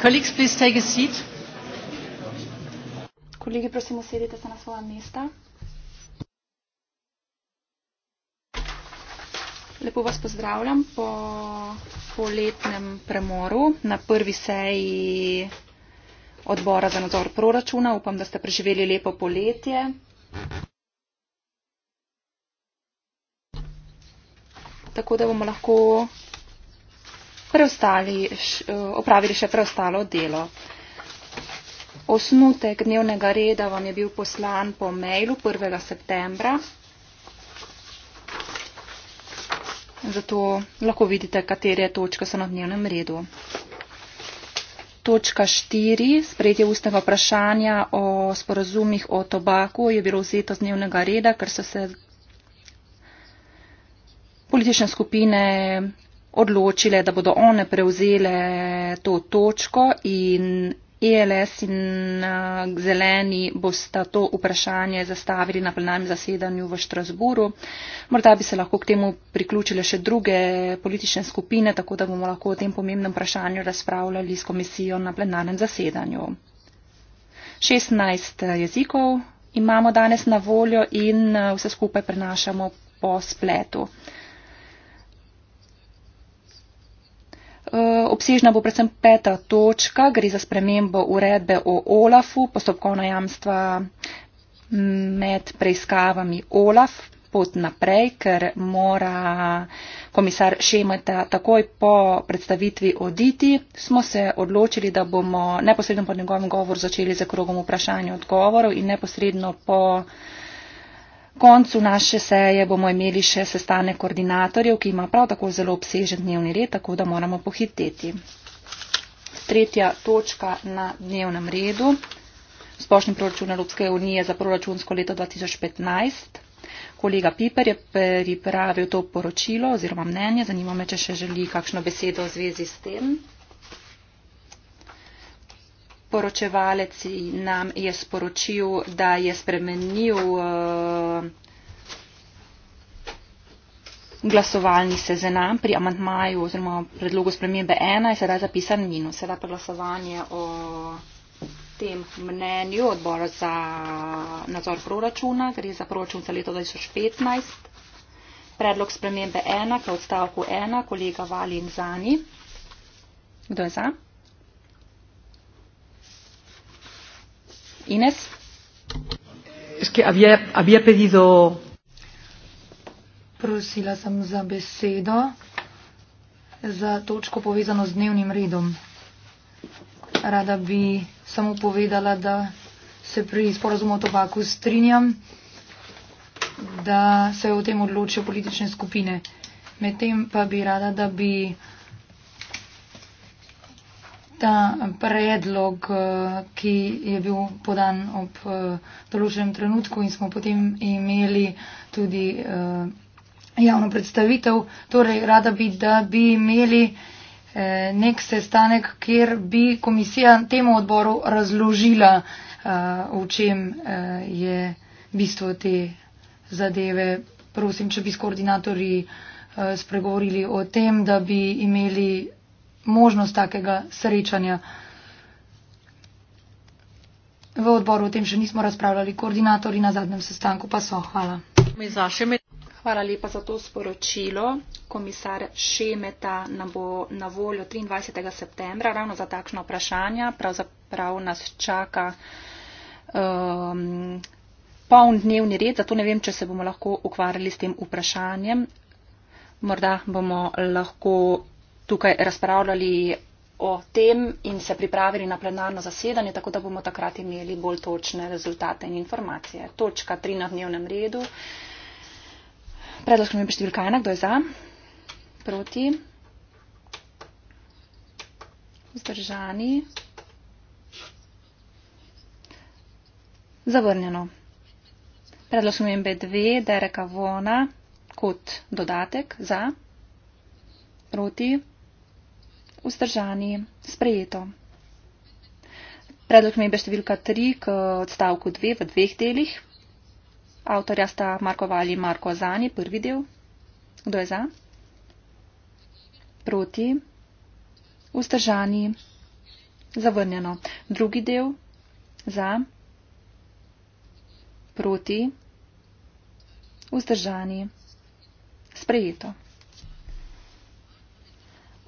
colleagues please take a seat. Kolegi, prosim, usedite se na svoja mesta. Lepo vas pozdravljam po poletnem premoru na prvi seji odbora za nadzor proračuna. Upam, da ste preživeli lepo poletje. Tako da bomo lahko preostali, eh, opravili še preostalo delo. Osnutek dnevnega reda vam je bil poslan po mailu 1. septembra. Zato lahko vidite, katere točke so na dnevnem redu. Točka 4, sprejetje ustnega vprašanja o sporozumih o tobaku, je bilo vzeto z dnevnega reda, ker so se politične skupine odločile, da bodo one prevzele to točko in ELS in uh, zeleni bosta to vprašanje zastavili na plenarnem zasedanju v Štrasburu. Morda bi se lahko k temu priključile še druge politične skupine, tako da bomo lahko o tem pomembnem vprašanju razpravljali s komisijo na plenarnem zasedanju. 16 uh, jezikov imamo danes na voljo in uh, vse skupaj prenašamo po spletu. Eh, obsežna bo predvsem peta točka, gre za spremembo uredbe o OLAF-u, postopkovna jamstva mm, med preiskavami OLAF pot naprej, ker mora komisar Šemeta takoj po predstavitvi oditi, smo se odločili, da bomo neposredno po njegovem govoru začeli z krogom vprašanja odgovorov in neposredno po koncu naše seje bomo imeli še sestanek koordinatorjev, ki ima prav tako zelo obsežen dnevni red, tako da moramo pohiteti. Tretja točka na dnevnem redu. Splošni proračun Evropske unije za proračunsko leto 2015. Kolega Piper je pripravil to poročilo oziroma mnenje. Zanima me, če še želi kakšno besedo v zvezi s tem poročevalec nam je sporočil, da je spremenil eh, glasovalni seznam pri amantmaju oziroma predlogu spremembe 1 je sedaj zapisan minus. Sedaj pa glasovanje o tem mnenju odbora za nadzor proračuna, gre za proračun za leto 2015. Predlog spremembe 1, k odstavku 1, kolega Valin Zani. Kdo je za? Ines. Es que había, había pedido. Prosila sem za besedo za točko povezano z dnevnim redom. Rada bi samo povedala, da se pri sporazumu o tobaku strinjam, da se je o tem odločil politične skupine. Medtem pa bi rada, da bi ta predlog, eh, ki je bil podan ob eh, določenem trenutku in smo potem imeli tudi eh, javno predstavitev. Torej, rada bi, da bi imeli nek sestanek, kjer bi komisija temu odboru razložila, v čem je bistvo te zadeve. Prosim, če bi s koordinatorji spregovorili o tem, da bi imeli možnost takega srečanja. V odboru o tem še nismo razpravljali, koordinatori na zadnjem sestanku pa so. Hvala. Hvala lepa za to sporočilo. Komisar Šemeta nam bo na voljo 23. septembra ravno za takšno vprašanje. Pravzaprav nas čaka um, poln dnevni red, zato ne vem, če se bomo lahko ukvarjali s tem vprašanjem. Morda bomo lahko tukaj razpravljali o tem in se pripravili na plenarno zasedanje, tako da bomo takrat imeli bolj točne rezultate in informacije. Točka 3 na dnevnem redu. Predlog spremembe številka 1, kdo je za? Proti? Vzdržani? Zavrnjeno. Predlog spremembe 2, Dereka Vona, kot dodatek za? Proti? Proti? vzdržani, sprejeto. Predlog mebe številka 3 k odstavku 2 v dveh delih. Avtorja sta Marko Valji in Marko Azani, prvi del. Kdo je za? Proti. Vzdržani. Zavrnjeno. Drugi del. Za. Proti. Vzdržani. Sprejeto.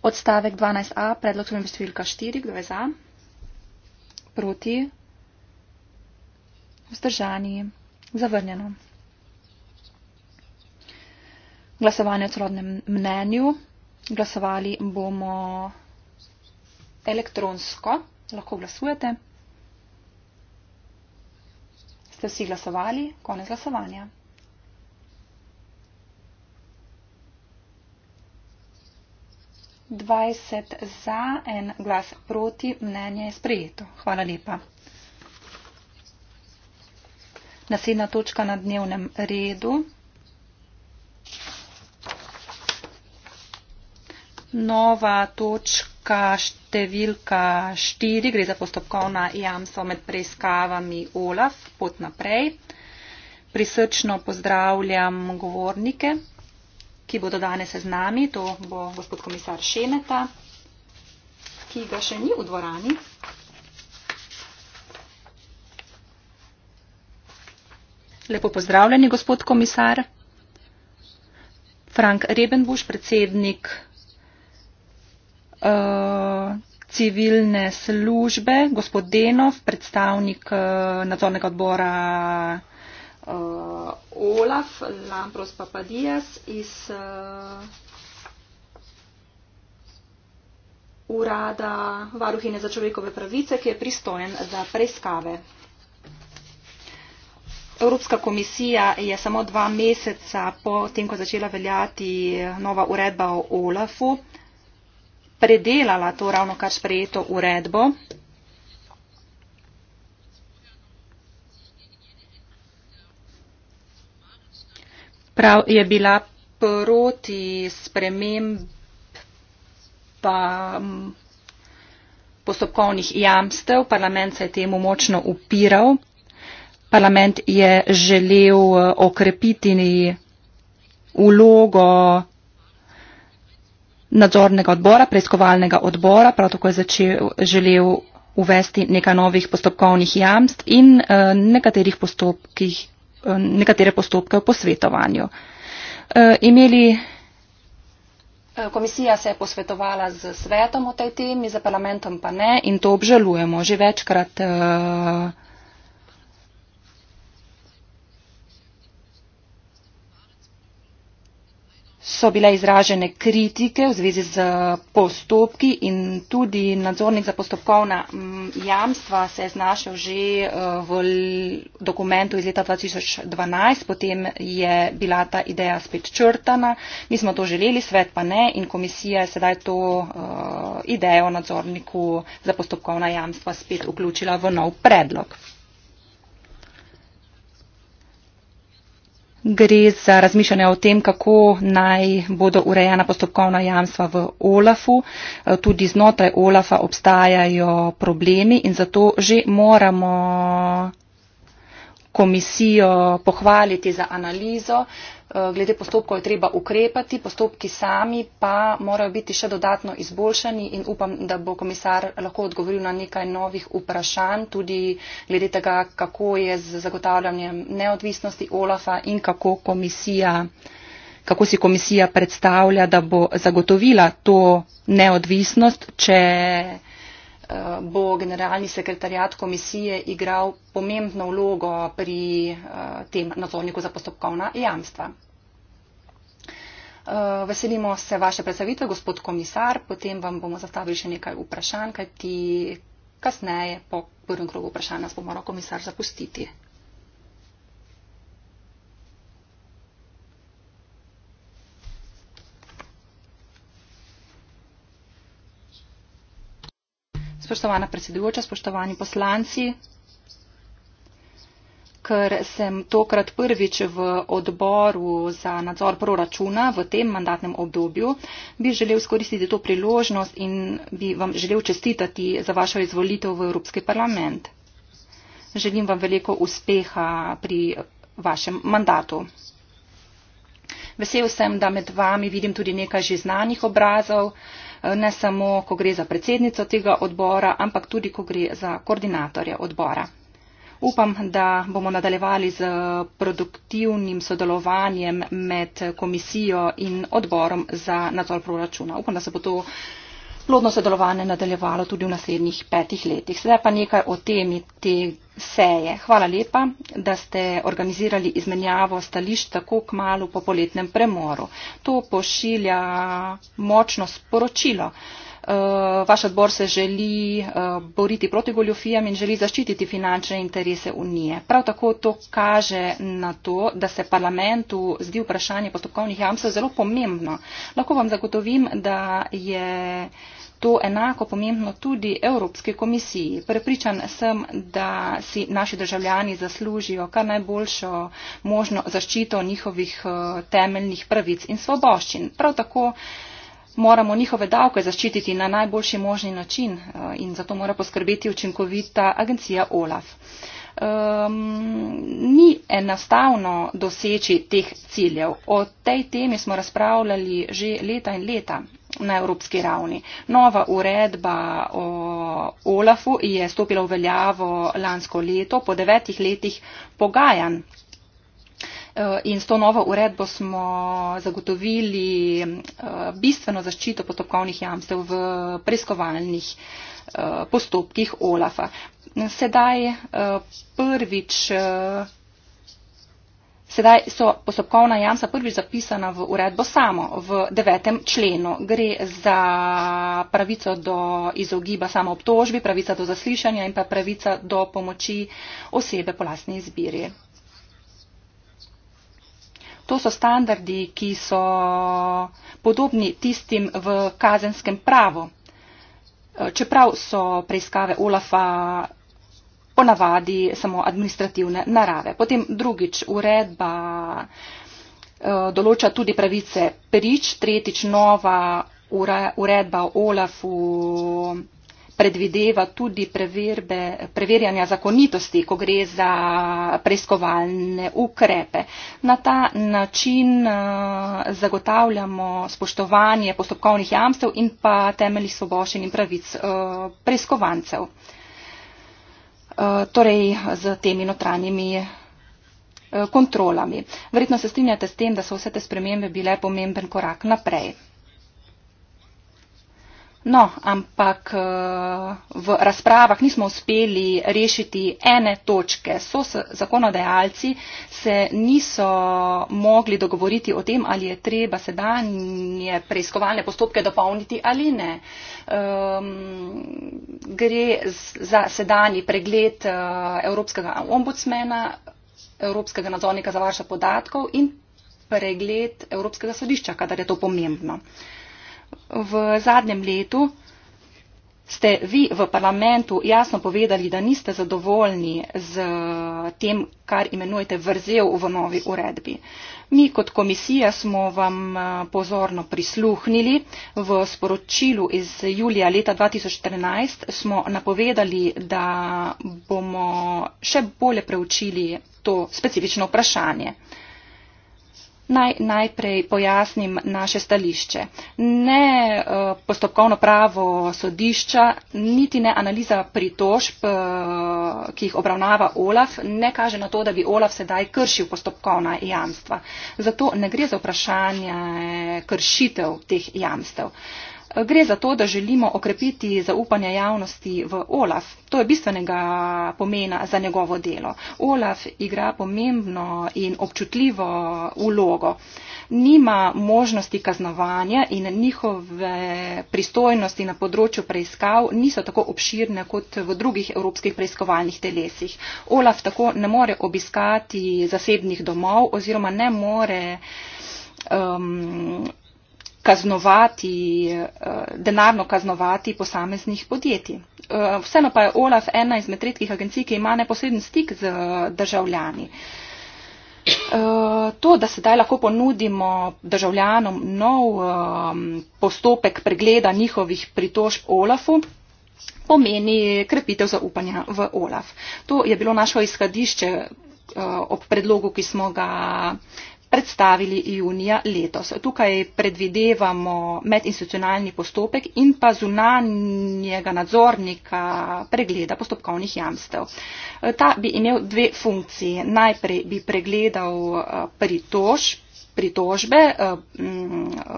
Odstavek 12a, predlog spremembe številka 4, kdo je za? Proti? Vzdržani? Zavrnjeno. Glasovanje o celotnem mnenju. Glasovali bomo elektronsko. Lahko glasujete. Ste vsi glasovali? Konec glasovanja. 20 za, en glas proti, mnenje je sprejeto. Hvala lepa. Naslednja točka na dnevnem redu. Nova točka številka 4 gre za postopkovna jamstva med preiskavami OLAF. Pot naprej. Prisrčno pozdravljam govornike ki bodo danes z nami, to bo gospod komisar Šemeta, ki ga še ni v dvorani. Lepo pozdravljeni, gospod komisar. Frank Rebenbuš, predsednik uh, civilne službe, gospod Denov, predstavnik uh, nadzornega odbora uh, Olaf Lampros Papadijas iz uh, urada Varuhine za človekove pravice, ki je pristojen za preiskave. Evropska komisija je samo dva meseca po tem, ko začela veljati nova uredba o Olafu, predelala to ravno kar sprejeto uredbo. prav je bila proti spremembam postopkovnih jamstev. Parlament se je temu močno upiral. Parlament je želel eh, okrepiti ulogo nadzornega odbora, preiskovalnega odbora, prav tako je začel, želel uvesti nekaj novih postopkovnih jamst in uh, nekaterih postopkih Eh, nekatere postopke o posvetovanju. Eh, imeli eh, Komisija se je posvetovala z svetom o tej temi, za parlamentom pa ne in to obžalujemo. Že večkrat uh, so bile izražene kritike v zvezi z eh, postopki in tudi nadzornik za postopkovna mm, jamstva se je znašel že eh, v dokumentu iz leta 2012, potem je bila ta ideja spet črtana. Mi smo to želeli, svet pa ne in komisija je sedaj to eh, idejo nadzorniku za postopkovna jamstva spet vključila v nov predlog. Gre za razmišljanje o tem, kako naj bodo urejena postopkovna jamstva v OLAF-u. Eh, tudi znotraj OLAF-a obstajajo problemi in zato že moramo komisijo pohvaliti za analizo, Eh, glede postopkov je treba ukrepati, postopki sami pa morajo biti še dodatno izboljšani in upam, da bo komisar lahko odgovoril na nekaj novih vprašanj, tudi glede tega, kako je z zagotavljanjem neodvisnosti OLAFA in kako komisija kako si komisija predstavlja, da bo zagotovila to neodvisnost, če Eh, bo generalni sekretarjat komisije igral pomembno vlogo pri eh, tem nadzorniku za postopkovna jamstva. Eh, veselimo se vaše predstavitve, gospod komisar, potem vam bomo zastavili še nekaj vprašanj, kajti kasneje po prvem krogu vprašanja bo moral no, komisar zapustiti Spoštovana predsedujoča, spoštovani poslanci, ker sem tokrat prvič v odboru za nadzor proračuna v tem mandatnem obdobju, bi želel skoristiti to priložnost in bi vam želel čestitati za vašo izvolitev v Evropski parlament. Želim vam veliko uspeha pri vašem mandatu. Vesel sem, da med vami vidim tudi nekaj že znanih obrazov. Eh, ne samo, ko gre za predsednico tega odbora, ampak tudi, ko gre za koordinatorje odbora. Upam, da bomo nadaljevali z produktivnim sodelovanjem med komisijo in odborom za nadzor proračuna. Upam, da se bo to plodno sodelovanje nadaljevalo tudi v naslednjih petih letih. Sedaj pa nekaj o temi te seje. Hvala lepa, da ste organizirali izmenjavo stališč tako kmalo po poletnem premoru. To pošilja močno sporočilo. Eh, vaš odbor se želi eh, boriti proti goljofijam in želi zaščititi finančne interese Unije. Prav tako to kaže na to, da se parlamentu zdi vprašanje postopkovnih jamstv zelo pomembno. Lahko vam zagotovim, da je to enako pomembno tudi Evropske komisiji. Prepričan sem, da si naši državljani zaslužijo kar najboljšo možno zaščito njihovih eh, temeljnih pravic in svoboščin. Prav tako uh, moramo njihove davke zaščititi na najboljši možni način eh, in zato mora poskrbeti učinkovita agencija OLAF. Um, ni enostavno doseči teh ciljev. O tej temi smo razpravljali že leta in leta na evropski ravni. Nova uredba o OLAFu je stopila v veljavo lansko leto po devetih letih pogajanj Eh, in s to novo uredbo smo zagotovili eh, bistveno zaščito potopkovnih jamstev v preiskovalnih eh, postopkih OLAFA. Sedaj prvič. Sedaj so postopkovna jamstva prvič zapisana v uredbo samo, v devetem členu. Gre za pravico do izogiba samooptožbi, pravica do zaslišanja in pa pravica do pomoči osebe po lastni izbiri. To so standardi, ki so podobni tistim v kazenskem pravu. E, čeprav so preiskave OLAF-a ponavadi samo administrativne narave. Potem drugič, uredba e, določa tudi pravice prič, tretjič nova uredba o OLAF-u predvideva tudi preverbe, preverjanja zakonitosti, ko gre za preiskovalne ukrepe. Na ta način eh, zagotavljamo spoštovanje postopkovnih jamstev in pa temeljih svoboščin in pravic eh, preiskovancev. Eh, torej z temi notranjimi kontrolami. Verjetno se strinjate s tem, da so vse te spremembe bile pomemben korak naprej. No, ampak eh, v razpravah nismo uspeli rešiti ene točke. So zakonodajalci se niso mogli dogovoriti o tem, ali je treba sedanje preiskovalne postopke dopolniti ali ne. Um, gre za sedanji pregled eh, Evropskega ombudsmena, Evropskega nadzornika za varstvo podatkov in pregled Evropskega sodišča, kadar je to pomembno. Uh, v zadnjem letu ste vi v parlamentu jasno povedali, da niste zadovoljni z tem, kar imenujete vrzel v novi uredbi. Mi kot komisija smo vam eh, pozorno prisluhnili. V sporočilu iz julija leta 2014 smo napovedali, da bomo še bolje preučili to specifično vprašanje. Naj najprej pojasnim naše stališče. Ne eh, postopkovno pravo sodišča, niti ne analiza pritožb, eh, ki jih obravnava OLAF, ne kaže na to, da bi OLAF sedaj kršil postopkovna jamstva. Zato ne gre za vprašanje kršitev teh jamstev. Gre za to, da želimo okrepiti zaupanje javnosti v Olaf. To je bistvenega pomena za njegovo delo. Olaf igra pomembno in občutljivo ulogo. Nima možnosti kaznovanja in njihove pristojnosti na področju preiskav niso tako obširne kot v drugih evropskih preiskovalnih telesih. Olaf tako ne more obiskati zasebnih domov oziroma ne more. Um, kaznovati, eh, denarno kaznovati posameznih podjetij. Eh, vseeno pa je OLAF ena izmed redkih agencij, ki ima neposreden stik z eh, državljani. To, da sedaj lahko ponudimo državljanom nov postopek pregleda njihovih pritožb OLAFu, pomeni krepitev zaupanja v OLAF. To je bilo našo izhodišče ob predlogu, ki smo ga predstavili junija letos. Tukaj predvidevamo medinstitucionalni postopek in pa zunanjega nadzornika pregleda postopkovnih jamstev. Ta bi imel dve funkcije. Najprej bi pregledal eh, pritož pritožbe eh, eh,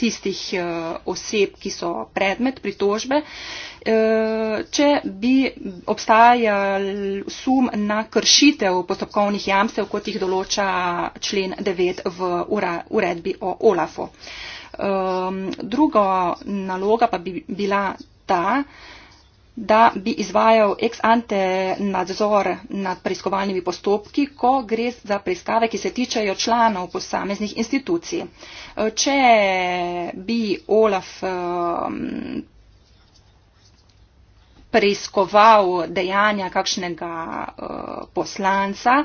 tistih oseb, ki so predmet pritožbe, Eh, če bi obstajal sum na kršitev postopkovnih jamstev, kot jih določa člen 9 v uredbi o OLAF-u. Druga naloga pa bi bila ta, da bi izvajal ex ante nadzor nad preiskovalnimi postopki, ko gre za preiskave, ki se tičejo članov posameznih institucij. Eh, če bi OLAF preiskoval dejanja kakšnega eh, poslanca,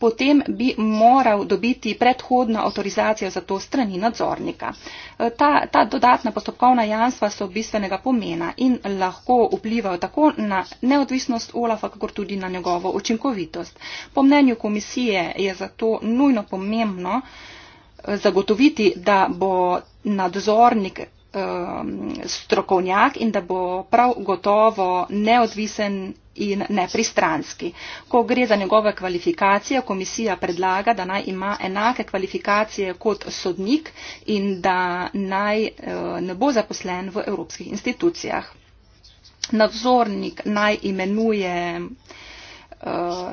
potem bi moral dobiti predhodno avtorizacijo za to strani nadzornika. Eh, ta, ta dodatna postopkovna jamstva so bistvenega pomena in lahko vplivajo tako na neodvisnost Olafa, kakor tudi na njegovo učinkovitost. Po mnenju komisije je zato nujno pomembno eh, zagotoviti, da bo nadzornik Um, strokovnjak in da bo prav gotovo neodvisen in nepristranski. Ko gre za njegove kvalifikacije, komisija predlaga, da naj ima enake kvalifikacije kot sodnik in da naj uh, ne bo zaposlen v evropskih institucijah. Nadzornik naj imenuje uh,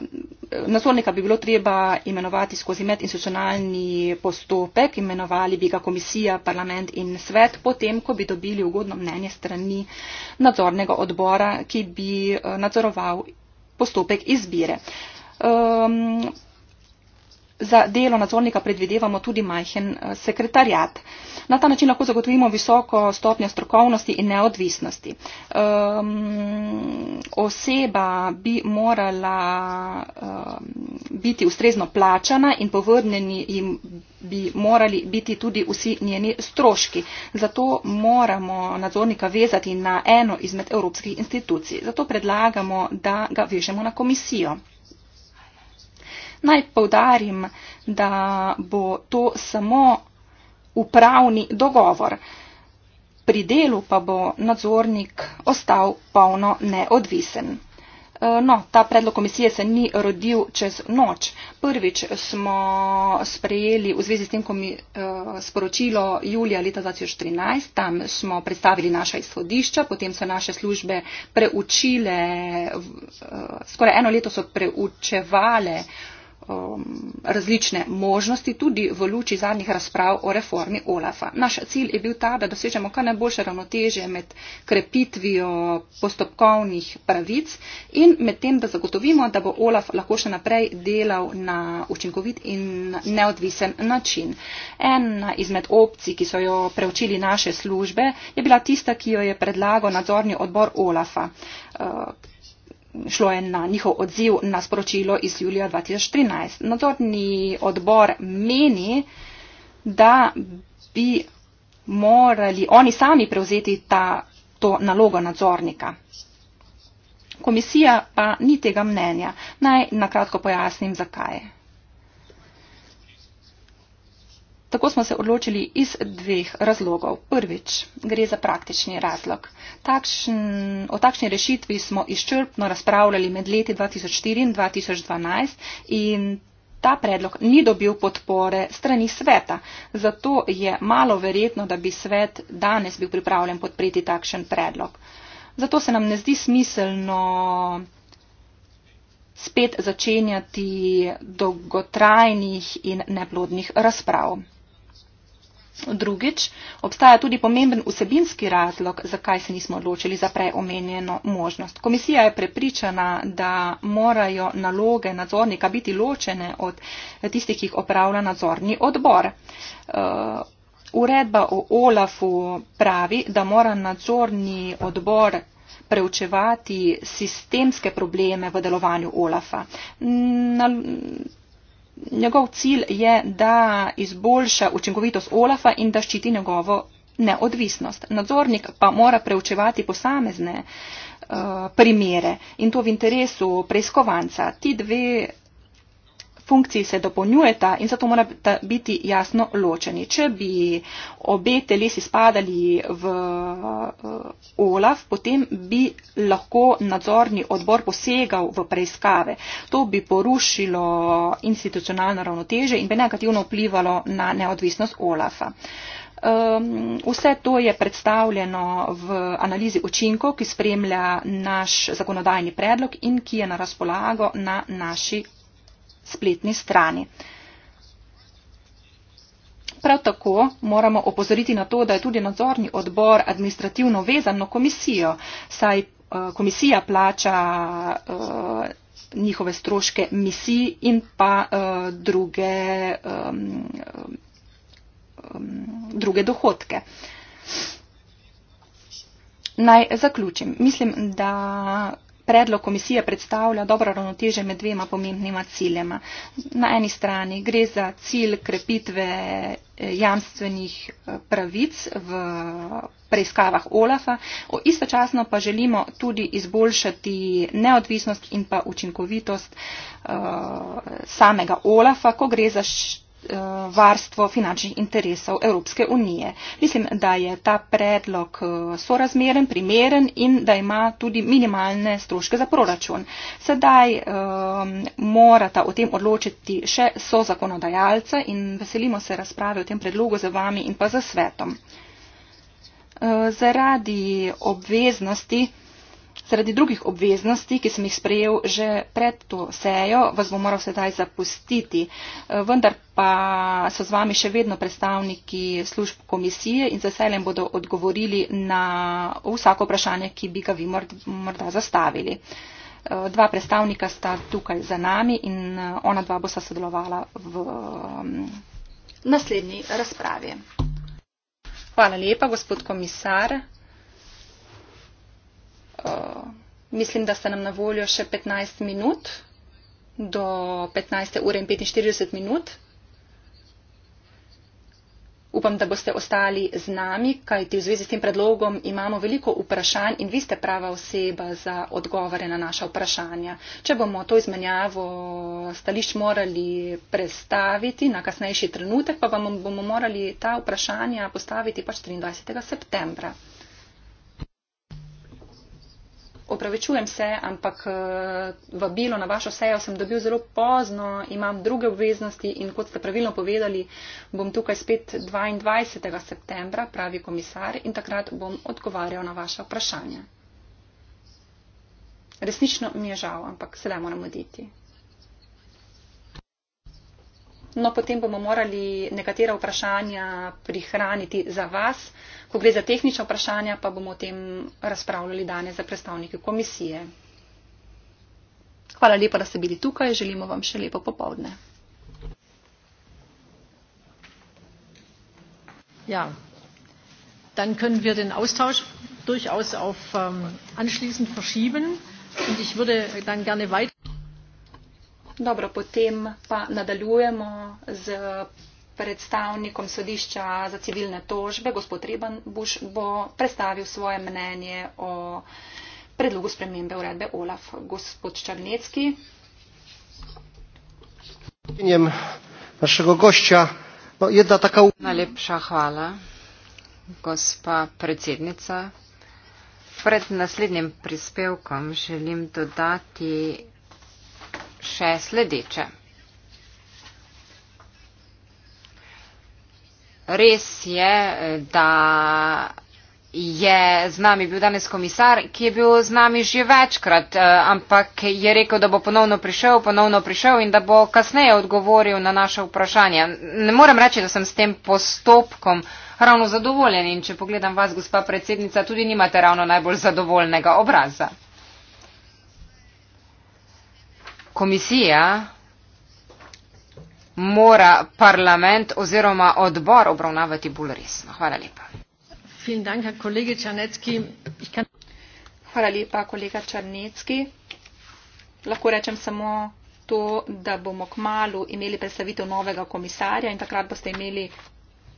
eh, nadzornika bi bilo treba imenovati skozi medinstitucionalni postopek, imenovali bi ga komisija, parlament in svet, potem, ko bi dobili ugodno mnenje strani nadzornega odbora, ki bi uh, nadzoroval postopek izbire. Um, za delo nadzornika predvidevamo tudi majhen eh, sekretarjat. Na ta način lahko zagotovimo visoko stopnjo strokovnosti in neodvisnosti. Um, oseba bi morala um, biti ustrezno plačana in povrneni jim bi morali biti tudi vsi njeni stroški. Zato moramo nadzornika vezati na eno izmed evropskih institucij. Zato predlagamo, da ga vežemo na komisijo. Naj povdarim, da bo to samo upravni dogovor. Pri delu pa bo nadzornik ostal polno neodvisen. E, no, ta predlog komisije se ni rodil čez noč. Prvič smo sprejeli v zvezi s tem komi, e, sporočilo julija leta 2013, tam smo predstavili naša izhodišča, potem so naše službe preučile, e, skoraj eno leto so preučevale um, različne možnosti, tudi v luči zadnjih razprav o reformi OLAFA. Naš cilj je bil ta, da dosežemo kar najboljše ravnoteže med krepitvijo postopkovnih pravic in med tem, da zagotovimo, da bo OLAF lahko še naprej delal na učinkovit in neodvisen način. Ena izmed opcij, ki so jo preučili naše službe, je bila tista, ki jo je predlagal nadzorni odbor OLAFA. Uh, šlo je na njihov odziv na sporočilo iz julija 2013. Nadzorni odbor meni, da bi morali oni sami prevzeti ta, to nalogo nadzornika. Komisija pa ni tega mnenja. Naj nakratko pojasnim, zakaj. Tako smo se odločili iz dveh razlogov. Prvič, gre za praktični razlog. Takšn, o takšni rešitvi smo izčrpno razpravljali med leti 2004 in 2012 in Ta predlog ni dobil podpore strani sveta, zato je malo verjetno, da bi svet danes bil pripravljen podpreti takšen predlog. Zato se nam ne zdi smiselno spet začenjati dolgotrajnih in neplodnih razprav. Drugič, obstaja tudi pomemben vsebinski razlog, zakaj se nismo odločili za preomenjeno možnost. Komisija je prepričana, da morajo naloge nadzornika biti ločene od tistih, ki jih opravlja nadzorni odbor. Uh, uredba o OLAF-u pravi, da mora nadzorni odbor preučevati sistemske probleme v delovanju OLAF-a njegov cilj je, da izboljša učinkovitost Olafa in da ščiti njegovo neodvisnost. Nadzornik pa mora preučevati posamezne uh, primere in to v interesu preiskovanca. Ti dve funkciji se dopolnjujeta in zato morata biti jasno ločeni. Če bi obe telesi spadali v eh, OLAF, potem bi lahko nadzorni odbor posegal v preiskave. To bi porušilo institucionalno ravnoteže in bi negativno vplivalo na neodvisnost OLAFA. Ehm, vse to je predstavljeno v analizi učinkov, ki spremlja naš zakonodajni predlog in ki je na razpolago na naši spletni strani. Prav tako moramo opozoriti na to, da je tudi nadzorni odbor administrativno vezan na komisijo, saj eh, komisija plača eh, njihove stroške misij in pa eh, druge, druge dohodke. Naj zaključim. Mislim, da predlog komisije predstavlja dobro ravnoteže med dvema pomembnima ciljema. Na eni strani gre za cilj krepitve eh, jamstvenih eh, pravic v preiskavah OLAFA, istočasno pa želimo tudi izboljšati neodvisnost in pa učinkovitost uh, samega OLAFA, ko gre za Eh, varstvo finančnih interesov Evropske unije. Mislim, da je ta predlog eh, sorazmeren, primeren in da ima tudi minimalne stroške za proračun. Sedaj um, morata o tem odločiti še so zakonodajalca in veselimo se razprave o tem predlogu za vami in pa za svetom. Uh, zaradi obveznosti, zaradi drugih obveznosti, ki sem jih sprejel že pred to sejo, vas bom moral sedaj zapustiti. Eh, vendar pa so z vami še vedno predstavniki služb komisije in z veseljem bodo odgovorili na vsako vprašanje, ki bi ga vi morda zastavili. Eh, dva predstavnika sta tukaj za nami in eh, ona dva bosta sodelovala v mm, naslednji razpravi. Hvala lepa, gospod komisar uh, mislim, da ste nam na voljo še 15 minut do 15. ure in 45 minut. Upam, da boste ostali z nami, kajti v zvezi s tem predlogom imamo veliko vprašanj in vi ste prava oseba za odgovore na naša vprašanja. Če bomo to izmenjavo stališč morali prestaviti na kasnejši trenutek, pa bomo morali ta vprašanja postaviti pač 23. septembra opravičujem se, ampak eh, vabilo na vašo sejo sem dobil zelo pozno, imam druge obveznosti in kot ste pravilno povedali, bom tukaj spet 22. septembra, pravi komisar, in takrat bom odgovarjal na vaše vprašanje. Resnično mi je žal, ampak sedaj moram oditi no potem bomo morali nekatera vprašanja prihraniti za vas. Ko gre za tehnična vprašanja, pa bomo o tem razpravljali danes za predstavnike komisije. Hvala lepa, da ste bili tukaj. Želimo vam še lepo popovdne. Ja, dann können wir den Austausch durchaus auf um, anschließend verschieben. Und ich würde dann gerne weiter. Dobro, potem pa nadaljujemo z predstavnikom sodišča za civilne tožbe. Gospod Reban Buš bo predstavil svoje mnenje o predlogu spremembe uredbe OLAF. Gospod Črnecki. Vinjem našega gošča. No, jedna taka... Najlepša hvala, gospa predsednica. Pred naslednjim prispevkom želim dodati še sledeče. Res je, da je z nami bil danes komisar, ki je bil z nami že večkrat, eh, ampak je rekel, da bo ponovno prišel, ponovno prišel in da bo kasneje odgovoril na naše vprašanje. Ne morem reči, da sem s tem postopkom ravno zadovoljen in če pogledam vas, gospa predsednica, tudi nimate ravno najbolj zadovoljnega obraza. komisija mora parlament oziroma odbor obravnavati bolj resno. Hvala lepa. Hvala lepa, kolega Črnecki. Lahko rečem samo to, da bomo k malu imeli predstavitev novega komisarja in takrat boste imeli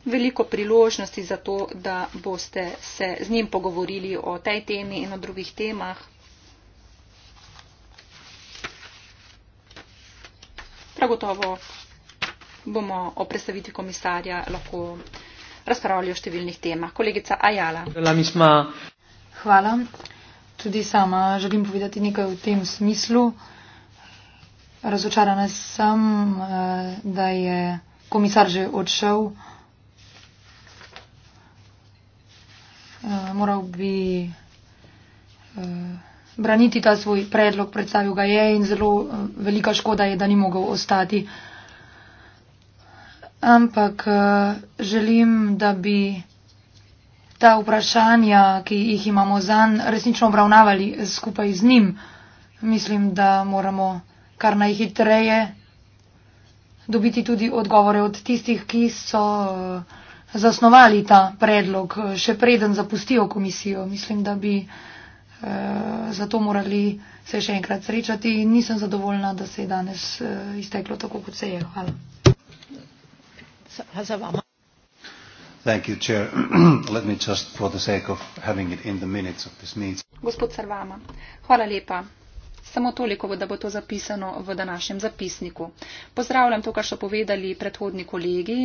veliko priložnosti za to, da boste se z njim pogovorili o tej temi in o drugih temah. prav gotovo bomo o predstavitvi komisarja lahko razpravljali o številnih temah. Kolegica Ajala. Hvala. Tudi sama želim povedati nekaj v tem smislu. Razočarana sem, eh, da je komisar že odšel. Eh, moral bi eh, braniti ta svoj predlog, predstavil ga je in zelo eh, velika škoda je, da ni mogel ostati. Ampak eh, želim, da bi ta vprašanja, ki jih imamo zan, resnično obravnavali skupaj z njim. Mislim, da moramo kar najhitreje dobiti tudi odgovore od tistih, ki so eh, zasnovali ta predlog, še preden zapustijo komisijo. Mislim, da bi. Eh, zato morali se še enkrat srečati in nisem zadovoljna, da se je danes eh, izteklo tako, kot se je. Hvala. Hvala za vama. Thank you, Chair. Let me just, for the sake of having it in the minutes of this meeting. Gospod Sarvama, hvala lepa. Samo toliko, da bo to zapisano v današnjem zapisniku. Pozdravljam to, kar so povedali predhodni kolegi.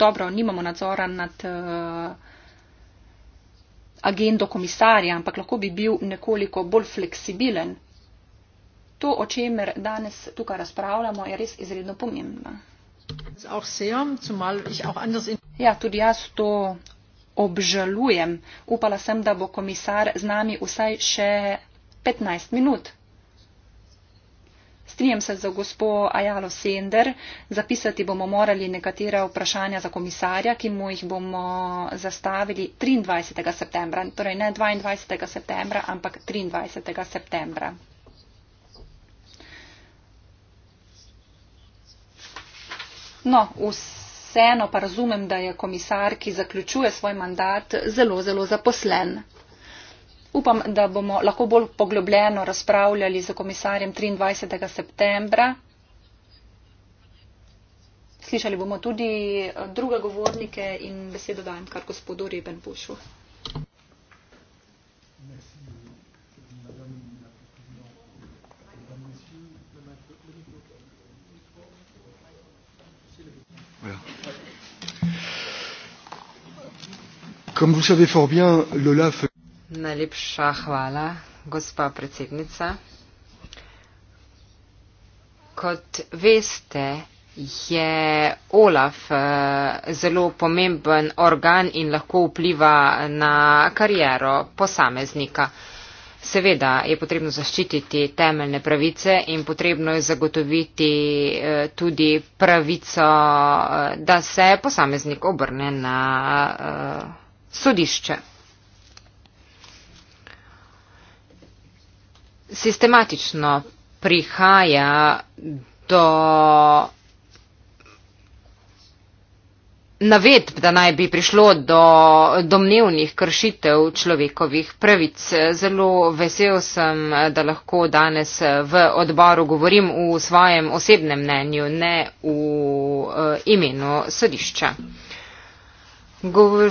Dobro, nimamo nadzora nad uh, agendo komisarja, ampak lahko bi bil nekoliko bolj fleksibilen. To, o čemer danes tukaj razpravljamo, je res izredno pomembno. Ja, tudi jaz to obžalujem. Upala sem, da bo komisar z nami vsaj še 15 minut strinjam se za gospo Ajalo Sender, zapisati bomo morali nekatera vprašanja za komisarja, ki mu jih bomo zastavili 23. septembra. Torej ne 22. septembra, ampak 23. septembra. No, vseeno pa razumem, da je komisar, ki zaključuje svoj mandat, zelo, zelo zaposlen. Upam, da bomo lahko bolj poglobljeno razpravljali z komisarjem 23. septembra. Slišali bomo tudi eh, druge govornike in besedo dajem kar gospodu Reben Bušu. Comme vous savez fort bien, l'OLAF. Najlepša hvala, gospa predsednica. Kot veste, je Olaf eh, zelo pomemben organ in lahko vpliva na kariero posameznika. Seveda je potrebno zaščititi temeljne pravice in potrebno je zagotoviti eh, tudi pravico, eh, da se posameznik obrne na sodišče. sistematično prihaja do navedb, da naj bi prišlo do domnevnih kršitev človekovih pravic. Zelo vesel sem, da lahko danes v odboru govorim v svojem osebnem mnenju, ne v eh, imenu sodišča.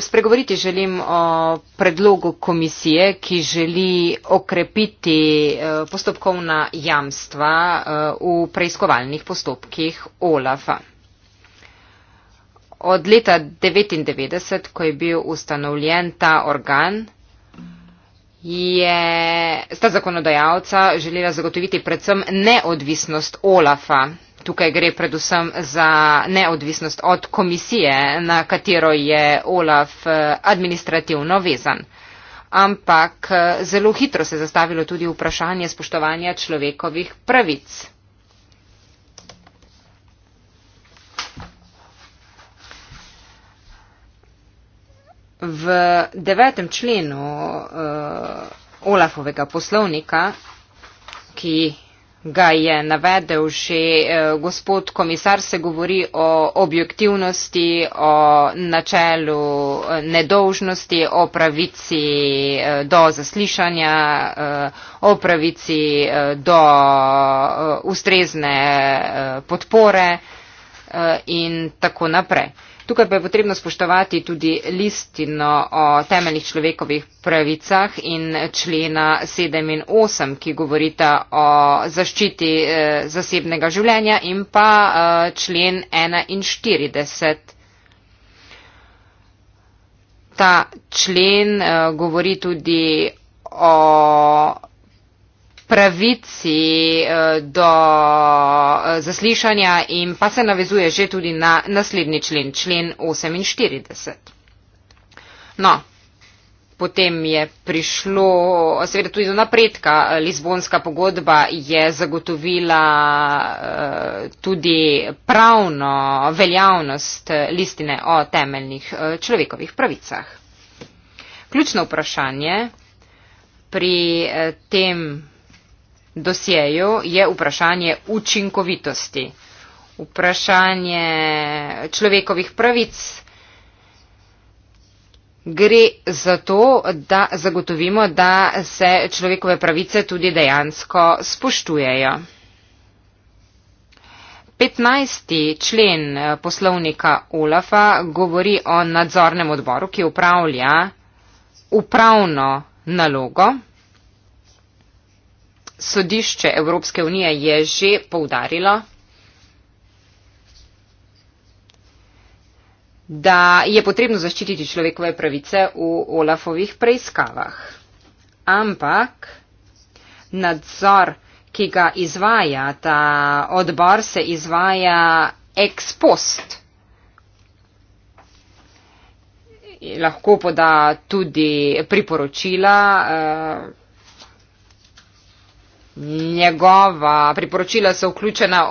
Spregovoriti želim o predlogu komisije, ki želi okrepiti eh, postopkovna jamstva eh, v preiskovalnih postopkih OLAFA. Od leta 1999, ko je bil ustanovljen ta organ, je sta zakonodajalca želela zagotoviti predvsem neodvisnost OLAFA. Tukaj gre predvsem za neodvisnost od komisije, na katero je Olaf eh, administrativno vezan. Ampak eh, zelo hitro se je zastavilo tudi vprašanje spoštovanja človekovih pravic. V devetem členu uh, Olafovega poslovnika, ki ga je navedel že eh, gospod komisar, se govori o objektivnosti, o načelu eh, nedolžnosti, o pravici eh, do zaslišanja, o pravici do ustrezne podpore in tako naprej. Tukaj pa je potrebno spoštovati tudi listino o temeljnih človekovih pravicah in člena 7 in 8, ki govorita o zaščiti eh, zasebnega življenja in pa eh, člen 41. Ta člen eh, govori tudi o pravici eh, do eh, zaslišanja in pa se navezuje že tudi na naslednji člen, člen 48. No, potem je prišlo seveda tudi do napredka. Lizbonska pogodba je zagotovila eh, tudi pravno veljavnost listine o temeljnih človekovih pravicah. Ključno vprašanje pri tem dosjeju je vprašanje učinkovitosti, vprašanje človekovih pravic. Gre za to, da zagotovimo, da se človekove pravice tudi dejansko spoštujejo. 15. člen poslovnika Olafa govori o nadzornem odboru, ki upravlja upravno nalogo, sodišče Evropske unije je že poudarilo, da je potrebno zaščititi človekove pravice v Olafovih preiskavah. Ampak nadzor, ki ga izvaja ta odbor, se izvaja ex post. Lahko poda tudi priporočila. Uh, Njegova priporočila so vključena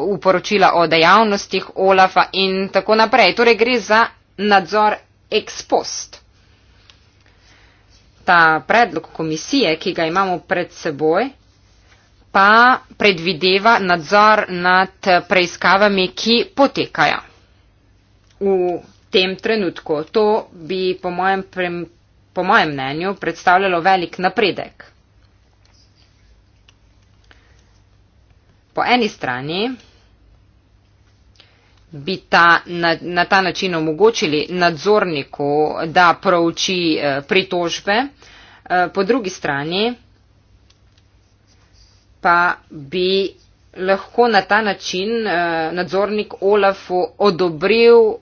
v poročila o dejavnostih Olafa in tako naprej. Torej gre za nadzor ex post. Ta predlog komisije, ki ga imamo pred seboj, pa predvideva nadzor nad preiskavami, ki potekajo v tem trenutku. To bi po mojem, po mojem mnenju predstavljalo velik napredek. po eni strani bi ta, na, na ta način omogočili nadzorniku, da prouči eh, pritožbe, eh, po drugi strani pa bi lahko na ta način eh, nadzornik Olafu odobril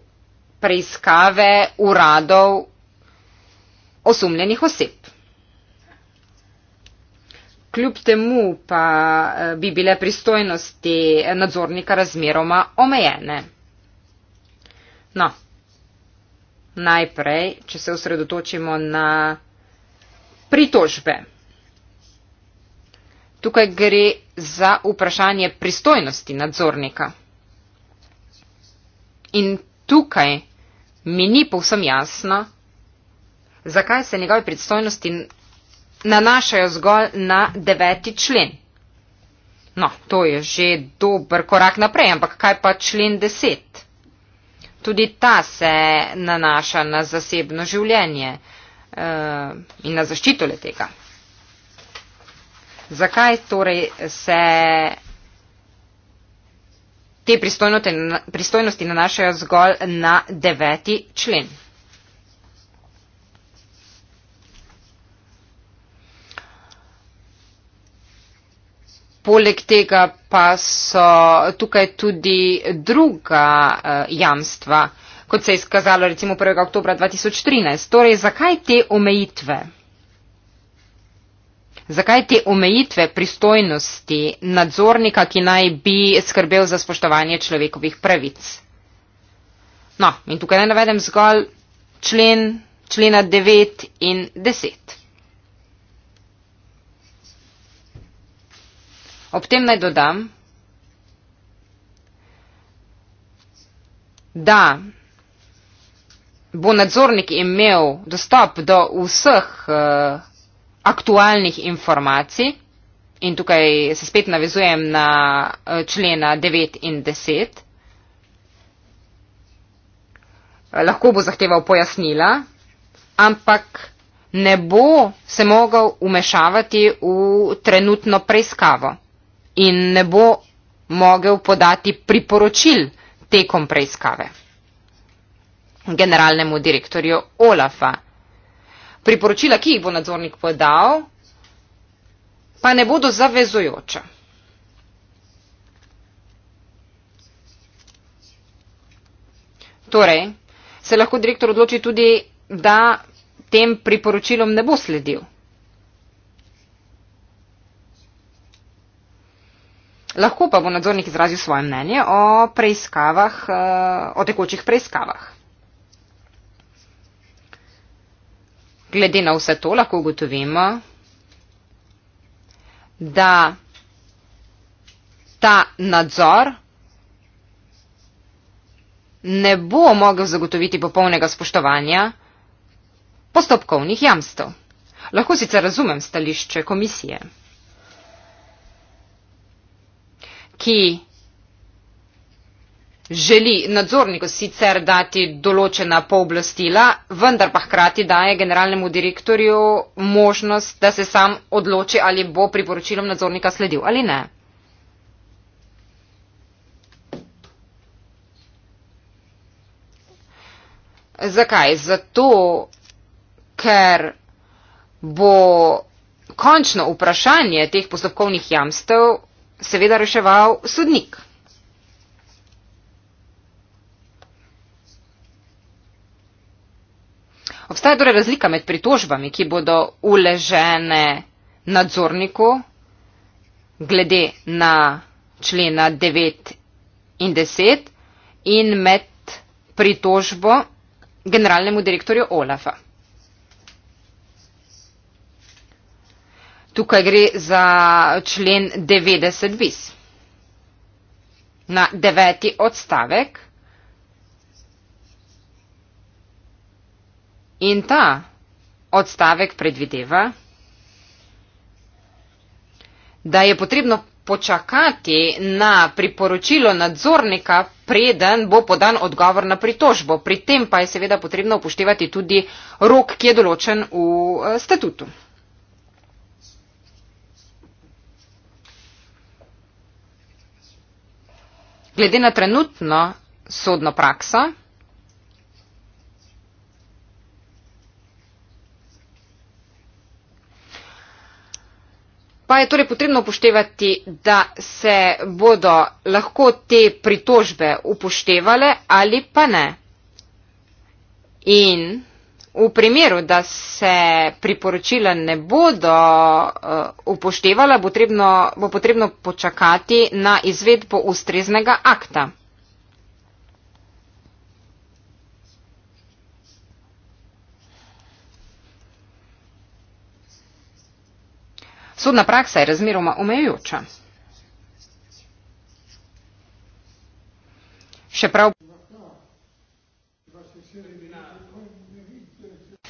preiskave uradov osumljenih oseb kljub temu pa eh, bi bile pristojnosti nadzornika razmeroma omejene. No, najprej, če se osredotočimo na pritožbe. Tukaj gre za vprašanje pristojnosti nadzornika. In tukaj mi ni povsem jasno, zakaj se njegove pristojnosti nanašajo zgolj na deveti člen. No, to je že dober korak naprej, ampak kaj pa člen deset? Tudi ta se nanaša na zasebno življenje uh, in na zaščito le tega. Zakaj torej se te pristojnosti nanašajo zgolj na deveti člen? Poleg tega pa so tukaj tudi druga eh, jamstva, kot se je izkazalo recimo 1. oktobra 2013. Torej, zakaj te omejitve? Zakaj te omejitve pristojnosti nadzornika, ki naj bi skrbel za spoštovanje človekovih pravic? No, in tukaj naj navedem zgolj člen, člena 9 in 10. Ob tem naj dodam, da bo nadzornik imel dostop do vseh eh, aktualnih informacij in tukaj se spet navizujem na eh, člena 9 in 10. Eh, lahko bo zahteval pojasnila, ampak ne bo se mogel umešavati v trenutno preiskavo in ne bo mogel podati priporočil tekom preiskave generalnemu direktorju Olafa. Priporočila, ki jih bo nadzornik podal, pa ne bodo zavezojoča. Torej, se lahko direktor odloči tudi, da tem priporočilom ne bo sledil. Lahko pa bo nadzornik izrazil svoje mnenje o preiskavah, eh, o tekočih preiskavah. Glede na vse to lahko ugotovimo, da ta nadzor ne bo mogel zagotoviti popolnega spoštovanja postopkovnih jamstev. Lahko sicer razumem stališče komisije. ki želi nadzorniku sicer dati določena pooblastila, vendar pa hkrati daje generalnemu direktorju možnost, da se sam odloči, ali bo priporočilom nadzornika sledil ali ne. Zakaj? Zato, ker bo končno vprašanje teh postopkovnih jamstev seveda reševal sodnik. Obstaja torej razlika med pritožbami, ki bodo uležene nadzorniku glede na člena 9 in 10 in med pritožbo generalnemu direktorju Olafa. Tukaj gre za člen 90 bis. Na deveti odstavek. In ta odstavek predvideva, da je potrebno počakati na priporočilo nadzornika, preden bo podan odgovor na pritožbo. Pri tem pa je seveda potrebno upoštevati tudi rok, ki je določen v eh, statutu. glede na trenutno sodno prakso pa je torej potrebno upoštevati, da se bodo lahko te pritožbe upoštevale ali pa ne. In v primeru, da se priporočila ne bodo uh, upoštevala, bo, trebno, bo potrebno počakati na izvedbo ustreznega akta. Sodna praksa je razmeroma omejujoča. Še prav.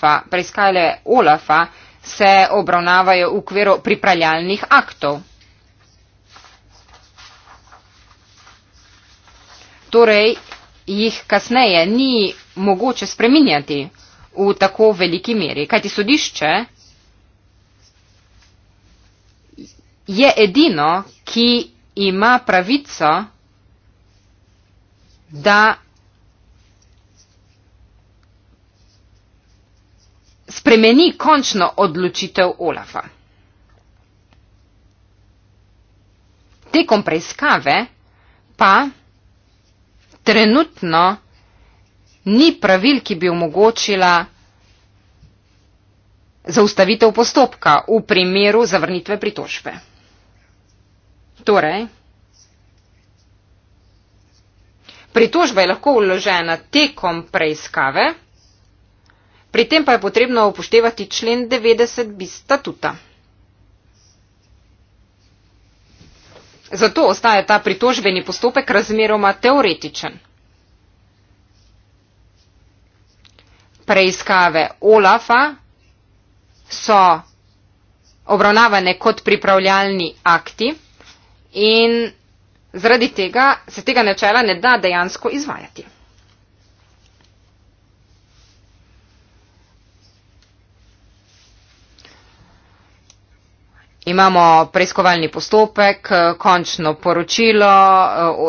posilstva preiskale Olafa se obravnavajo v okviru pripravljalnih aktov. Torej jih kasneje ni mogoče spreminjati v tako veliki meri, kajti sodišče je edino, ki ima pravico, da spremeni končno odločitev Olafa. Tekom preiskave pa trenutno ni pravil, ki bi omogočila zaustavitev postopka v primeru zavrnitve pritožbe. Torej, pritožba je lahko uložena tekom preiskave, Pri tem pa je potrebno upoštevati člen 90 bis statuta. Zato ostaja ta pritožbeni postopek razmeroma teoretičen. Preiskave OLAFA so obravnavane kot pripravljalni akti in zaradi tega se tega načela ne da dejansko izvajati. Imamo preiskovalni postopek, eh, končno poročilo,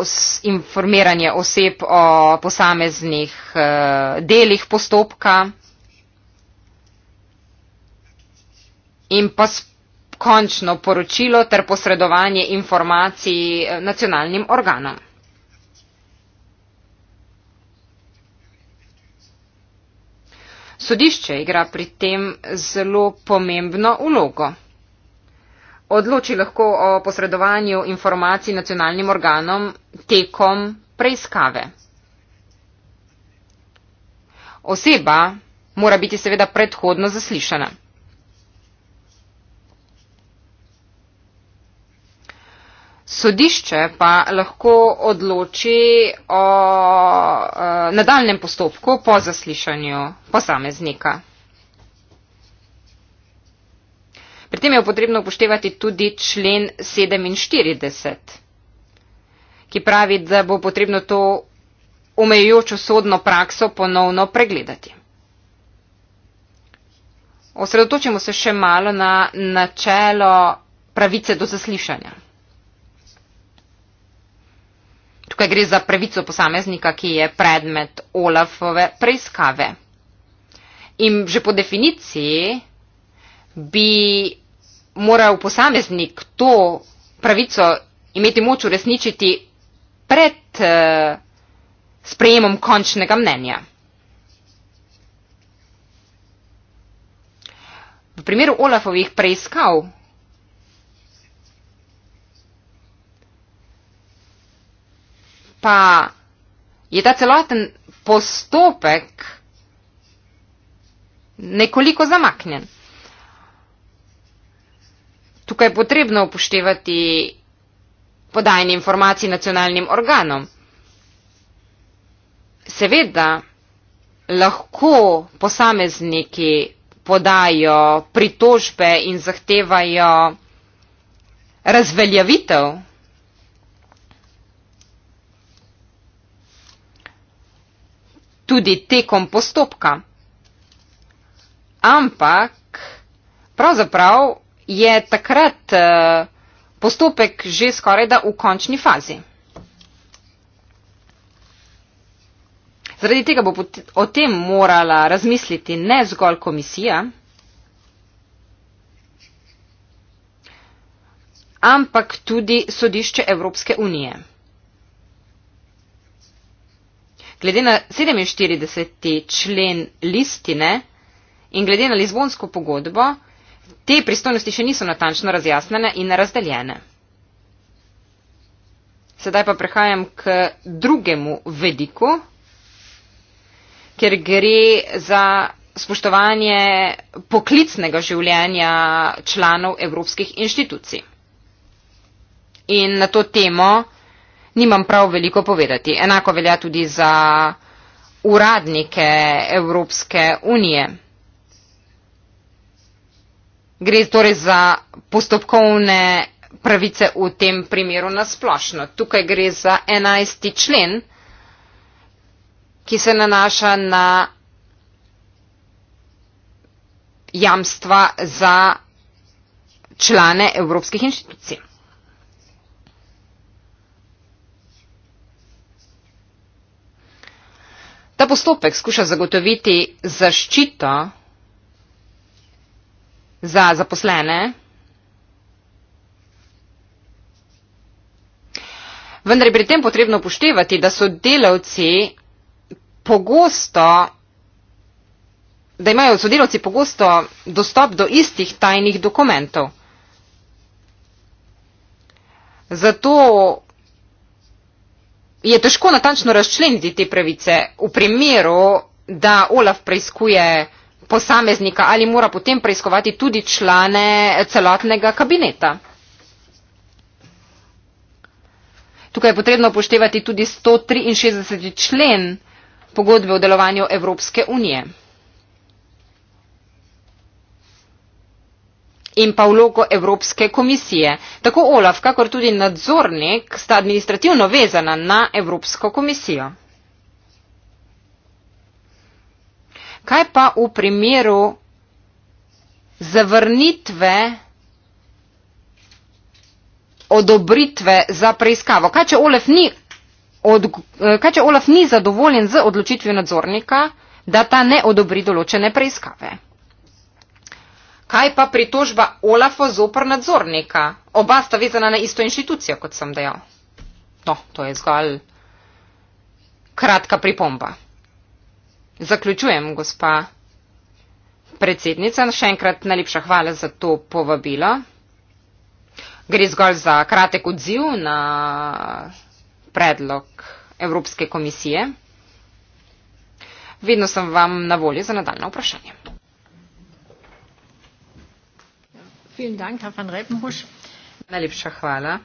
eh, informiranje oseb o posameznih eh, delih postopka in pa končno poročilo ter posredovanje informacij nacionalnim organom. Sodišče igra pri tem zelo pomembno vlogo odloči lahko o posredovanju informacij nacionalnim organom tekom preiskave. Oseba mora biti seveda predhodno zaslišana. Sodišče pa lahko odloči o, o eh, nadaljem postopku po zaslišanju posameznika. Pri tem je potrebno upoštevati tudi člen 47, ki pravi, da bo potrebno to omejujočo sodno prakso ponovno pregledati. Osredotočimo se še malo na načelo pravice do zaslišanja. Tukaj gre za pravico posameznika, ki je predmet Olafove preiskave. In že po definiciji bi mora v posameznik to pravico imeti moč uresničiti pred eh, sprejemom končnega mnenja. V primeru Olafovih preiskav pa je ta celoten postopek nekoliko zamaknjen tukaj je potrebno upoštevati podajanje informacij nacionalnim organom. Seveda lahko posamezniki podajo pritožbe in zahtevajo razveljavitev. tudi tekom postopka. Ampak pravzaprav je takrat eh, postopek že skoraj da v končni fazi. Zaradi tega bo o tem morala razmisliti ne zgolj komisija, ampak tudi sodišče Evropske unije. Glede na 47. člen listine in glede na Lizbonsko pogodbo, Te pristojnosti še niso natančno razjasnene in razdeljene. Sedaj pa prehajam k drugemu vediku, kjer gre za spoštovanje poklicnega življenja članov evropskih inštitucij. In na to temo nimam prav veliko povedati. Enako velja tudi za uradnike Evropske unije. Gre torej za postopkovne pravice v tem primeru nasplošno. Tukaj gre za 11. člen, ki se nanaša na jamstva za člane evropskih inštitucij. Ta postopek skuša zagotoviti zaščito za zaposlene. Vendar je pri tem potrebno upoštevati, da so delavci pogosto da imajo sodelavci pogosto dostop do istih tajnih dokumentov. Zato je težko natančno razčleniti te pravice v primeru, da Olaf preizkuje posameznika ali mora potem preiskovati tudi člane celotnega kabineta. Tukaj je potrebno upoštevati tudi 163. člen pogodbe o delovanju Evropske unije. in pa vlogo Evropske komisije. Tako Olaf, kakor tudi nadzornik, sta administrativno vezana na Evropsko komisijo. Kaj pa v primeru zavrnitve odobritve za preiskavo? Kaj če Olaf ni, od, eh, kaj če Olaf ni zadovoljen z odločitvijo nadzornika, da ta ne odobri določene preiskave? Kaj pa pritožba Olafa zopr nadzornika? Oba sta vezana na isto inštitucijo, kot sem dejal. No, to je zgolj kratka pripomba. Zaključujem, gospa predsednica. Še enkrat najlepša hvala za to povabilo. Gre zgolj za kratek odziv na predlog Evropske komisije. Vedno sem vam na voljo za nadaljne vprašanje. Najlepša hvala.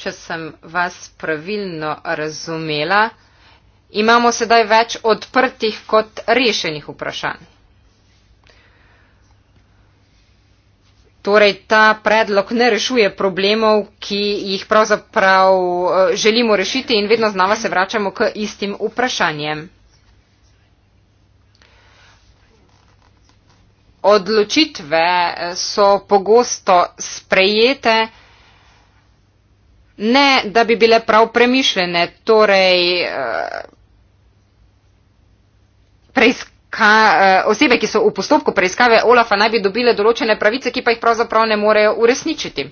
Če sem vas pravilno razumela, imamo sedaj več odprtih kot rešenih vprašanj. Torej, ta predlog ne rešuje problemov, ki jih pravzaprav eh, želimo rešiti in vedno znova se vračamo k istim vprašanjem. Odločitve eh, so pogosto sprejete, ne da bi bile prav premišljene, torej eh, preiska, eh, osebe, ki so v postopku preiskave Olafa, naj bi dobile določene pravice, ki pa jih pravzaprav ne morejo uresničiti.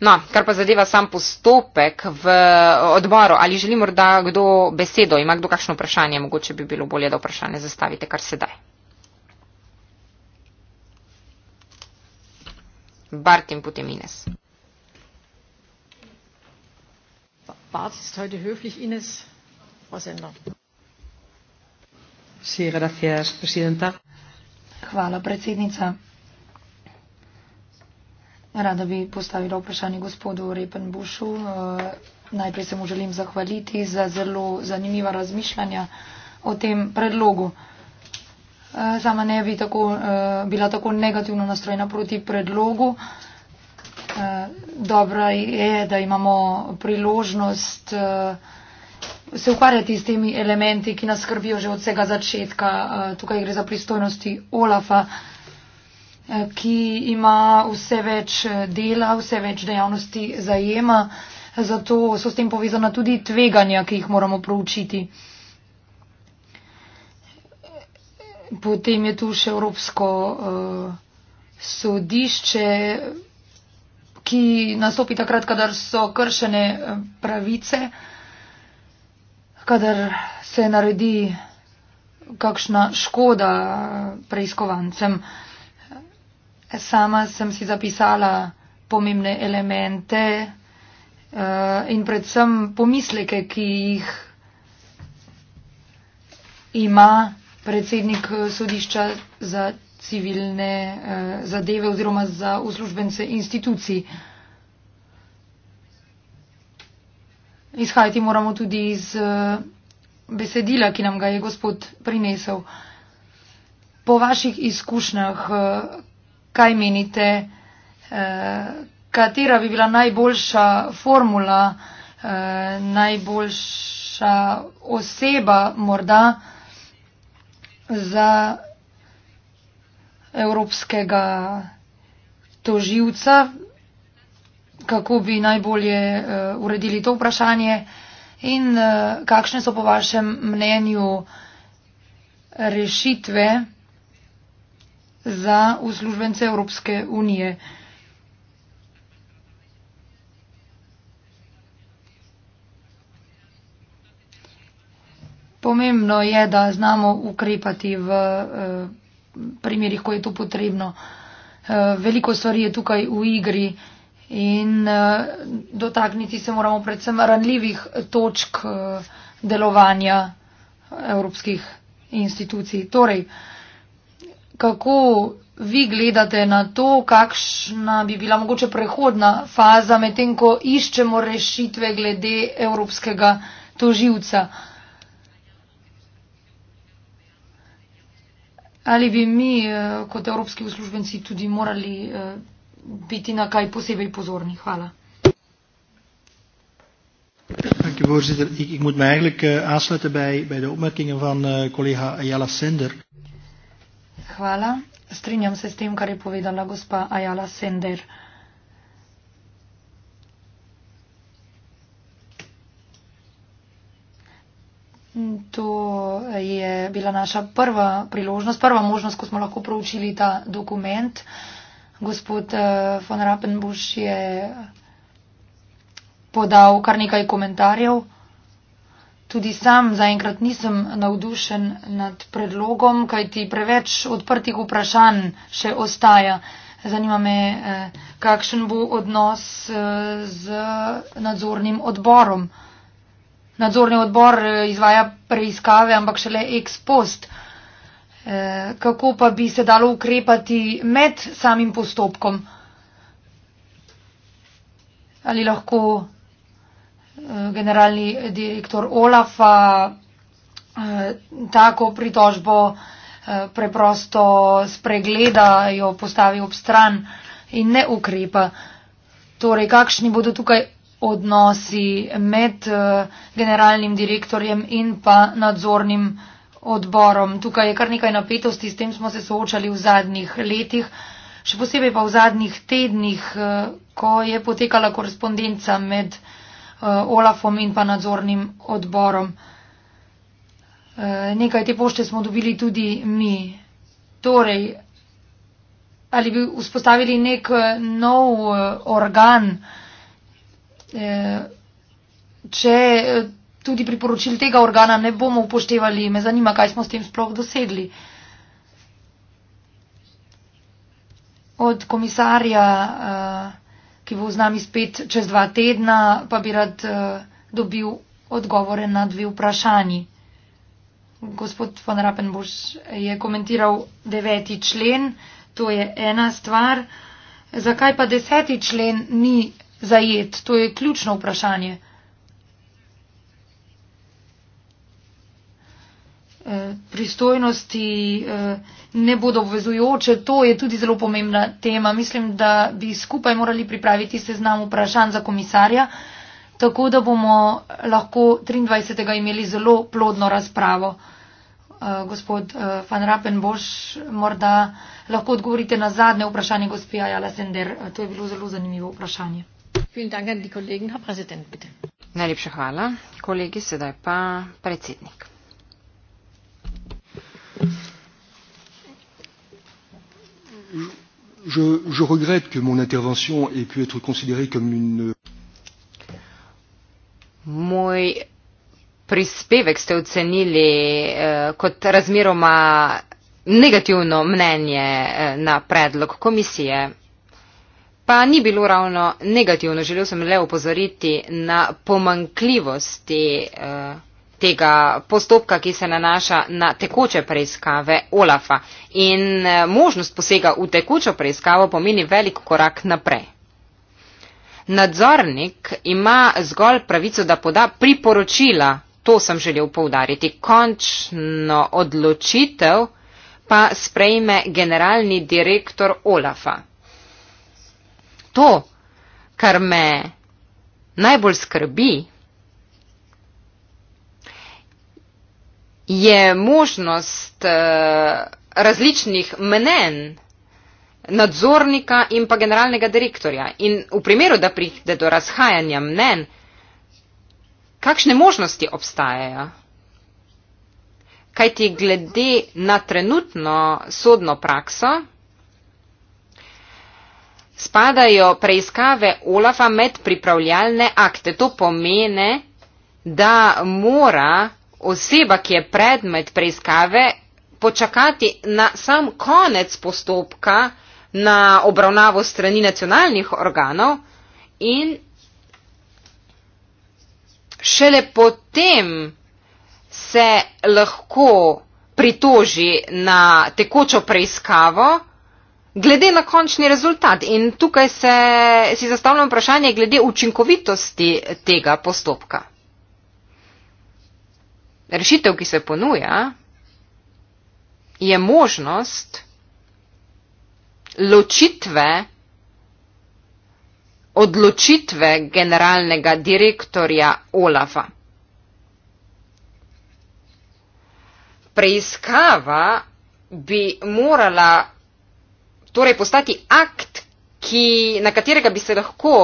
No, kar pa zadeva sam postopek v eh, odboru, ali želi morda kdo besedo, ima kdo kakšno vprašanje, mogoče bi bilo bolje, da vprašanje zastavite kar sedaj. Bart in potem Ines. Bart je zdaj höflich Ines, vas enda. Hvala, predsednica. Rada bi postavila vprašanje gospodu Repenbušu. Eh, najprej se mu želim zahvaliti za zelo zanimiva razmišljanja o tem predlogu. Sama eh, ne bi tako, eh, bila tako negativno nastrojena proti predlogu. Dobro je, da imamo priložnost se ukvarjati s temi elementi, ki nas skrbijo že od vsega začetka. Eh, tukaj gre za pristojnosti Olafa, eh, ki ima vse več eh, dela, vse več dejavnosti zajema, zato so s tem povezana tudi tveganja, ki jih moramo proučiti. Potem je tu še Evropsko uh, sodišče, ki nastopi takrat, kadar so kršene pravice. Uh, kadar se naredi kakšna škoda preiskovancem. Sama sem si zapisala pomembne elemente eh, in predvsem pomisleke, ki jih ima predsednik eh, sodišča za civilne eh, zadeve oziroma za uslužbence institucij. izhajati moramo tudi iz eh, besedila, ki nam ga je gospod prinesel. Po vaših izkušnjah, eh, kaj menite, eh, katera bi bila najboljša formula, najboljša oseba morda za evropskega toživca, kako bi najbolje uh, uredili to vprašanje in uh, kakšne so po vašem mnenju rešitve za uslužbence Evropske unije. Pomembno je, da znamo ukrepati v uh, primerih, ko je to potrebno. Uh, veliko stvari je tukaj v igri. Uh, In uh, dotakniti se moramo predvsem ranljivih točk uh, delovanja evropskih institucij. Torej, kako vi gledate na to, kakšna bi bila mogoče prehodna faza medtem, ko iščemo rešitve glede evropskega toživca? Ali bi mi uh, kot evropski uslužbenci tudi morali. Uh, biti na kaj posebej pozorni. Hvala. Dank u voorzitter. Ik, ik moet me eigenlijk uh, aansluiten bij, bij de opmerkingen van uh, collega Ayala Sender. Hvala. Strinjam se s tem, kar je povedala gospa Ayala Sender. To je bila naša prva priložnost, prva možnost, ko smo lahko proučili ta dokument. Uh, Gospod eh, von Rappenbusch je podal kar nekaj komentarjev. Tudi sam zaenkrat nisem navdušen nad predlogom, kajti preveč odprtih vprašanj še ostaja. Zanima me, eh, kakšen bo odnos eh, z nadzornim odborom. Nadzorni odbor izvaja preiskave, ampak šele ex post. Eh, kako pa bi se dalo ukrepati med samim postopkom? Ali lahko eh, generalni direktor Olafa eh, tako pritožbo preprosto spregleda, jo postavi ob stran in ne ukrepa? Torej, kakšni bodo tukaj odnosi med generalnim direktorjem in pa nadzornim direktorjem? odborom. Tukaj je kar nekaj napetosti, s tem smo se soočali v zadnjih letih, še posebej pa v zadnjih tednih, eh, ko je potekala korespondenca med eh, Olafom in pa nadzornim odborom. Eh, nekaj te pošte smo dobili tudi mi. Torej, ali bi vzpostavili nek nov organ, če tudi priporočil tega organa ne bomo upoštevali. Me zanima, kaj smo s tem sploh dosegli. Od komisarja, eh, ki bo z nami spet čez dva tedna, pa bi rad eh, dobil odgovore na dve vprašanji. Gospod von Rappenbusch je komentiral deveti člen, to je ena stvar. Zakaj pa deseti člen ni zajet? To je ključno vprašanje. Eh, pristojnosti eh, ne bodo obvezujoče. To je tudi zelo pomembna tema. Mislim, da bi skupaj morali pripraviti seznam vprašanj za komisarja, tako da bomo lahko 23. imeli zelo plodno razpravo. Eh, gospod Van Rappen, boš morda lahko odgovorite na zadnje vprašanje gospe Ajala Sender. To je bilo zelo zanimivo vprašanje. Najlepša hvala. Kolegi, sedaj pa predsednik. je, je regrette que mon intervention ait pu être considérée comme une. Moj prispevek ste ocenili eh, kot razmeroma negativno mnenje eh, na predlog komisije. Pa ni bilo ravno negativno, želel sem le upozoriti na pomankljivosti. Eh, tega postopka, ki se nanaša na tekoče preiskave Olafa. In eh, možnost posega v tekočo preiskavo pomeni velik korak naprej. Nadzornik ima zgolj pravico, da poda priporočila, to sem želel povdariti, končno odločitev pa sprejme generalni direktor Olafa. To, kar me najbolj skrbi, je možnost eh, različnih mnen nadzornika in pa generalnega direktorja. In v primeru, da pride do razhajanja mnen, kakšne možnosti obstajajo? Kaj ti glede na trenutno sodno prakso, spadajo preiskave Olafa med pripravljalne akte. To pomene, da mora oseba, ki je predmet preiskave, počakati na sam konec postopka na obravnavo strani nacionalnih organov in šele potem se lahko pritoži na tekočo preiskavo, glede na končni rezultat. In tukaj se, si zastavljam vprašanje glede učinkovitosti tega postopka rešitev, ki se ponuja, je možnost ločitve, odločitve generalnega direktorja Olafa. Preiskava bi morala torej postati akt, ki, na katerega bi se lahko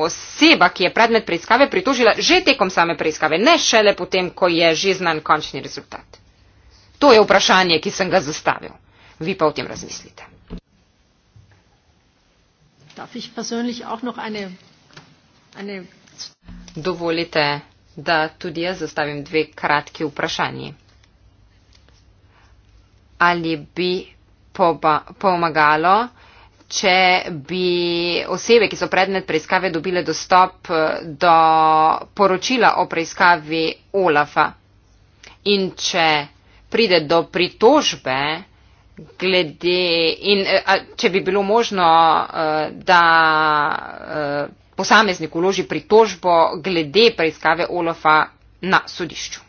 oseba, ki je predmet preiskave, pritožila že tekom same preiskave, ne šele potem, ko je že znan končni rezultat. To je vprašanje, ki sem ga zastavil. Vi pa o tem razmislite. Dovolite, da tudi jaz zastavim dve kratki vprašanji. Ali bi pomagalo, če bi osebe, ki so predmet preiskave, dobile dostop eh, do poročila o preiskavi Olafa in če pride do pritožbe glede in eh, če bi bilo možno, eh, da posameznik uloži pritožbo glede preiskave Olafa na sodišču.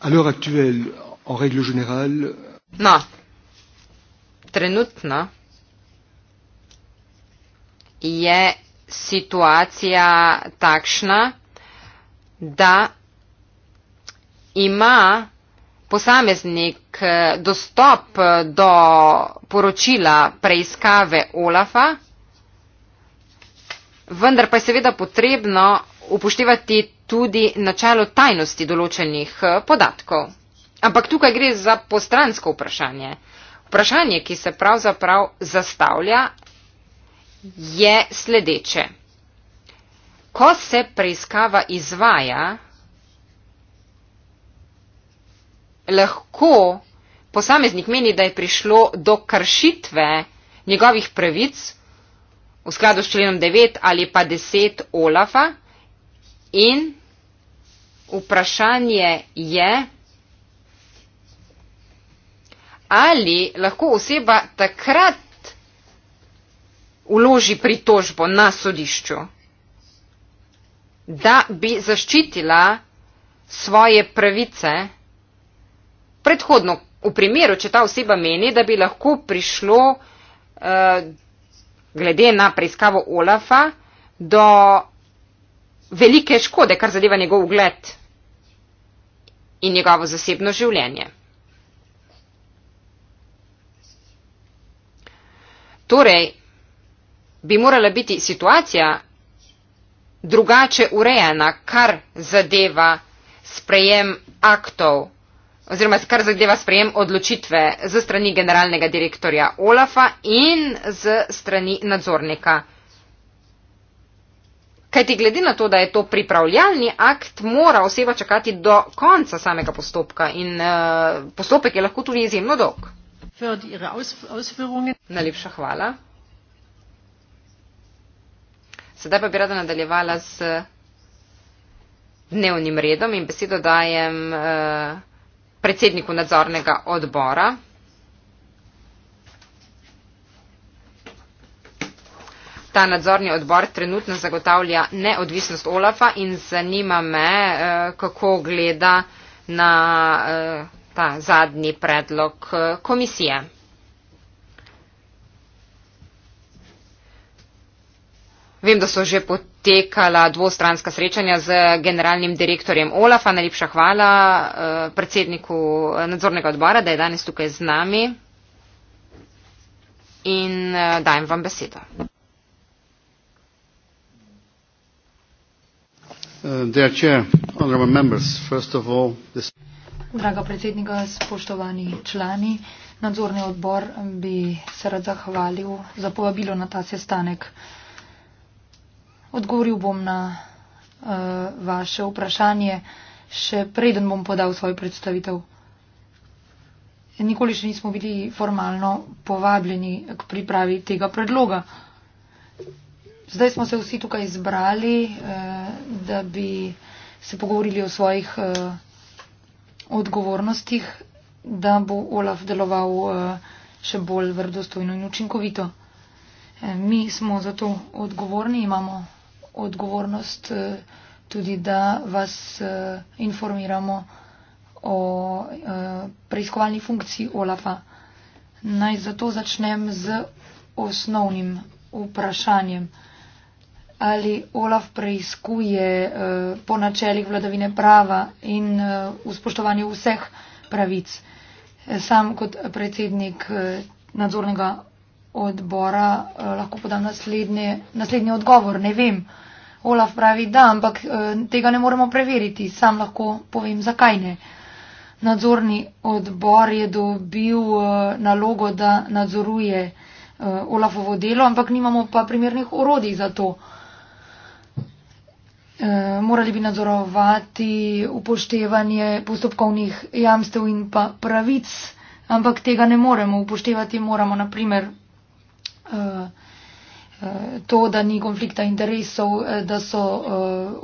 Alors actuelle, en règle générale, No, trenutno je situacija takšna, da ima posameznik eh, dostop do poročila preiskave Olafa, vendar pa je seveda potrebno upoštevati tudi načelo tajnosti določenih eh, podatkov. Ampak tukaj gre za postransko vprašanje. Vprašanje, ki se pravzaprav zastavlja, je sledeče. Ko se preiskava izvaja, lahko posameznik meni, da je prišlo do kršitve njegovih pravic v skladu s členom 9 ali pa 10 Olafa in vprašanje je, ali lahko oseba takrat uloži pritožbo na sodišču, da bi zaščitila svoje pravice predhodno v primeru, če ta oseba meni, da bi lahko prišlo eh, glede na preiskavo Olafa do velike škode, kar zadeva njegov ugled in njegovo zasebno življenje. Torej, bi morala biti situacija drugače urejena, kar zadeva sprejem aktov oziroma kar zadeva sprejem odločitve z strani generalnega direktorja Olafa in z strani nadzornika. Kaj ti glede na to, da je to pripravljalni akt, mora oseba čakati do konca samega postopka in uh, postopek je lahko tudi izjemno dolg. Najlepša hvala. Sedaj pa bi rada nadaljevala z dnevnim redom in besedo dajem eh, predsedniku nadzornega odbora. Ta nadzorni odbor trenutno zagotavlja neodvisnost Olafa in zanima me, eh, kako gleda na odbor eh, ta zadnji predlog eh, komisije. Vem, da so že potekala dvostranska srečanja z generalnim direktorjem Olafa. Najlepša hvala eh, predsedniku nadzornega odbora, da je danes tukaj z nami. In eh, dajem vam besedo. Dear Chair, Honorable Members, first of all, this... Draga predsednika, spoštovani člani, nadzorni odbor bi se rad zahvalil za povabilo na ta sestanek. Odgovoril bom na uh, vaše vprašanje, še preden bom podal svoj predstavitev. Nikoli še nismo bili formalno povabljeni k pripravi tega predloga. Zdaj smo se vsi tukaj izbrali, uh, eh, da bi se pogovorili o svojih. Uh, o odgovornostih, da bo Olaf deloval eh, še bolj vrdostojno in učinkovito. Eh, mi smo zato odgovorni, imamo odgovornost eh, tudi, da vas informiramo o preiskovalni funkciji Olafa. Naj zato začnem z osnovnim vprašanjem ali Olaf preiskuje eh, po načelih vladavine prava in eh, v spoštovanju vseh pravic. Eh, sam kot predsednik nadzornega odbora lahko podam naslednje, naslednji odgovor. Ne vem. Olaf pravi da, ampak tega ne moremo preveriti. Sam lahko povem, zakaj ne. Nadzorni odbor je dobil nalogo, da nadzoruje Olafovo delo, ampak nimamo pa primernih orodij za to. Eh, morali bi nadzorovati upoštevanje postopkovnih jamstev in pa pravic, ampak tega ne moremo upoštevati. Moramo naprimer eh, eh, to, da ni konflikta interesov, da so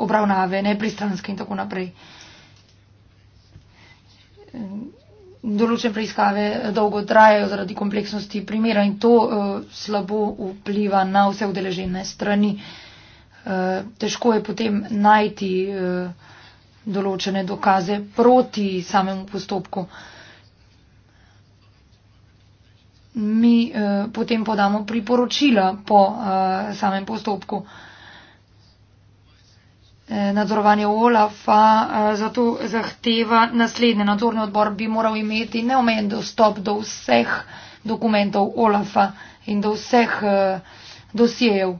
obravnave nepristranske in tako naprej. Določene preiskave dolgo trajajo zaradi kompleksnosti primera in to slabo vpliva na vse udeležene strani. Eh, težko je potem najti eh, določene dokaze proti samemu postopku. Mi eh, potem podamo priporočila po samem postopku. Nadzorovanje OLAF-a zato zahteva naslednje. Nadzorni odbor bi moral imeti neomejen dostop do vseh dokumentov OLAF-a in do vseh dosijev.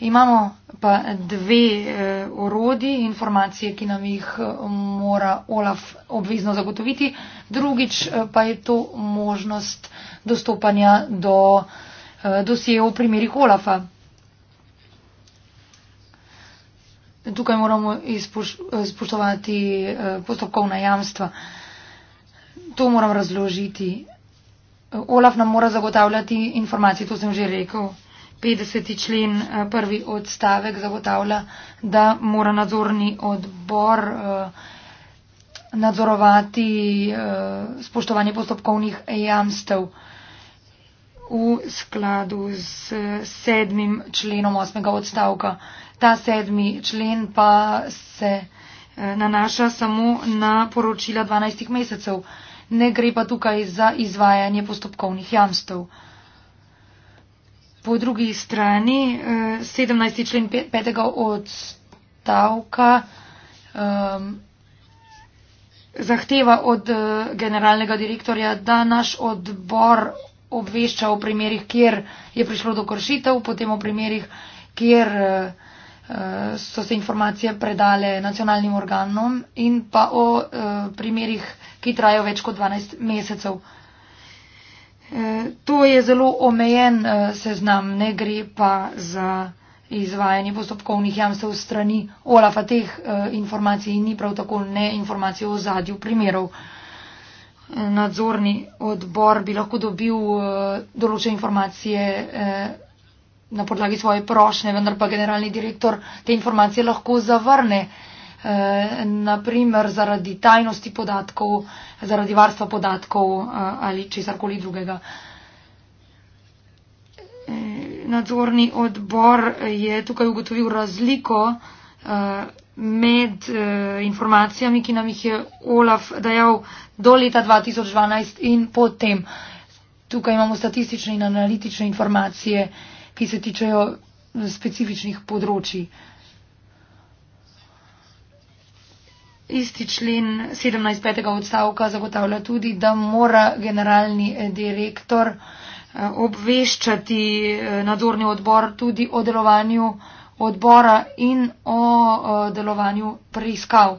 Imamo pa dve eh, orodi, informacije, ki nam jih eh, mora Olaf obvezno zagotoviti. Drugič eh, pa je to možnost dostopanja do eh, dosijev v primerih Olafa. Tukaj moramo izpoštovati eh, eh, postopkovna jamstva. To moram razložiti. Olaf nam mora zagotavljati informacije, to sem že rekel. 50. člen eh, prvi odstavek zagotavlja, da mora nadzorni odbor eh, nadzorovati eh, spoštovanje postopkovnih jamstev v skladu s sedmim členom osmega odstavka. Ta sedmi člen pa se nanaša samo na poročila 12 mesecev. Ne gre pa tukaj za izvajanje postopkovnih jamstev. Po drugi strani 17. Eh, člen 5. odstavka um, zahteva od eh, generalnega direktorja, da naš odbor obvešča o primerih, kjer je prišlo do kršitev, potem o primerih, kjer uh, so se informacije predale nacionalnim organom in pa o uh, primerih, ki trajajo več kot 12 mesecev. Uh, Eh, to je zelo omejen eh, seznam, ne gre pa za izvajanje postopkovnih jamstev strani Olafa. Teh eh, informacij ni prav tako ne informacij o zadju primerov. Nadzorni odbor bi lahko dobil določene informacije na podlagi svoje prošnje, vendar pa generalni direktor te informacije lahko zavrne. Eh, naprimer zaradi tajnosti podatkov, zaradi varstva podatkov eh, ali česarkoli drugega. Eh, nadzorni odbor je tukaj ugotovil razliko med informacijami, ki nam jih je Olaf dajal do leta 2012 in potem. Tukaj imamo statistične in analitične informacije, ki se tičejo specifičnih področji. Isti člen 17.5. odstavka zagotavlja tudi, da mora generalni eh, direktor eh, obveščati eh, nadzorni odbor tudi o delovanju odbora in o delovanju preiskav.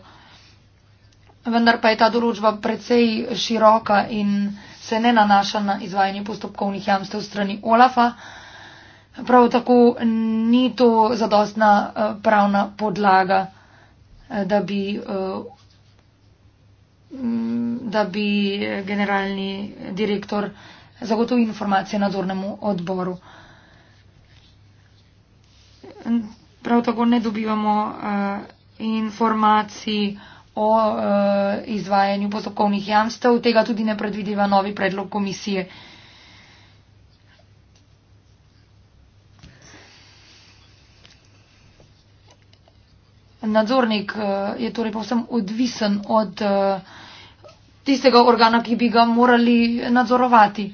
Vendar pa je ta določba precej široka in se ne nanaša na izvajanje postopkovnih jamstev strani OLAFA. Prav tako ni to zadostna pravna podlaga da bi, eh, da bi generalni direktor zagotovil informacije nadzornemu odboru. Prav tako ne dobivamo eh, informacij o eh, izvajanju postopkovnih jamstev, tega tudi ne predvideva novi predlog komisije. Nadzornik eh, je torej povsem odvisen od eh, tistega organa, ki bi ga morali nadzorovati.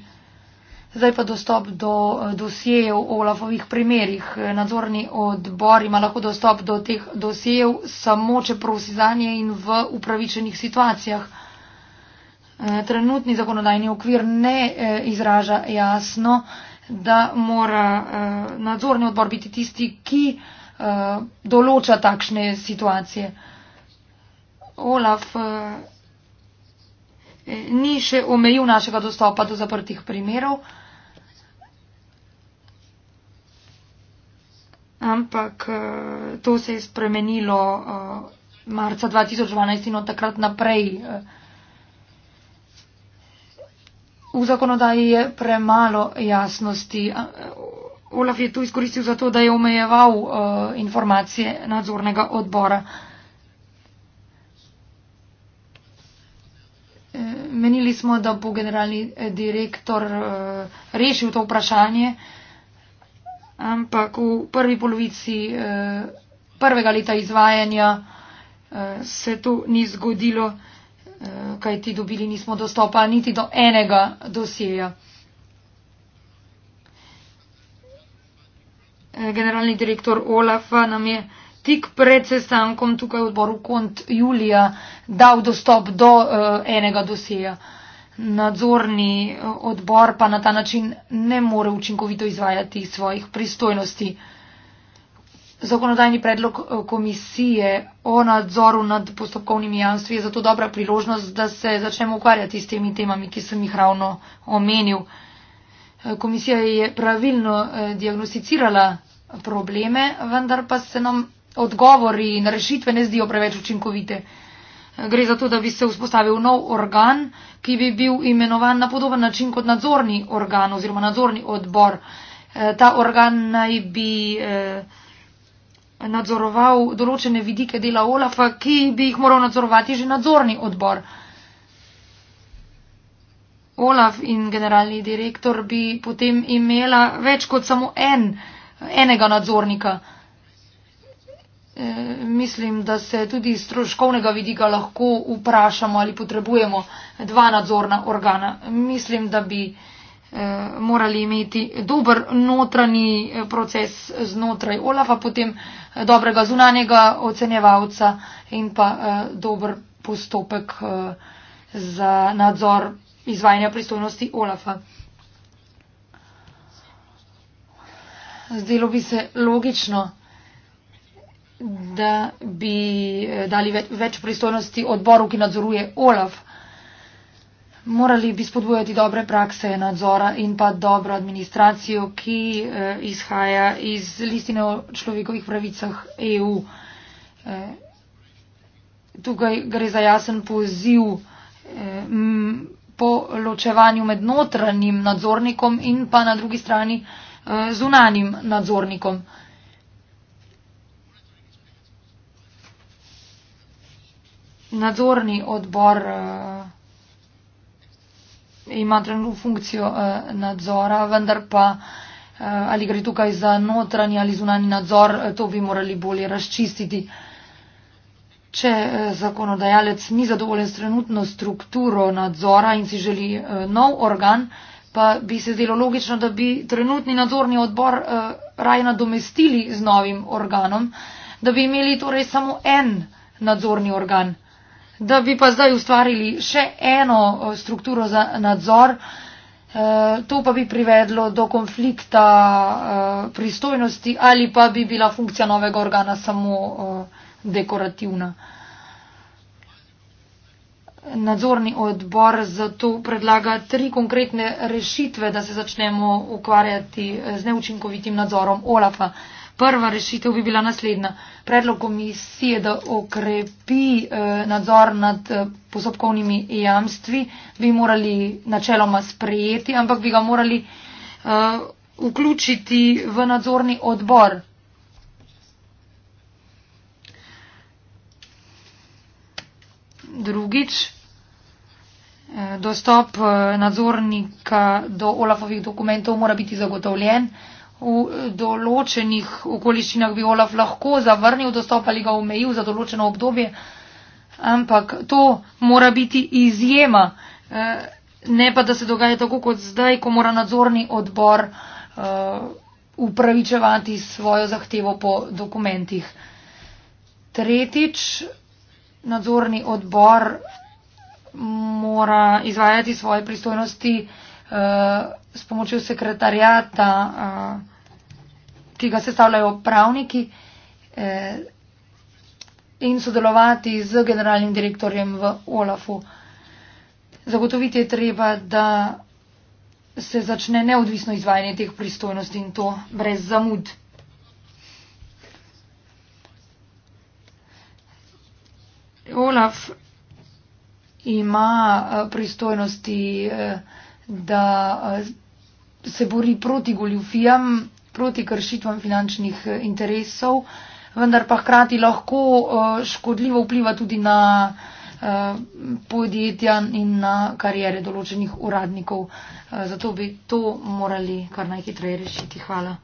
Zdaj pa dostop do eh, dosijev o Olafovih primerjih. Nadzorni odbor ima lahko dostop do teh dosijev samo, če prosi zanje in v upravičenih situacijah. Trenutni zakonodajni okvir ne izraža jasno, da mora nadzorni odbor biti tisti, ki Eh, določa takšne situacije. Olaf eh, eh, ni še omejil našega dostopa do zaprtih primerov, ampak to se je spremenilo marca 2012 in od takrat naprej. V zakonodaji je premalo jasnosti Olaf je to izkoristil zato, da je omejeval uh, informacije nadzornega odbora. E, menili smo, da bo generalni eh, direktor uh, rešil to vprašanje, ampak v prvi polovici uh, prvega leta izvajanja uh, se to ni zgodilo, uh, kaj ti dobili nismo dostopa niti do enega dosjeja. Eh, generalni direktor Olafa nam je tik pred sestankom tukaj v odboru kont Julija dal dostop do uh, enega dosija. Nadzorni eh, odbor pa na ta način ne more učinkovito izvajati svojih pristojnosti. Zakonodajni predlog komisije o nadzoru nad postopkovnimi jamstvi je zato dobra priložnost, da se začnemo ukvarjati s temi temami, ki sem jih ravno omenil. Komisija je pravilno diagnosticirala probleme, vendar pa se nam odgovori in rešitve ne zdijo preveč učinkovite. Gre za to, da bi se vzpostavil nov organ, ki bi bil imenovan na podoben način kot nadzorni organ oziroma nadzorni odbor. E, ta organ naj bi e, nadzoroval določene vidike dela Olafa, ki bi jih moral nadzorovati že nadzorni odbor. Olaf in generalni direktor bi potem imela več kot samo en enega nadzornika. E, mislim, da se tudi iz stroškovnega vidika lahko vprašamo, ali potrebujemo dva nadzorna organa. Mislim, da bi e, morali imeti dober notranji e, proces znotraj OLAFA, potem dobrega zunanjega ocenjevalca in pa dober postopek za nadzor izvajanja pristojnosti OLAFA. zdelo bi se logično, da bi eh, dali več pristojnosti odboru, ki nadzoruje OLAF. Morali bi spodbujati dobre prakse nadzora in pa dobro administracijo, ki eh, izhaja iz listine o človekovih pravicah EU. Eh, tukaj gre za jasen poziv po ločevanju med notranjim nadzornikom in pa na drugi strani Eh, zunanim nadzornikom. Nadzorni odbor uh, ima trenutno funkcijo uh, nadzora, vendar pa uh, ali gre tukaj za notranji ali zunani nadzor, to bi morali bolje razčistiti. Če uh, zakonodajalec ni zadovoljen s trenutno strukturo nadzora in si želi uh, nov organ, uh, pa bi se zdelo logično, da bi trenutni nadzorni odbor uh, raje nadomestili z novim organom, da bi imeli torej samo en nadzorni organ, da bi pa zdaj ustvarili še eno uh, strukturo za nadzor, uh, to pa bi privedlo do konflikta uh, pristojnosti ali pa bi bila funkcija novega organa samo uh, dekorativna. Uh, nadzorni odbor zato predlaga tri konkretne rešitve, da se začnemo ukvarjati z neučinkovitim nadzorom OLAF-a. Prva rešitev bi bila naslednja. Predlog komisije, da okrepi eh, nadzor nad eh, posobkovnimi jamstvi, bi morali načeloma sprejeti, ampak bi ga morali eh, vključiti v nadzorni odbor. Drugič, dostop eh, nadzornika do Olafovih dokumentov mora biti zagotovljen. V eh, določenih okoliščinah bi Olaf lahko zavrnil dostop ali ga omejil za določeno obdobje, ampak to mora biti izjema, eh, ne pa da se dogaja tako kot zdaj, ko mora nadzorni odbor upravičevati svojo zahtevo po dokumentih. Tretjič, nadzorni odbor mora izvajati svoje pristojnosti uh, s pomočjo sekretarjata, uh, eh, ki ga sestavljajo pravniki eh, in sodelovati z generalnim direktorjem v OLAF-u. Zagotoviti je treba, da se začne neodvisno izvajanje teh pristojnosti in to brez zamud. Olaf ima eh, pristojnosti, eh, da eh, se bori proti goljufijam, proti kršitvam finančnih interesov, vendar pa hkrati lahko škodljivo vpliva tudi na podjetja in na karijere določenih uradnikov. Zato bi to morali kar najhitreje rešiti. Hvala.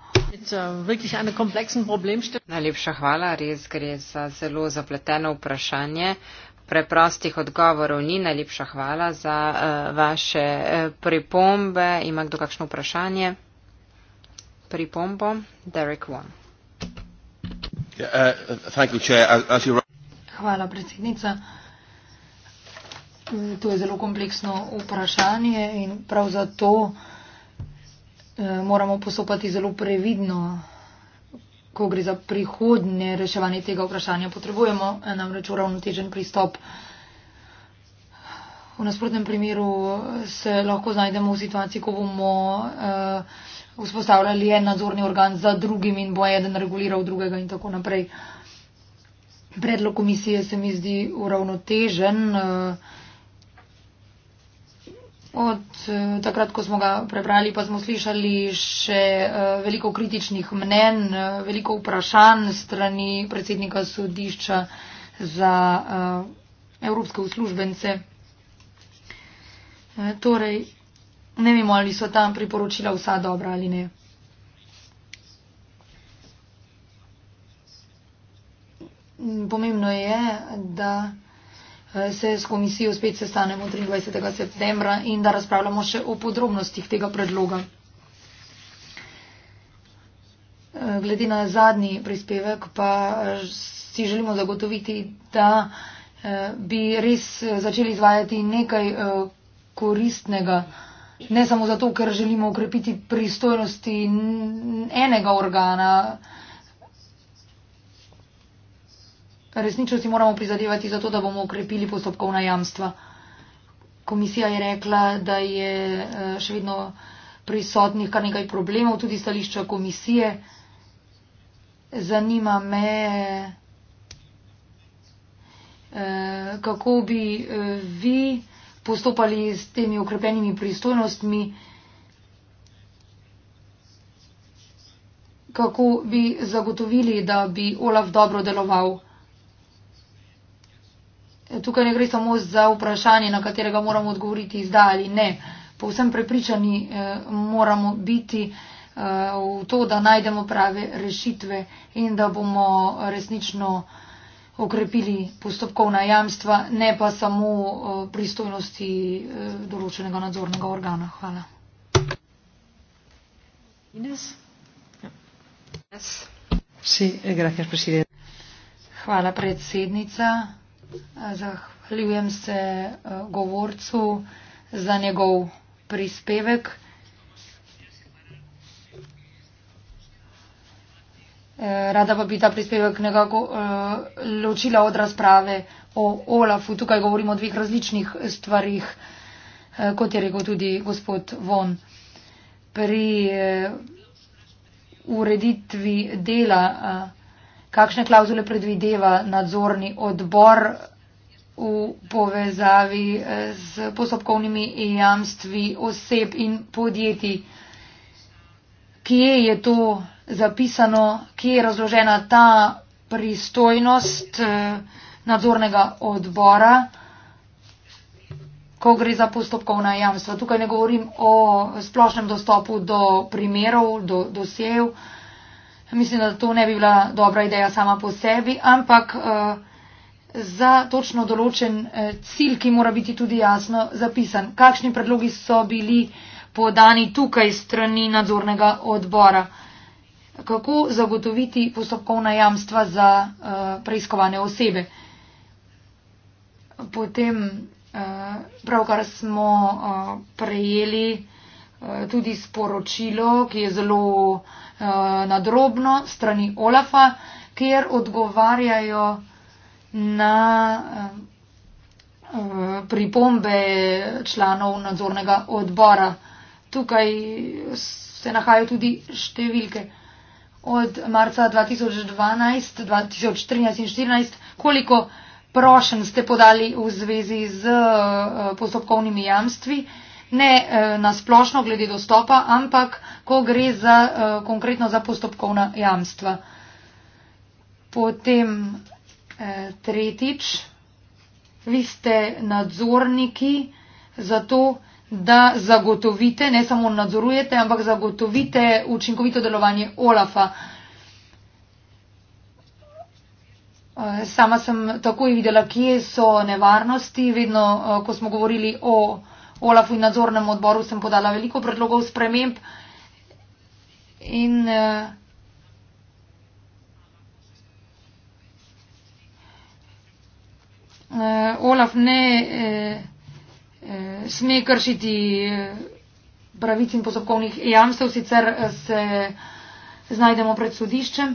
Najlepša hvala. Res gre za zelo zapleteno vprašanje preprostih odgovorov ni. Najlepša hvala za uh, vaše eh, pripombe. Ima kdo kakšno vprašanje? Pripombo? Derek Wong. Uh, you, chair, as, as hvala, predsednica. To je zelo kompleksno vprašanje in prav zato uh, moramo postopati zelo previdno ko gre za prihodnje reševanje tega vprašanja, potrebujemo eh, namreč uravnotežen pristop. V nasprotnem primeru eh, se lahko znajdemo v situaciji, ko bomo uh, vzpostavljali en nadzorni organ za drugim in bo eden reguliral drugega in tako naprej. Predlog komisije se mi zdi uravnotežen. Uh, Od eh, takrat, ko smo ga prebrali, pa smo slišali še eh, veliko kritičnih mnen, eh, veliko vprašanj strani predsednika sodišča za evropske uslužbence. Torej, ne vemo, ali so tam priporočila vsa dobra ali ne. Pomembno je, da se s komisijo spet sestanemo 23. septembra in da razpravljamo še o podrobnostih tega predloga. Glede na zadnji prispevek pa si želimo zagotoviti, da bi res začeli izvajati nekaj koristnega. Ne samo zato, ker želimo ukrepiti pristojnosti enega organa, resnično si moramo prizadevati za to, da bomo ukrepili postopkovna jamstva. Komisija je rekla, da je eh, še vedno prisotnih kar nekaj problemov, tudi stališča komisije. Zanima me, eh, kako bi eh, vi postopali s temi ukrepenimi pristojnostmi, kako bi zagotovili, da bi Olaf dobro deloval. Eh, tukaj ne gre samo za vprašanje, na katerega moramo odgovoriti zdaj ali ne. Povsem prepričani eh, moramo biti eh, v to, da najdemo prave rešitve in da bomo resnično okrepili postopkovna jamstva, ne pa samo pristojnosti določenega nadzornega organa. Hvala. Ja. Hvala predsednica. Zahvaljujem se eh, govorcu za njegov prispevek. Eh, rada pa bi ta prispevek nekako eh, ločila od razprave o Olafu. Tukaj govorimo o dveh različnih stvarih, kot je rekel tudi gospod Von. Pri ureditvi dela kakšne klauzule predvideva nadzorni odbor v povezavi z eh, postopkovnimi jamstvi oseb in podjetij. Kje je to zapisano, kje je razložena ta pristojnost eh, nadzornega odbora, ko gre za postopkovna jamstva. Tukaj ne govorim o splošnem dostopu do primerov, do dosejev mislim, da to ne bi bila dobra ideja sama po sebi, ampak uh, za točno določen uh, cilj, ki mora biti tudi jasno zapisan. Kakšni predlogi so bili podani tukaj strani nadzornega odbora? Kako zagotoviti postopkovna jamstva za uh, preiskovane osebe? Potem uh, pravkar smo uh, prejeli uh, tudi sporočilo, ki je zelo uh, Eh, nadrobno strani Olafa, kjer odgovarjajo na eh, eh, pripombe članov nadzornega odbora. Tukaj se nahajajo tudi številke. Od marca 2012, 2013 in 2014, koliko prošen ste podali v zvezi z postopkovnimi jamstvi, ne na splošno glede dostopa, ampak ko gre za, eh, konkretno za postopkovna jamstva. Potem eh, tretjič, vi ste nadzorniki za to, da zagotovite, ne samo nadzorujete, ampak zagotovite učinkovito delovanje OLAFA. Eh, sama sem takoj videla, kje so nevarnosti. Vedno, ko smo govorili o OLAFu in nadzornem odboru, sem podala veliko predlogov spremembe. In uh, uh, Olaf ne uh, uh, sme kršiti uh, pravic in postopkovnih jamstev, sicer se znajdemo pred sodiščem.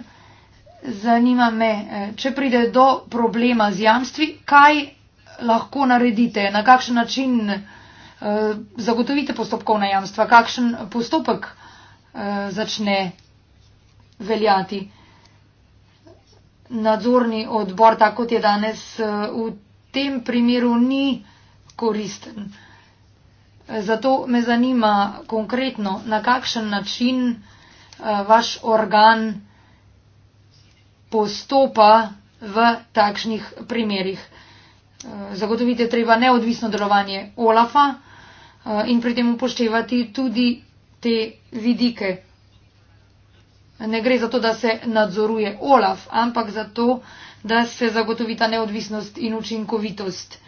Zanima me, če pride do problema z jamstvi, kaj lahko naredite, na kakšen način uh, zagotovite postopkovna jamstva, kakšen postopek uh, Eh, začne veljati. Nadzorni odbor, tako kot je danes, eh, v tem primeru ni koristen. Eh, zato me zanima konkretno, na kakšen način vaš organ postopa v takšnih primerih. Zagotovite treba neodvisno delovanje OLAFA in pri tem upoštevati tudi te vidike. Ne gre za to, da se nadzoruje OLAF, ampak za to, da se zagotovi ta neodvisnost in učinkovitost.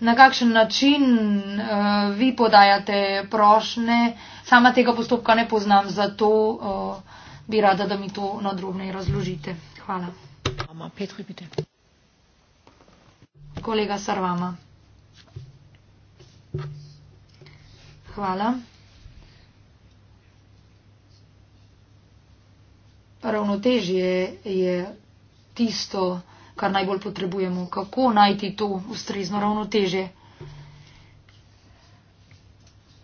Na kakšen način uh, vi podajate prošne, sama tega postopka ne poznam, zato uh, bi rada, da mi to nadrobneje razložite. Hvala. Kolega Sarvama. Hvala. ravnotežje je tisto, kar najbolj potrebujemo. Kako najti to ustrezno ravnotežje?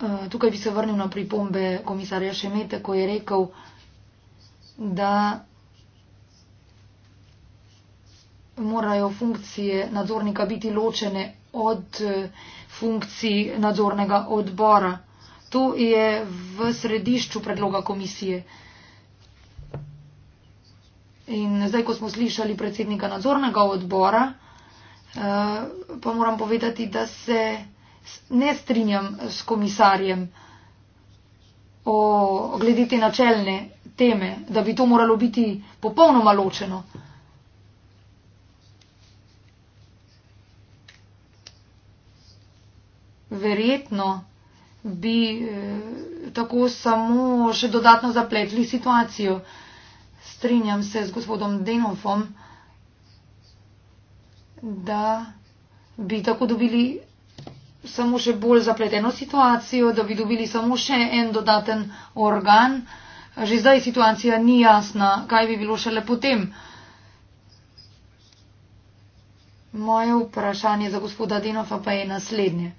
Eh, tukaj bi se vrnil na pripombe komisarja Šemete, ko je rekel, da morajo funkcije nadzornika biti ločene od eh, funkcij nadzornega odbora. To je v središču predloga komisije. In zdaj, ko smo slišali predsednika nadzornega odbora, eh, pa moram povedati, da se ne strinjam s komisarjem o, glede te načelne teme, da bi to moralo biti popolnoma ločeno. Verjetno bi eh, tako samo še dodatno zapletli situacijo. Eh, strinjam se z gospodom Denovom, da bi tako dobili samo še bolj zapleteno situacijo, da bi dobili samo še en dodaten organ. Že zdaj situacija ni jasna, kaj bi bilo šele potem. Moje vprašanje za gospoda Denofa pa je naslednje.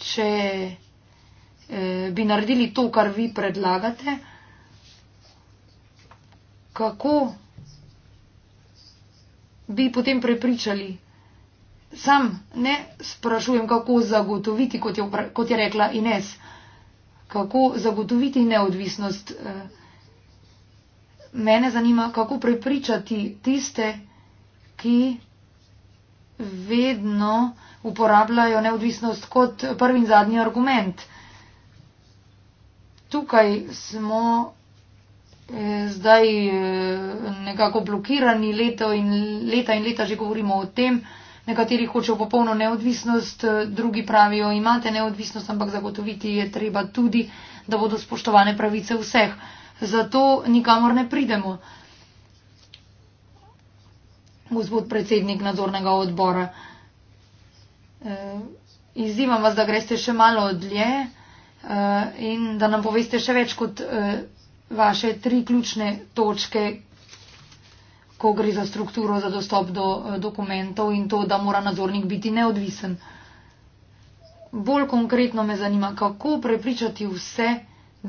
Če eh, bi naredili to, kar vi predlagate, kako bi potem prepričali. Sam ne sprašujem, kako zagotoviti, kot je, kot je rekla Ines, kako zagotoviti neodvisnost. Eh, mene zanima, kako prepričati tiste, ki vedno uporabljajo neodvisnost kot prvi in zadnji argument. Uh, tukaj smo eh, zdaj eh, nekako blokirani leto in leta in leta že govorimo o tem. Nekateri hočejo popolno neodvisnost, eh, drugi pravijo, imate neodvisnost, ampak zagotoviti je treba tudi, da bodo spoštovane pravice vseh. Zato nikamor ne pridemo. Gospod predsednik nadzornega odbora, eh, izzivam vas, da greste še malo odlje. Eh, Eh, in da nam poveste še več kot eh, vaše tri ključne točke, ko gre za strukturo za dostop do eh, dokumentov in to, da mora nadzornik biti neodvisen. Bolj konkretno me zanima, kako prepričati vse,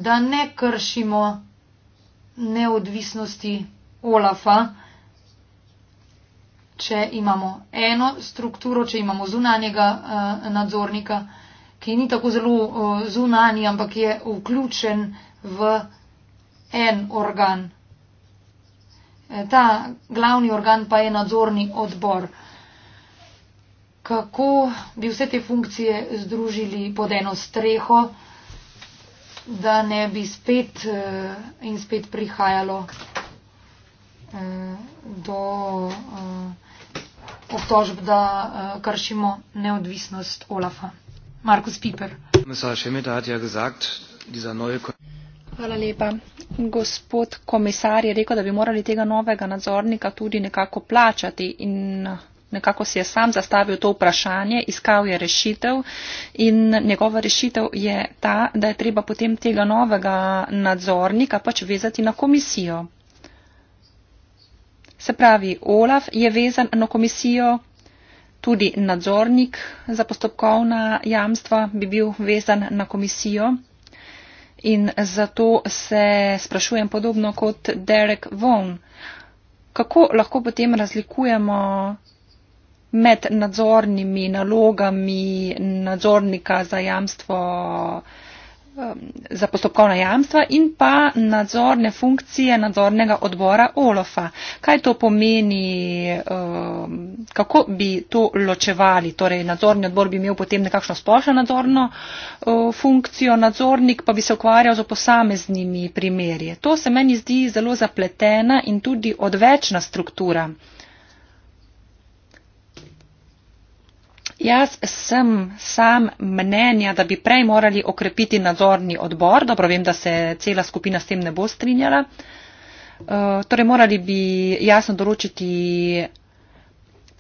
da ne kršimo neodvisnosti OLAFA, če imamo eno strukturo, če imamo zunanjega uh, nadzornika ki ni tako zelo uh, zunani, ampak je vključen v en organ. E, ta glavni organ pa je nadzorni odbor. Kako bi vse te funkcije združili pod eno streho, da ne bi spet uh, in spet prihajalo uh, do uh, obtožb, da uh, kršimo neodvisnost Olafa. Markus Pieper. Kommissar Schemeter hat ja gesagt, dieser neue. Hvala lepa. Gospod komisar je rekel, da bi morali tega novega nadzornika tudi nekako plačati in nekako si je sam zastavil to vprašanje, iskal je rešitev in njegova rešitev je ta, da je treba potem tega novega nadzornika pač vezati na komisijo. Se pravi, Olaf je vezan na komisijo, tudi nadzornik za postopkovna jamstva bi bil vezan na komisijo. In zato se sprašujem podobno kot Derek Vaughn, kako lahko potem razlikujemo med nadzornimi nalogami nadzornika za jamstvo Um, za postopkovna jamstva in pa nadzorne funkcije nadzornega odbora OLOFA. Kaj to pomeni, um, kako bi to ločevali? Torej, nadzorni odbor bi imel potem nekakšno splošno nadzorno uh, funkcijo, nadzornik pa bi se ukvarjal z posameznimi primerji. To se meni zdi zelo zapletena in tudi odvečna struktura. Jaz sem sam mnenja, da bi prej morali okrepiti nadzorni odbor. Dobro vem, da se cela skupina s tem ne bo strinjala. Eh, torej, morali bi jasno določiti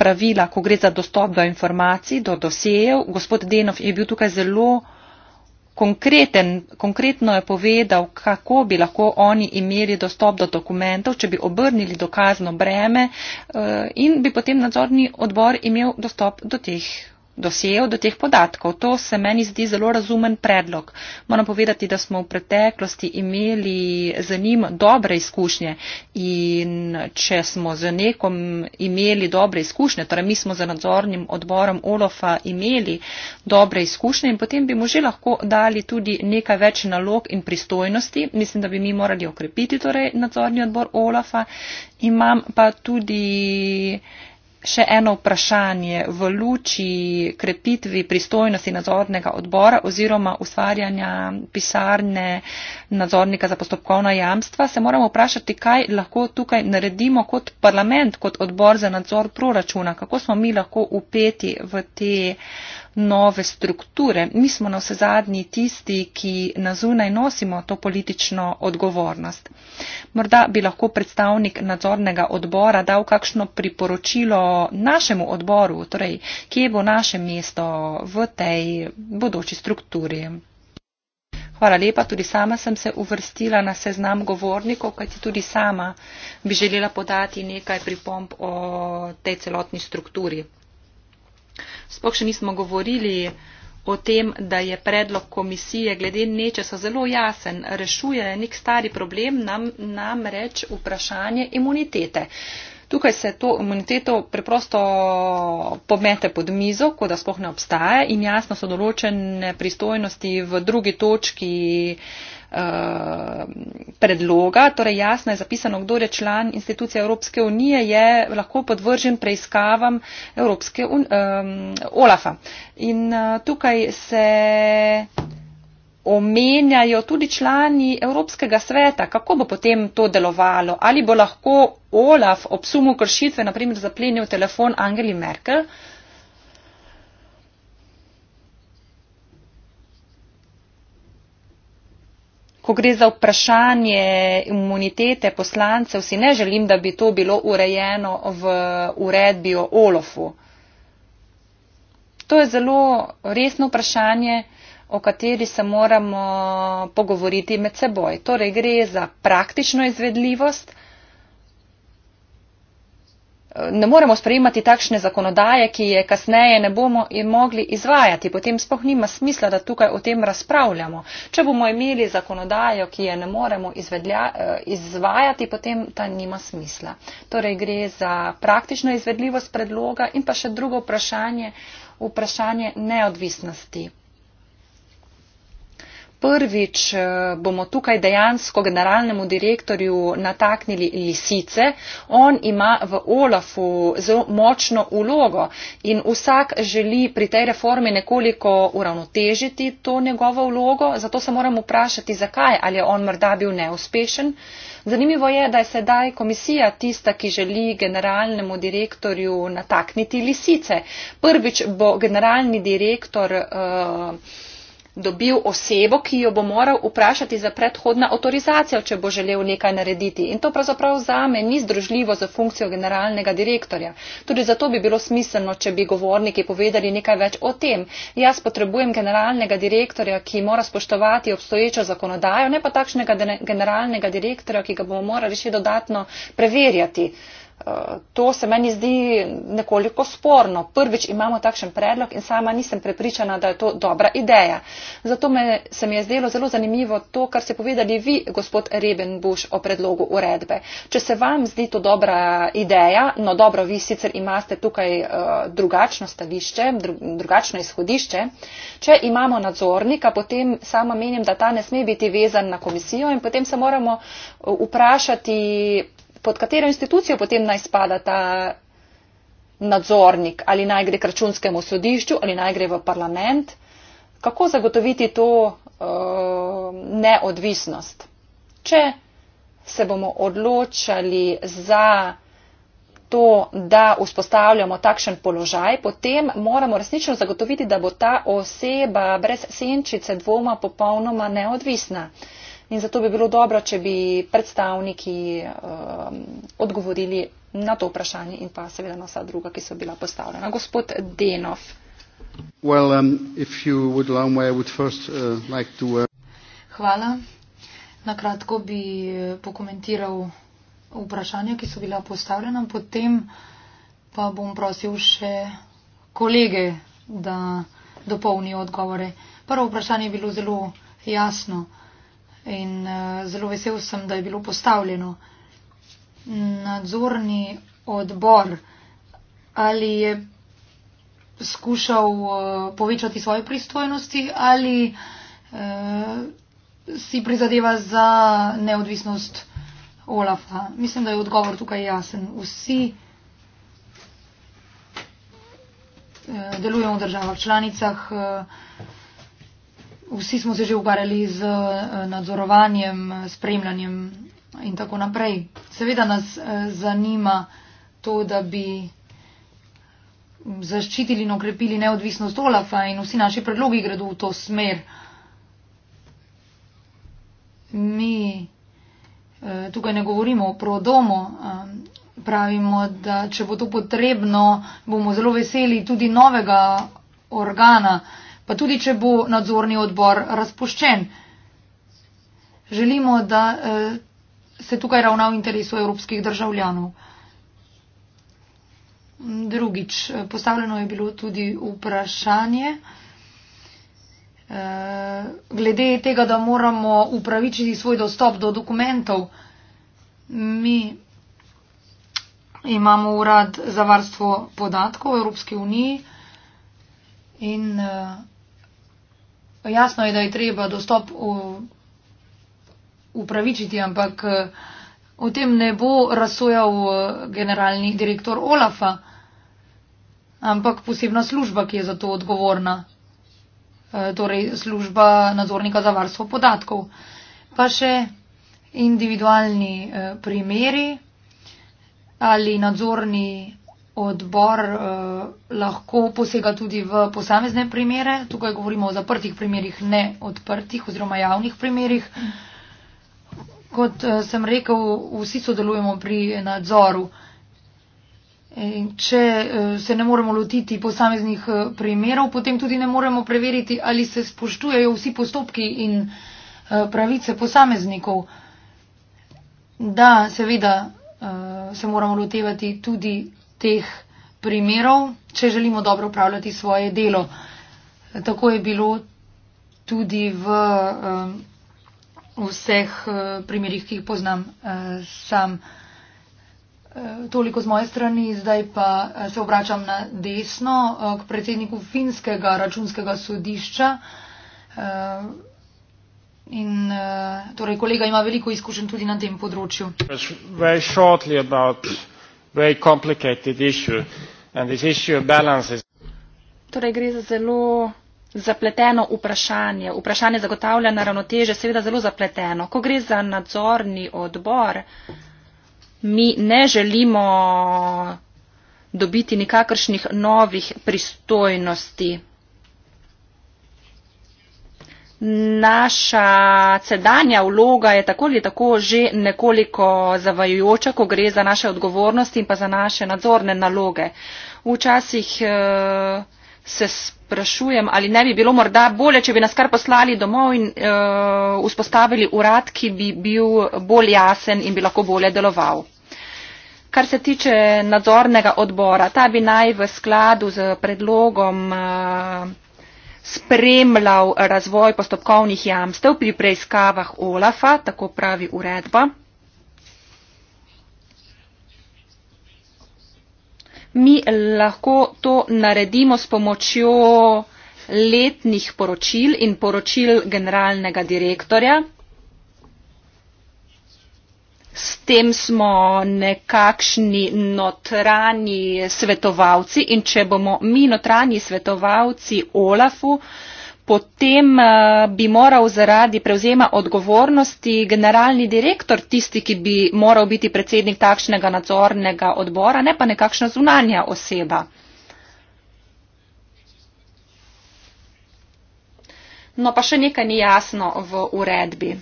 pravila, ko gre za dostop do informacij, do dosejev. Gospod Denov je bil tukaj zelo konkreten, konkretno je povedal, kako bi lahko oni imeli dostop do dokumentov, če bi obrnili dokazno breme eh, in bi potem nadzorni odbor imel dostop do teh dosjejev, do teh podatkov. To se meni zdi zelo razumen predlog. Moram povedati, da smo v preteklosti imeli za njim dobre izkušnje in če smo z nekom imeli dobre izkušnje, torej mi smo za nadzornim odborom Olofa imeli dobre izkušnje in potem bi mu že lahko dali tudi nekaj več nalog in pristojnosti. Mislim, da bi mi morali okrepiti torej nadzorni odbor Olofa. Imam pa tudi še eno vprašanje v luči krepitvi pristojnosti nadzornega odbora oziroma ustvarjanja pisarne nadzornika za postopkovna jamstva. Se moramo vprašati, kaj lahko tukaj naredimo kot parlament, kot odbor za nadzor proračuna, kako smo mi lahko upeti v te uh, nove strukture. Mi smo na vse zadnji tisti, ki na zunaj nosimo to politično odgovornost. Morda bi lahko predstavnik nadzornega odbora dal kakšno priporočilo našemu odboru, torej kje bo naše mesto v tej bodoči strukturi. Hvala lepa, tudi sama sem se uvrstila na seznam govornikov, kajti tudi sama bi želela podati nekaj pripomp o tej celotni strukturi. Sploh še nismo govorili o tem, da je predlog komisije glede nečesa zelo jasen, rešuje nek stari problem, nam, nam reč vprašanje imunitete. Tukaj se to imuniteto preprosto pomete pod mizo, kot da spoh ne obstaja in jasno so določene pristojnosti v drugi točki Eh, predloga. Torej jasno je zapisano, kdo je član institucije Evropske unije, je lahko podvržen preiskavam Evropske un, um, OLAFA. In uh, tukaj se omenjajo tudi člani Evropskega sveta, kako bo potem to delovalo, ali bo lahko OLAF ob sumu kršitve, naprimer zaplenil telefon Angeli Merkel, uh, ko gre za vprašanje imunitete poslancev, si ne želim, da bi to bilo urejeno v uredbi o Olofu. To je zelo resno vprašanje, o kateri se moramo pogovoriti med seboj. Torej gre za praktično izvedljivost, ne moremo sprejemati takšne zakonodaje, ki je kasneje ne bomo mogli izvajati. Potem spoh nima smisla, da tukaj o tem razpravljamo. Če bomo imeli zakonodajo, ki je ne moremo izvedlja, eh, izvajati, potem ta nima smisla. Torej gre za praktično izvedljivost predloga in pa še drugo vprašanje, vprašanje neodvisnosti prvič eh, bomo tukaj dejansko generalnemu direktorju nataknili lisice. On ima v Olafu zelo močno ulogo in vsak želi pri tej reformi nekoliko uravnotežiti to njegovo ulogo, zato se moramo vprašati, zakaj, ali je on morda bil neuspešen. Zanimivo je, da je sedaj komisija tista, ki želi generalnemu direktorju natakniti lisice. Prvič bo generalni direktor uh, dobil osebo, ki jo bo moral vprašati za predhodna avtorizacijo, če bo želel nekaj narediti. In to pravzaprav zame ni združljivo za funkcijo generalnega direktorja. Tudi zato bi bilo smiselno, če bi govorniki povedali nekaj več o tem. Jaz potrebujem generalnega direktorja, ki mora spoštovati obstoječo zakonodajo, ne pa takšnega generalnega direktorja, ki ga bomo morali še dodatno preverjati. Uh, to se meni zdi nekoliko sporno. Prvič imamo takšen predlog in sama nisem prepričana, da je to dobra ideja. Zato me, se mi je zdelo zelo zanimivo to, kar ste povedali vi, gospod Rebenbuš, o predlogu uredbe. Če se vam zdi to dobra ideja, no dobro, vi sicer imate tukaj uh, drugačno stališče, dru, drugačno izhodišče. Če imamo nadzornika, potem sama menim, da ta ne sme biti vezan na komisijo in potem se moramo eh, vprašati, pod katero institucijo potem naj spada ta nadzornik, ali naj gre k računskemu sodišču, ali naj gre v parlament. Kako zagotoviti to uh, neodvisnost? Če se bomo odločali za to, da vzpostavljamo takšen položaj, potem moramo resnično zagotoviti, da bo ta oseba brez senčice dvoma popolnoma neodvisna. Uh, in zato bi bilo dobro, če bi predstavniki um, odgovorili na to vprašanje in pa seveda na vsa druga, ki so bila postavljena. Gospod Denov. Well, um, me, first, uh, like to, uh... Hvala. Na kratko bi uh, pokomentiral vprašanja, ki so bila postavljena, potem pa bom prosil še kolege, da dopolnijo odgovore. Prvo vprašanje je bilo zelo jasno in eh, zelo vesel sem, da je bilo postavljeno. Nadzorni odbor ali je skušal eh, povečati svoje pristojnosti ali eh, si prizadeva za neodvisnost Olafa. Mislim, da je odgovor tukaj jasen. Vsi eh, delujemo v državah članicah. Eh, vsi smo se že ukvarjali z eh, nadzorovanjem, spremljanjem in tako naprej. Seveda nas eh, zanima to, da bi zaščitili in okrepili neodvisnost OLAFA in vsi naši predlogi gredo v to smer. Mi eh, tukaj ne govorimo o prodomu, pravimo, da če bo to potrebno, bomo zelo veseli tudi novega organa, pa tudi, če bo nadzorni odbor razpoščen. Želimo, da eh, se tukaj ravna v interesu evropskih državljanov. Drugič, eh, postavljeno je bilo tudi vprašanje eh, glede tega, da moramo upravičiti svoj dostop do dokumentov. Mi imamo urad za varstvo podatkov v Evropski uniji in jasno je, da je treba dostop upravičiti, ampak eh, o tem ne bo razsojal eh, generalni direktor Olafa, ampak posebna služba, ki je za to odgovorna. Eh, torej, služba nadzornika za varstvo podatkov. Pa še individualni primeri ali nadzorni odbor eh, lahko posega tudi v posamezne primere. Tukaj govorimo o zaprtih primerih, ne odprtih oziroma javnih primerih. Kot eh, sem rekel, vsi sodelujemo pri nadzoru. In če eh, se ne moremo lotiti posameznih eh, primerov, potem tudi ne moremo preveriti, ali se spoštujejo vsi postopki in eh, pravice posameznikov. Da, seveda eh, se moramo lotevati tudi teh primerov, če želimo dobro upravljati svoje delo. Tako je bilo tudi v vseh eh, primerih, ki jih poznam eh, sam. Eh, toliko z moje strani, zdaj pa se obračam na desno k predsedniku finskega računskega sodišča. In torej kolega ima veliko izkušenj tudi na tem področju. Very, very very complicated issue and this issue of balances. Torej gre za zelo zapleteno vprašanje. Vprašanje zagotavljanja ravnoteže je seveda zelo zapleteno. Ko gre za nadzorni odbor, mi ne želimo dobiti nikakršnih novih pristojnosti naša sedanja vloga je tako ali tako že nekoliko zavajujoča, ko gre za naše odgovornosti in pa za naše nadzorne naloge. Včasih uh, se sprašujem, ali ne bi bilo morda bolje, če bi nas kar poslali domov in uh, vzpostavili urad, ki bi bil bolj jasen in bi lahko bolje deloval. Kar se tiče nadzornega odbora, ta bi naj v skladu z predlogom uh, spremljal razvoj postopkovnih jamstev pri preiskavah OLAF-a, tako pravi uredba. Mi lahko to naredimo s pomočjo letnih poročil in poročil generalnega direktorja. S tem smo nekakšni notranji svetovalci in če bomo mi notranji svetovalci Olafu, potem eh, bi moral zaradi prevzema odgovornosti generalni direktor tisti, ki bi moral biti predsednik takšnega nadzornega odbora, ne pa nekakšna zunanja oseba. No pa še nekaj ni jasno v uredbi.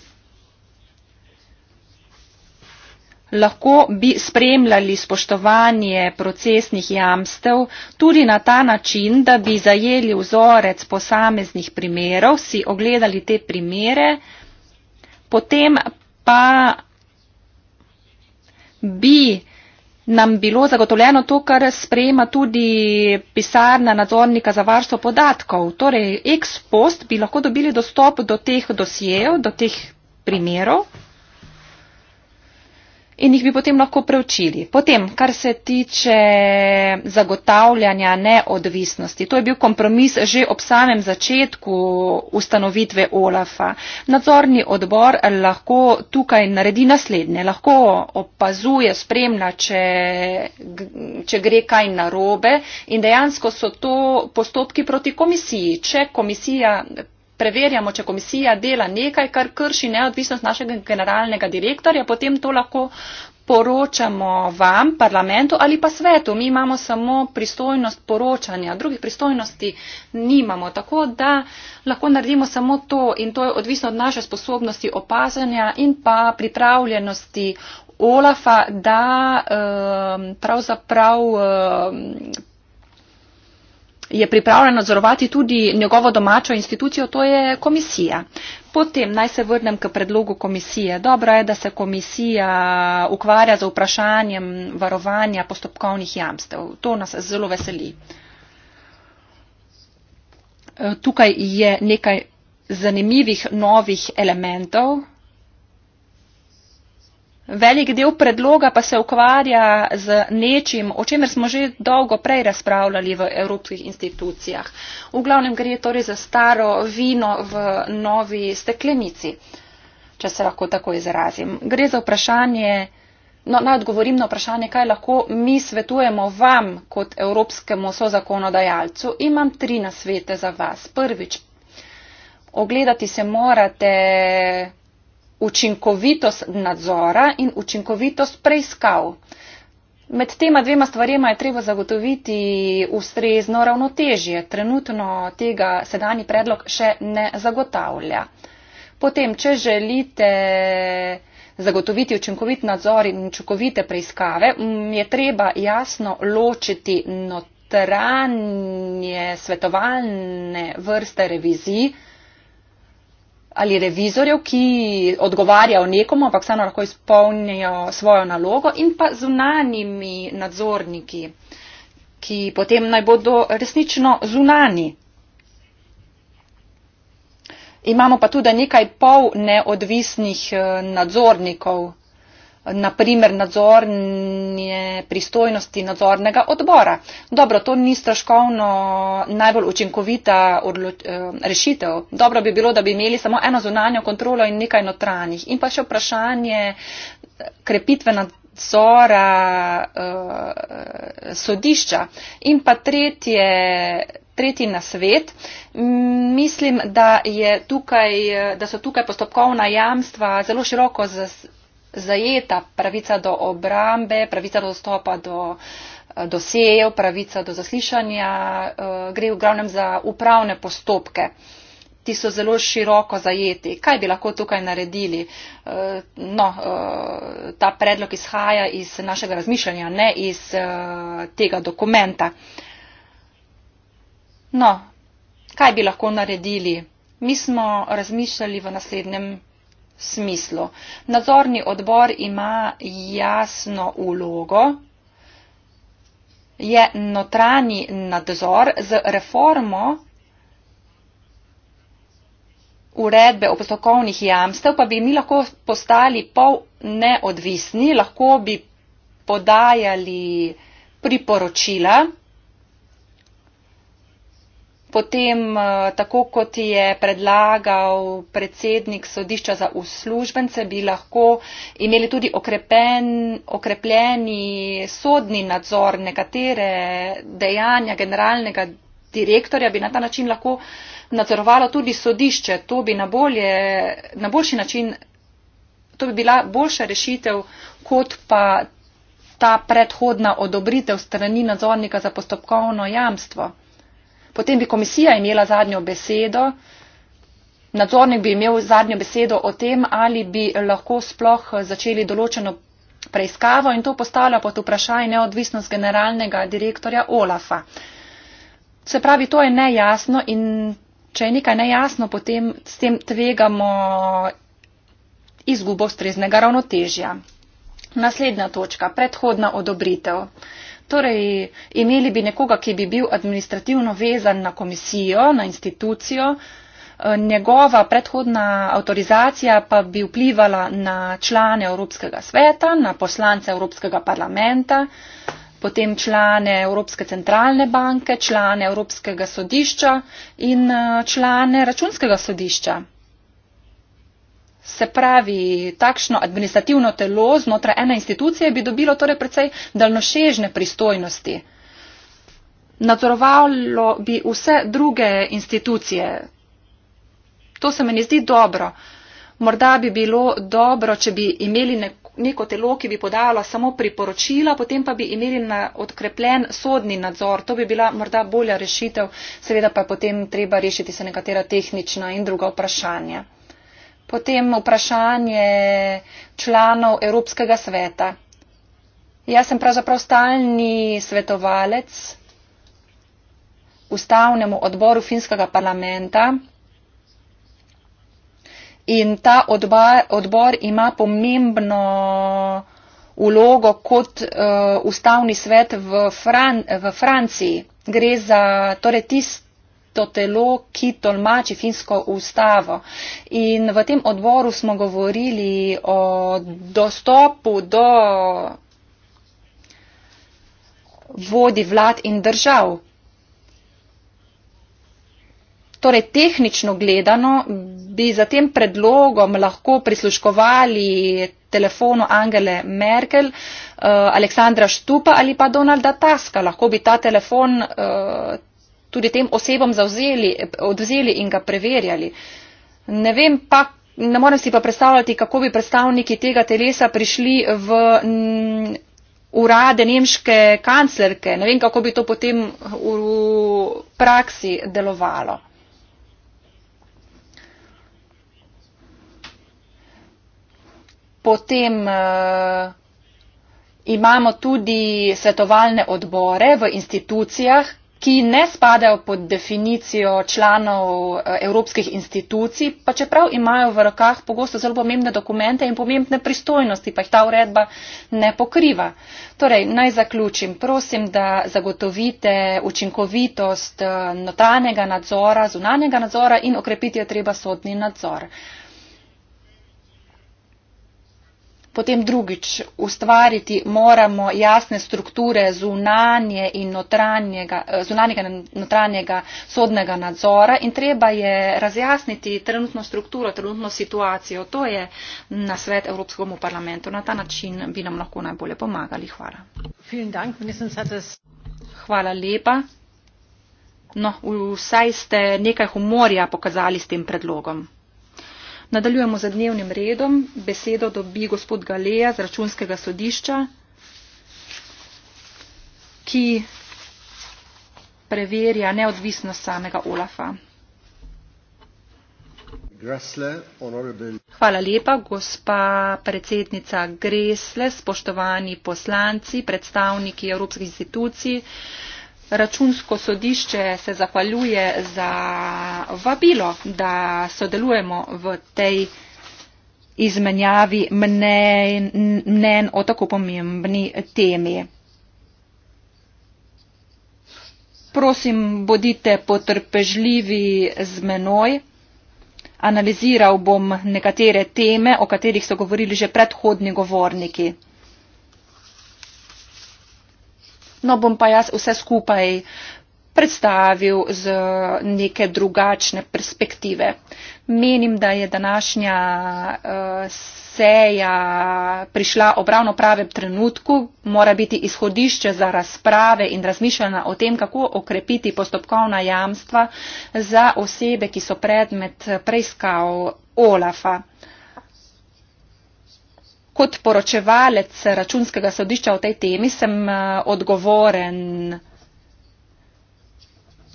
lahko bi spremljali spoštovanje procesnih jamstev tudi na ta način, da bi zajeli vzorec posameznih primerov, si ogledali te primere, potem pa bi nam bilo zagotovljeno to, kar sprejema tudi pisarna nadzornika za varstvo podatkov. Torej, ex post bi lahko dobili dostop do teh dosijev, do teh primerov in jih bi potem lahko preučili. Potem, kar se tiče zagotavljanja neodvisnosti, to je bil kompromis že ob samem začetku ustanovitve OLAF-a. Nadzorni odbor lahko tukaj naredi naslednje. Lahko opazuje, spremlja, če, če gre kaj narobe in dejansko so to postopki proti komisiji. Če komisija preverjamo, če komisija dela nekaj, kar krši neodvisnost našega generalnega direktorja, potem to lahko poročamo vam, parlamentu ali pa svetu. Mi imamo samo pristojnost poročanja, drugih pristojnosti nimamo. Tako da lahko naredimo samo to in to je odvisno od naše sposobnosti opazanja in pa pripravljenosti. Olafa, da um, pravzaprav um, je pripravljen nadzorovati tudi njegovo domačo institucijo, to je komisija. Potem naj se vrnem k predlogu komisije. Dobro je, da se komisija ukvarja z vprašanjem varovanja postopkovnih jamstev. To nas zelo veseli. Tukaj je nekaj zanimivih novih elementov. Velik del predloga pa se ukvarja z nečim, o čemer smo že dolgo prej razpravljali v evropskih institucijah. V glavnem gre torej za staro vino v novi steklenici, če se lahko tako izrazim. Gre za vprašanje, no, naj odgovorim na vprašanje, kaj lahko mi svetujemo vam kot evropskemu sozakonodajalcu. Imam tri nasvete za vas. Prvič, ogledati se morate učinkovitost nadzora in učinkovitost preiskav. Med tema dvema stvarema je treba zagotoviti ustrezno ravnotežje. Trenutno tega sedani predlog še ne zagotavlja. Potem, če želite zagotoviti učinkovit nadzor in učinkovite preiskave, je treba jasno ločiti notranje svetovalne vrste revizij, ali revizorjev, ki odgovarjajo nekomu, ampak vseeno lahko izpolnijo svojo nalogo in pa zunanimi nadzorniki, ki potem naj bodo resnično zunani. Imamo pa tudi nekaj pol neodvisnih eh, nadzornikov naprimer nadzornje pristojnosti nadzornega odbora. Dobro, to ni stroškovno najbolj učinkovita eh, rešitev. Dobro bi bilo, da bi imeli samo eno zunanjo kontrolo in nekaj notranjih. In pa še vprašanje eh, krepitve nadzora uh, sodišča. In pa tretje, tretji nasvet. Mislim, da, tukaj, da so tukaj postopkovna jamstva zelo široko zasedena zajeta pravica do obrambe, pravica do dostopa do eh, dosejev, pravica do zaslišanja, eh, gre v glavnem za upravne postopke. Ti so zelo široko zajeti. Kaj bi lahko tukaj naredili? Eh, no, ta predlog izhaja iz našega razmišljanja, ne iz tega dokumenta. No, kaj bi lahko naredili? Mi smo razmišljali v naslednjem smislu. Nadzorni odbor ima jasno ulogo, je notranji nadzor z reformo uredbe o postokovnih jamstev, pa bi mi lahko postali pol neodvisni, lahko bi podajali priporočila Potem, eh, tako kot je predlagal predsednik sodišča za uslužbence, bi lahko imeli tudi okrepen, okrepljeni sodni nadzor nekatere dejanja generalnega direktorja, bi na ta način lahko nadzorovalo tudi sodišče. To bi na, bolje, na boljši način, to bi bila boljša rešitev, kot pa ta predhodna odobritev strani nadzornika za postopkovno jamstvo potem bi komisija imela zadnjo besedo, nadzornik bi imel zadnjo besedo o tem, ali bi lahko sploh eh, začeli določeno preiskavo in to postavlja pod vprašanje neodvisnost generalnega direktorja Olafa. Se pravi, to je nejasno in če je nekaj nejasno, potem s tem tvegamo izgubo ustreznega ravnotežja. Naslednja točka, predhodna odobritev. Torej, imeli bi nekoga, ki bi bil administrativno vezan na komisijo, na institucijo, eh, njegova predhodna avtorizacija pa bi vplivala na člane Evropskega sveta, na poslance Evropskega parlamenta, potem člane Evropske centralne banke, člane Evropskega sodišča in eh, člane računskega sodišča se pravi, takšno administrativno telo znotraj ene institucije bi dobilo torej precej daljnošežne pristojnosti. Nadzorovalo bi vse druge institucije. To se mi ne zdi dobro. Morda bi bilo dobro, če bi imeli neko telo, ki bi podajalo samo priporočila, potem pa bi imeli na odkrepljen sodni nadzor. To bi bila morda bolja rešitev, seveda pa je potem treba rešiti se nekatera tehnična in druga vprašanja. Potem vprašanje članov Evropskega sveta. Jaz sem pravzaprav stalni svetovalec ustavnemu odboru finskega parlamenta in ta odba, odbor ima pomembno ulogo kot uh, ustavni svet v, Fran, v Franciji. Gre za torej tist tisto telo, ki tolmači finsko ustavo. In v tem odboru smo govorili o dostopu do vodi vlad in držav. Torej, tehnično gledano bi za tem predlogom lahko prisluškovali telefonu Angele Merkel, uh, Aleksandra Štupa ali pa Donalda Taska. Lahko bi ta telefon uh, tudi tem osebam zavzeli, odvzeli in ga preverjali. Ne vem pa, ne morem si pa predstavljati, kako bi predstavniki tega telesa prišli v mm, urade nemške kanclerke. Ne vem, kako bi to potem v praksi delovalo. Potem uh, imamo tudi svetovalne odbore v institucijah, ki ne spadajo pod definicijo članov eh, evropskih institucij, pa čeprav imajo v rokah pogosto zelo pomembne dokumente in pomembne pristojnosti, pa jih ta uredba ne pokriva. Torej, naj zaključim. Prosim, da zagotovite učinkovitost eh, notranjega nadzora, zunanjega nadzora in okrepiti je treba sodni nadzor. Potem drugič, ustvariti moramo jasne strukture zunanje in notranjega, eh, zunanjega in notranjega sodnega nadzora in treba je razjasniti trenutno strukturo, trenutno situacijo. To je na svet Evropskemu parlamentu. Na ta način bi nam lahko najbolje pomagali. Hvala. Hvala lepa. No, vsaj ste nekaj humorja pokazali s tem predlogom. Nadaljujemo za dnevnim redom. Besedo dobi gospod Galeja z računskega sodišča, ki preverja neodvisnost samega Olafa. Hvala lepa, gospa predsednica Gresle, spoštovani poslanci, predstavniki evropskih institucij. Računsko sodišče se zahvaljuje za vabilo, da sodelujemo v tej izmenjavi mnen o tako pomembni temi. Prosim, bodite potrpežljivi z menoj. Analiziral bom nekatere teme, o katerih so govorili že predhodni govorniki. no bom pa jaz vse skupaj predstavil z neke drugačne perspektive. Menim, da je današnja uh, seja prišla ob ravno pravem trenutku, mora biti izhodišče za razprave in razmišljanja o tem, kako okrepiti postopkovna jamstva za osebe, ki so predmet preiskav OLAFA kot poročevalec računskega sodišča o tej temi sem eh, odgovoren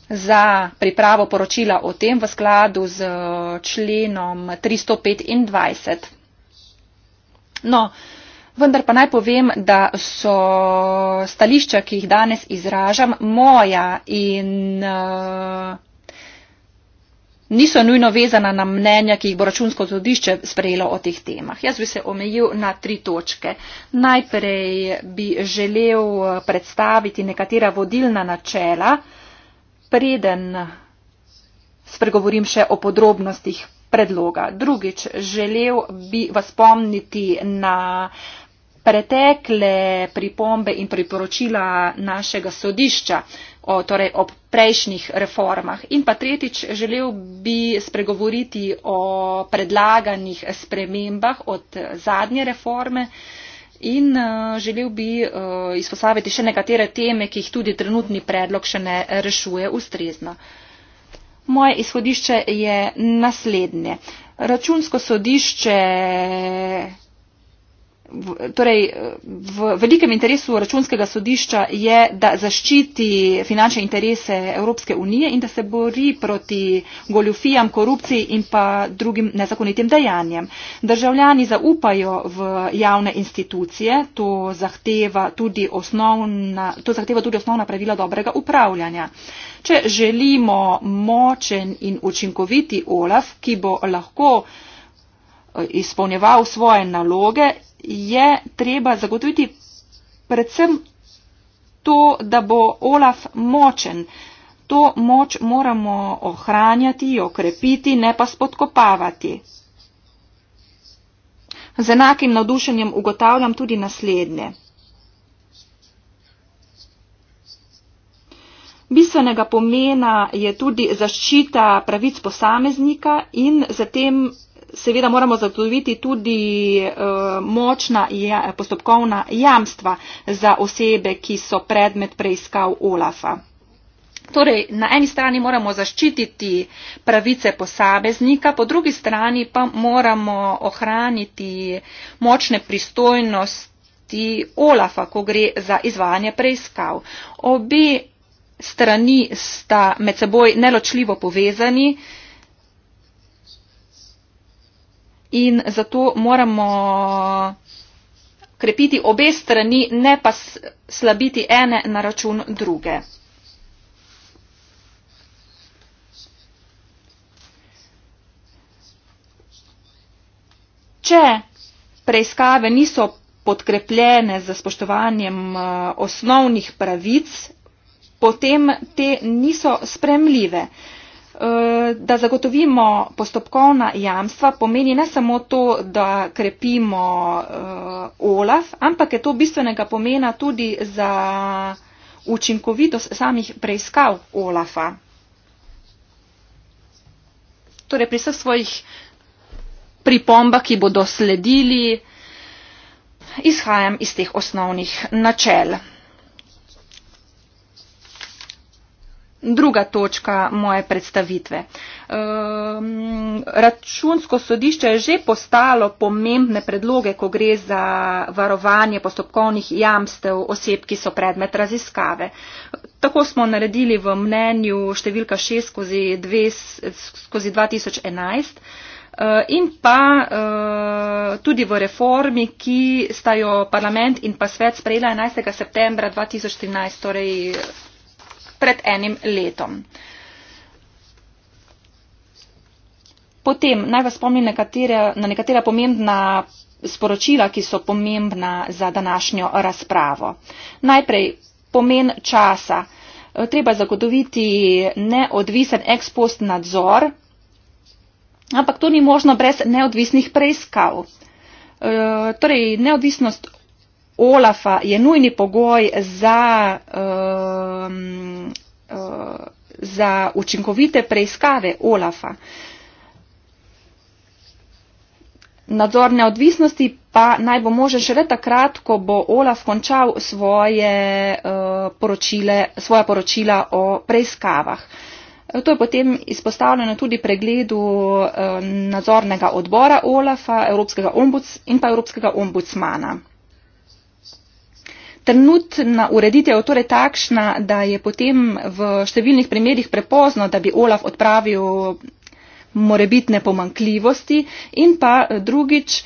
za pripravo poročila o tem v skladu z eh, členom 325. No, vendar pa naj povem, da so stališča, ki jih danes izražam, moja in uh, niso nujno vezana na mnenja, ki jih bo računsko sodišče sprejelo o teh temah. Jaz bi se omejil na tri točke. Najprej bi želel predstaviti nekatera vodilna načela, preden spregovorim še o podrobnostih predloga. Drugič, želel bi vas spomniti na pretekle pripombe in priporočila našega sodišča o, torej ob prejšnjih reformah. In pa tretjič, želel bi spregovoriti o predlaganih spremembah od zadnje reforme. In eh, želel bi eh, izpostaviti še nekatere teme, ki jih tudi trenutni predlog še ne rešuje ustrezno. Moje izhodišče je naslednje. Računsko sodišče torej v velikem interesu računskega sodišča je, da zaščiti finančne interese Evropske unije in da se bori proti goljufijam, korupciji in pa drugim nezakonitim dejanjem. Državljani zaupajo v javne institucije, to zahteva tudi osnovna, to zahteva tudi osnovna pravila dobrega upravljanja. Če želimo močen in učinkoviti OLAF, ki bo lahko eh, izpolnjeval svoje naloge, je treba zagotoviti predvsem to, da bo Olaf močen. To moč moramo ohranjati, okrepiti, ne pa spodkopavati. Z enakim nadušenjem ugotavljam tudi naslednje. Bistvenega pomena je tudi zaščita pravic posameznika in zatem seveda moramo zagotoviti tudi eh, močna ja-, postopkovna jamstva za osebe, ki so predmet preiskav OLAFA. Torej, na eni strani moramo zaščititi pravice posameznika, po drugi strani pa moramo ohraniti močne pristojnosti OLAFA, ko gre za izvajanje preiskav. Obe strani sta med seboj neločljivo povezani. Uh, in zato moramo krepiti obe strani, ne pa slabiti ene na račun druge. Če preiskave niso podkrepljene z spoštovanjem eh, osnovnih pravic, potem te niso spremljive. Eh, da zagotovimo postopkovna jamstva, pomeni ne samo to, da krepimo eh, OLAF, ampak je to bistvenega pomena tudi za učinkovitost samih preiskav OLAFA. Torej, pri vseh svojih pripombah, ki bodo sledili, izhajam iz teh osnovnih načel. druga točka moje predstavitve. Um, računsko sodišče je že postalo pomembne predloge, ko gre za varovanje postopkovnih jamstev oseb, ki so predmet raziskave. Tako smo naredili v mnenju številka 6 skozi, 2, skozi 2011. Eh, in pa eh, tudi v reformi, ki sta jo parlament in pa svet sprejela 11. septembra 2013, torej pred enim letom. Potem naj vas spomnim nekatera, na nekatera pomembna sporočila, ki so pomembna za današnjo razpravo. Najprej pomen časa. Treba zagotoviti neodvisen ekspost nadzor, ampak to ni možno brez neodvisnih preiskav. E, torej, neodvisnost OLAF-a je nujni pogoj za, um, uh, za učinkovite preiskave OLAF-a. Nadzor neodvisnosti pa naj bo možen šele takrat, ko bo OLAF končal svoje, uh, poročile, svoje poročila o preiskavah. To je potem izpostavljeno tudi pregledu uh, nadzornega odbora OLAF-a, Evropskega ombuds in pa Evropskega ombudsmana trenutna ureditev torej takšna, da je potem v številnih primerjih prepozno, da bi Olaf odpravil morebitne pomankljivosti in pa eh, drugič,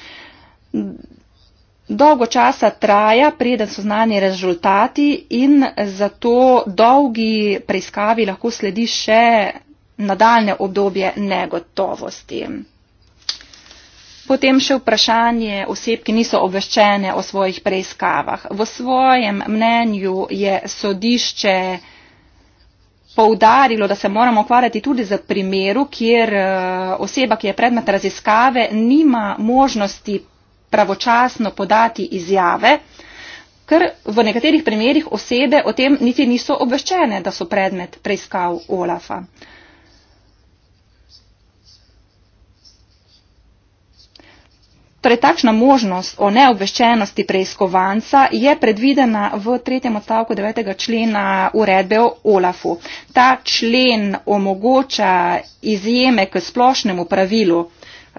dolgo časa traja, preden so znani rezultati in zato dolgi preiskavi lahko sledi še nadaljne obdobje negotovosti. Potem še vprašanje oseb, ki niso obveščene o svojih preiskavah. V svojem mnenju je sodišče poudarilo, da se moramo ukvarjati tudi za primeru, kjer eh, oseba, ki je predmet raziskave, nima možnosti pravočasno podati izjave, ker v nekaterih primerjih osebe o tem niti niso obveščene, da so predmet preiskav Olafa. torej takšna možnost o neobveščenosti preiskovanca je predvidena v tretjem odstavku devetega člena uredbe o olafu ta člen omogoča izjeme k splošnemu pravilu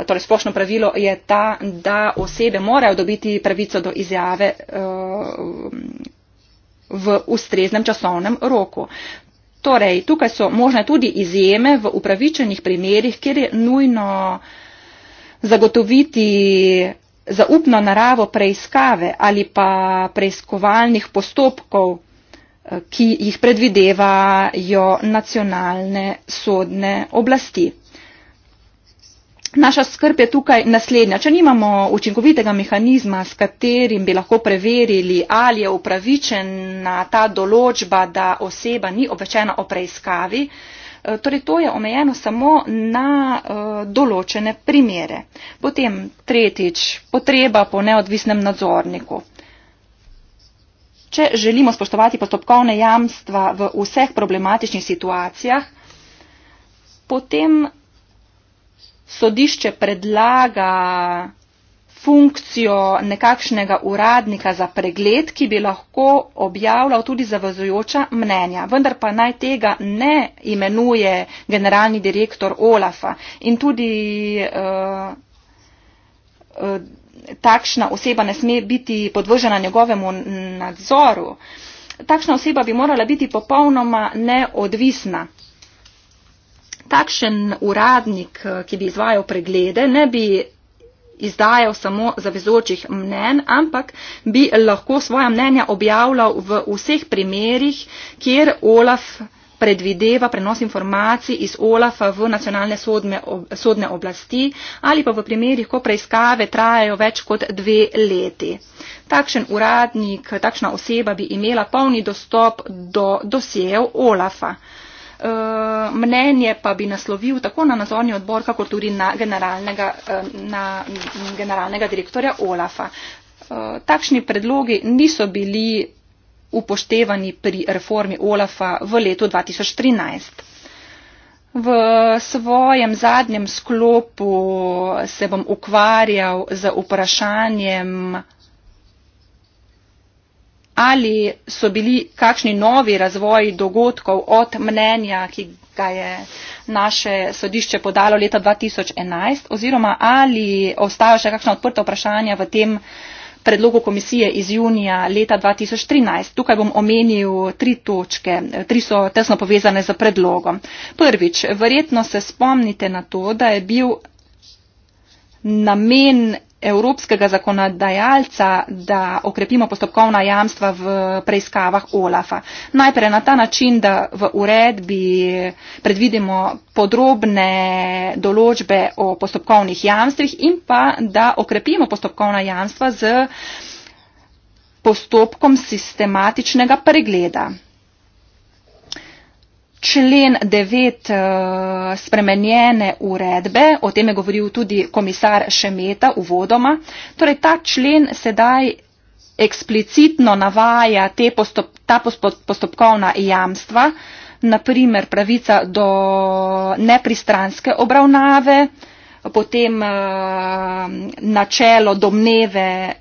Torej, splošno pravilo je ta, da osebe morajo dobiti pravico do izjave uh, v ustreznem časovnem roku. Torej, tukaj so možne tudi izjeme v upravičenih primerjih, kjer je nujno uh, zagotoviti zaupno naravo preiskave ali pa preiskovalnih postopkov, eh, ki jih predvidevajo nacionalne sodne oblasti. Naša skrb je tukaj naslednja. Če nimamo učinkovitega mehanizma, s katerim bi lahko preverili, ali je upravičena ta določba, da oseba ni obvečena o preiskavi, Eh, torej, to je omejeno samo na eh, določene primere. Potem tretjič, potreba po neodvisnem nadzorniku. Če želimo spoštovati postopkovne jamstva v vseh problematičnih situacijah, potem sodišče predlaga funkcijo nekakšnega uradnika za pregled, ki bi lahko objavljal tudi zavezujoča mnenja. Vendar pa naj tega ne imenuje generalni direktor Olafa in tudi uh, uh, takšna oseba ne sme biti podvržena njegovemu nadzoru. Takšna oseba bi morala biti popolnoma neodvisna. Takšen uradnik, eh, ki bi izvajal preglede, ne bi izdajal samo zavezočih mnen, ampak bi lahko svoja mnenja objavljal v vseh primerih, kjer Olaf predvideva prenos informacij iz Olafa v nacionalne sodne, sodne oblasti ali pa v primerih, ko preiskave trajajo več kot dve leti. Takšen uradnik, takšna oseba bi imela polni dostop do dosjejev Olafa. Eh, mnenje pa bi naslovil tako na nazorni odbor, kakor tudi na generalnega, eh, na generalnega direktorja Olafa. Eh, takšni predlogi niso bili upoštevani pri reformi Olafa v letu 2013. V svojem zadnjem sklopu se bom ukvarjal z vprašanjem ali so bili kakšni novi razvoji dogodkov od mnenja, ki ga je naše sodišče podalo leta 2011, oziroma ali ostajo še kakšna odprta vprašanja v tem predlogu komisije iz junija leta 2013. Tukaj bom omenil tri točke. Tri so tesno povezane z predlogom. Prvič, verjetno se spomnite na to, da je bil namen evropskega zakonodajalca, da okrepimo postopkovna jamstva v preiskavah OLAFA. Najprej na ta način, da v uredbi predvidimo podrobne določbe o postopkovnih jamstvih in pa da okrepimo postopkovna jamstva z postopkom sistematičnega pregleda člen 9 eh, spremenjene uredbe, o tem je govoril tudi komisar Šemeta uvodoma, torej ta člen sedaj eksplicitno navaja te postop, ta postopkovna jamstva, naprimer pravica do nepristranske obravnave, potem eh, načelo domneve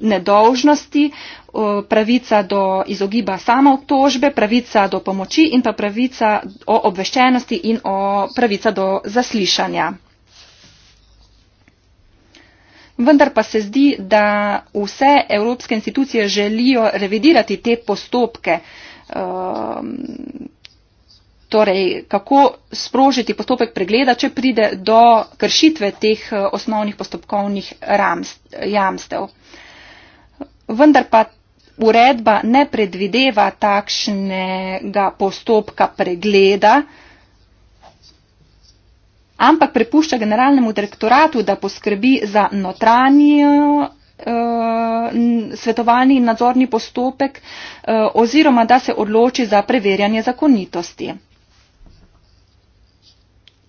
nedolžnosti, Eh, pravica do izogiba samooktožbe, pravica do pomoči in pa pravica o obveščenosti in o pravica do zaslišanja. Vendar pa se zdi, da vse evropske institucije želijo revidirati te postopke, ehm, torej kako sprožiti postopek pregleda, če pride do kršitve teh eh, osnovnih postopkovnih jamstev. Vendar pa uredba ne predvideva takšnega postopka pregleda, ampak prepušča generalnemu direktoratu, da poskrbi za notranjo eh, svetovalni in nadzorni postopek eh, oziroma da se odloči za preverjanje zakonitosti.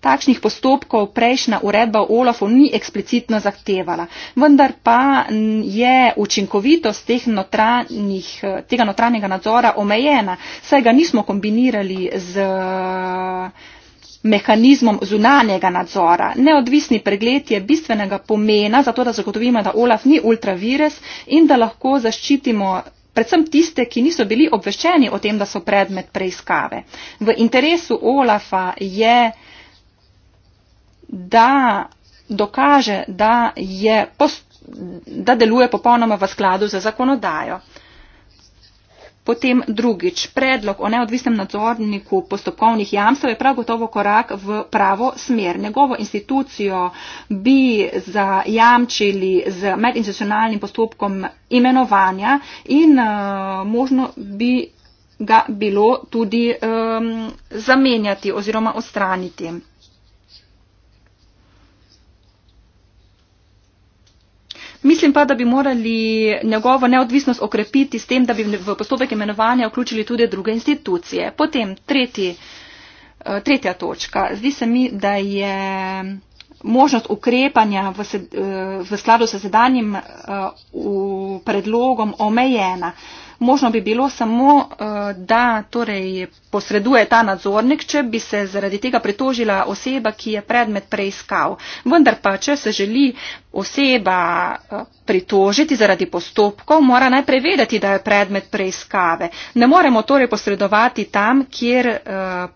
Takšnih postopkov prejšnja uredba o Olafu ni eksplicitno zahtevala, vendar pa je učinkovitost notranjih, tega notranjega nadzora omejena, saj ga nismo kombinirali z mehanizmom zunanjega nadzora. Neodvisni pregled je bistvenega pomena, zato da zagotovimo, da Olaf ni ultravires in da lahko zaščitimo predvsem tiste, ki niso bili obveščeni o tem, da so predmet preiskave. V interesu Olafa je da dokaže, da, je, da deluje popolnoma v skladu za zakonodajo. Potem drugič, predlog o neodvisnem nadzorniku postopkovnih jamstv je prav gotovo korak v pravo smer. Njegovo institucijo bi zajamčili z medinstitucionalnim postopkom imenovanja in uh, možno bi ga bilo tudi um, zamenjati oziroma ostraniti. Mislim pa, da bi morali njegovo neodvisnost okrepiti s tem, da bi v postopek imenovanja vključili tudi druge institucije. Potem tretji, eh, tretja točka. Zdi se mi, da je možnost ukrepanja v, sed, eh, v skladu s sedanjim eh, v predlogom omejena. Možno bi bilo samo, eh, da torej posreduje ta nadzornik, če bi se zaradi tega pritožila oseba, ki je predmet preiskav. Vendar pa, če se želi oseba eh, pritožiti zaradi postopkov, mora najprej vedeti, da je predmet preiskave. Ne moremo torej posredovati tam, kjer eh,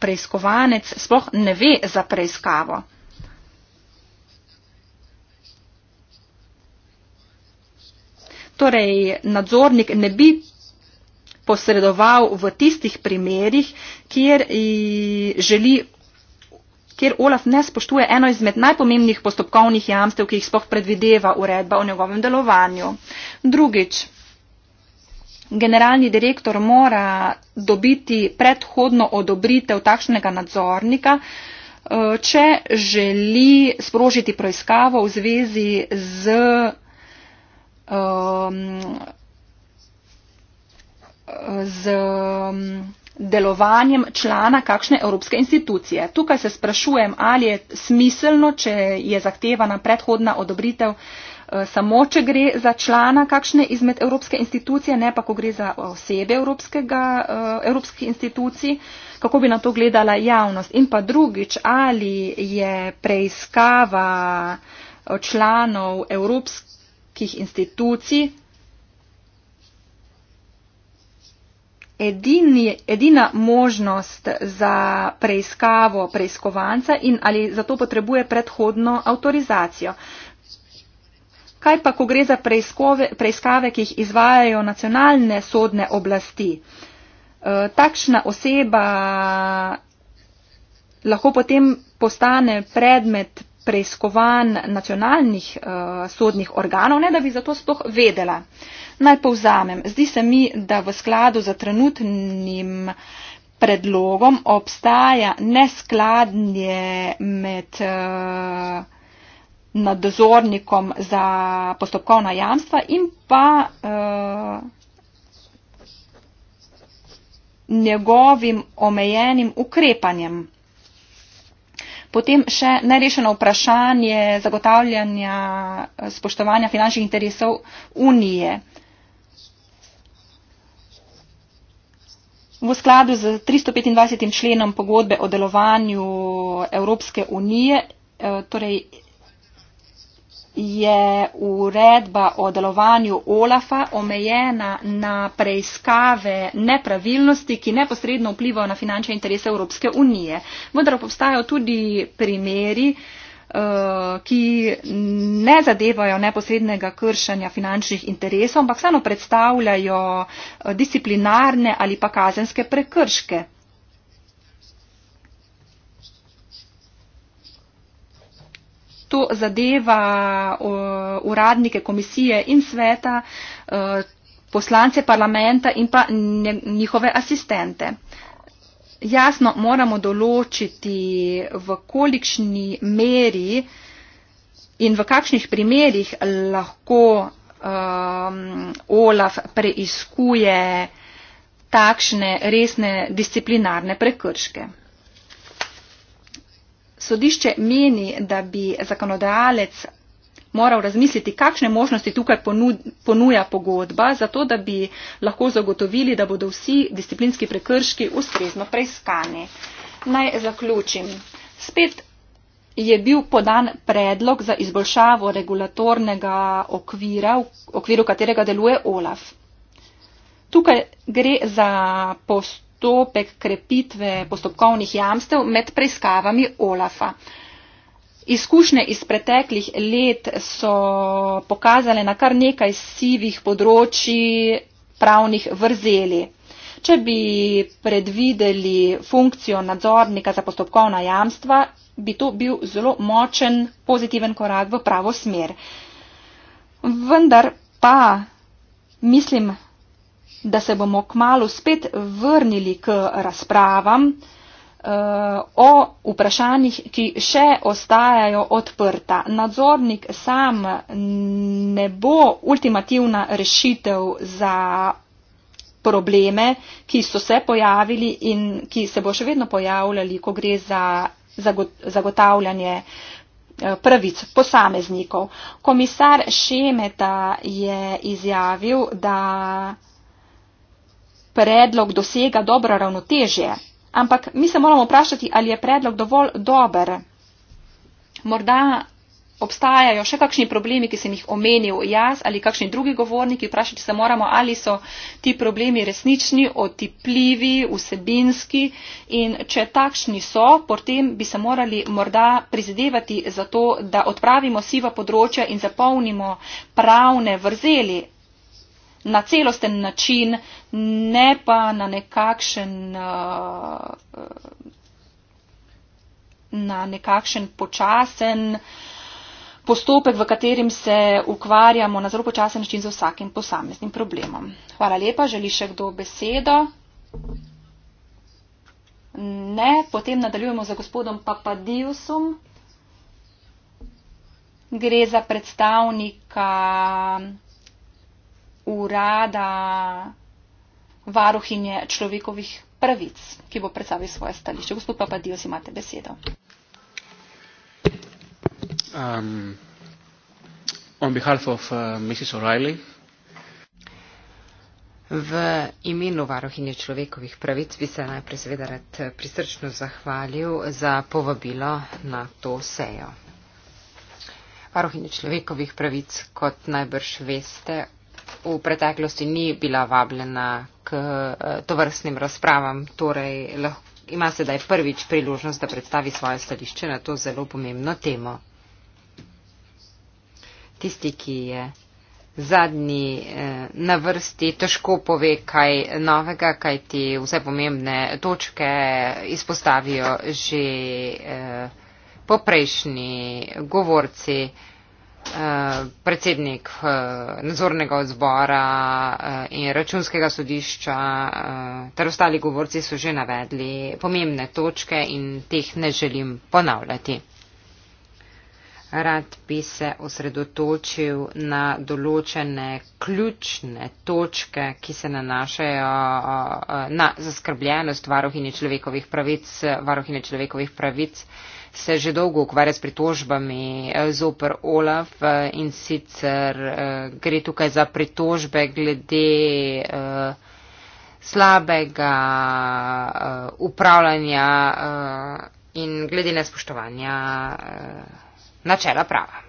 preiskovanec sploh ne ve za preiskavo. Torej, nadzornik ne bi posredoval v tistih primerih, kjer želi kjer Olaf ne spoštuje eno izmed najpomembnih postopkovnih jamstev, ki jih spoh predvideva uredba o njegovem delovanju. Drugič, generalni direktor mora dobiti predhodno odobritev takšnega nadzornika, eh, če želi sprožiti preiskavo v zvezi z um, z um, delovanjem člana kakšne evropske institucije. Tukaj se sprašujem, ali je smiselno, če je zahtevana predhodna odobritev eh, samo, če gre za člana kakšne izmed evropske institucije, ne pa, ko gre za osebe eh, evropskih institucij, kako bi na to gledala javnost. In pa drugič, ali je preiskava eh, članov evropskih institucij edini, edina možnost za preiskavo preiskovanca in ali zato potrebuje predhodno avtorizacijo. Kaj pa, ko gre za preiskove, preiskave, ki jih izvajajo nacionalne sodne oblasti? E, takšna oseba lahko potem postane predmet preiskovanj nacionalnih e, sodnih organov, ne da bi zato sploh vedela. E, Naj povzamem. Zdi se mi, da v skladu za trenutnim predlogom obstaja neskladnje med uh, nadzornikom za postopkovna jamstva in pa uh, njegovim omejenim ukrepanjem. Potem še nerešeno vprašanje zagotavljanja eh, spoštovanja finančnih interesov Unije. V skladu z 325. členom pogodbe o delovanju Evropske unije eh, torej je uredba o delovanju OLAFA omejena na preiskave nepravilnosti, ki neposredno vplivajo na finančne interese Evropske unije. Vendar obstajajo tudi primeri, Eh, ki ne zadevajo neposrednega kršenja finančnih interesov, ampak samo predstavljajo eh, disciplinarne ali pa kazenske prekrške. To zadeva eh, uradnike komisije in sveta, poslance parlamenta in pa njihove asistente jasno moramo določiti, v kolikšni meri in v kakšnih primerjih lahko um, OLAF preiskuje takšne resne disciplinarne prekrške. Sodišče meni, da bi zakonodajalec moral razmisliti, kakšne možnosti tukaj ponuja pogodba, zato da bi lahko zagotovili, da bodo vsi disciplinski prekrški ustrezno preiskani. Naj zaključim. Spet je bil podan predlog za izboljšavo regulatornega okvira, v okviru katerega deluje OLAF. Tukaj gre za postopek krepitve postopkovnih jamstev med preiskavami OLAFA. Izkušnje iz preteklih let so pokazale na kar nekaj sivih področji pravnih vrzeli. Če bi predvideli funkcijo nadzornika za postopkovna jamstva, bi to bil zelo močen pozitiven korak v pravo smer. Vendar pa mislim, da se bomo kmalo spet vrnili k razpravam, o vprašanjih, ki še ostajajo odprta. Nadzornik sam ne bo ultimativna rešitev za probleme, ki so se pojavili in ki se bo še vedno pojavljali, ko gre za zagotavljanje eh, pravic posameznikov. Komisar Šemeta je izjavil, da predlog dosega dobro ravnotežje. Ampak mi se moramo vprašati, ali je predlog dovolj dober. Morda obstajajo še kakšni problemi, ki sem jih omenil jaz ali kakšni drugi govorniki. Vprašati se moramo, ali so ti problemi resnični, otipljivi, vsebinski. In če takšni so, potem bi se morali morda prizadevati za to, da odpravimo siva področja in zapolnimo pravne vrzeli na celosten način, ne pa na nekakšen, uh, uh, na nekakšen počasen postopek, v katerem se ukvarjamo na zelo počasen način z vsakim posameznim problemom. Hvala lepa, želi še kdo besedo? Ne, potem nadaljujemo za gospodom Papadijusom. Gre za predstavnika urada varuhinje človekovih pravic, ki bo predstavil svoje stališče. Gospod Papadijos, imate besedo. Um, of, uh, v imenu varuhinje človekovih pravic bi se najprej seveda rad eh, prisrčno zahvalil za povabilo na to sejo. Varuhinje človekovih pravic, kot najbrž veste, v preteklosti ni bila vabljena k eh, tovrstnim razpravam, torej ima sedaj prvič priložnost, da predstavi svoje stališče na to zelo pomembno temo. Tisti, ki je zadnji eh, na vrsti, težko pove kaj novega, kaj ti vse pomembne točke izpostavijo že eh, poprejšnji govorci. Eh, predsednik eh, nadzornega odzbora eh, in računskega sodišča ter ostali govorci so že navedli pomembne točke in teh ne želim ponavljati rad bi se osredotočil na določene ključne točke, ki se nanašajo na zaskrbljenost varohinje človekovih pravic. Varohinje človekovih pravic se že dolgo ukvarja s pritožbami e, zoper Olaf e, in sicer e, gre tukaj za pritožbe glede slabega upravljanja in glede nespoštovanja načela prava.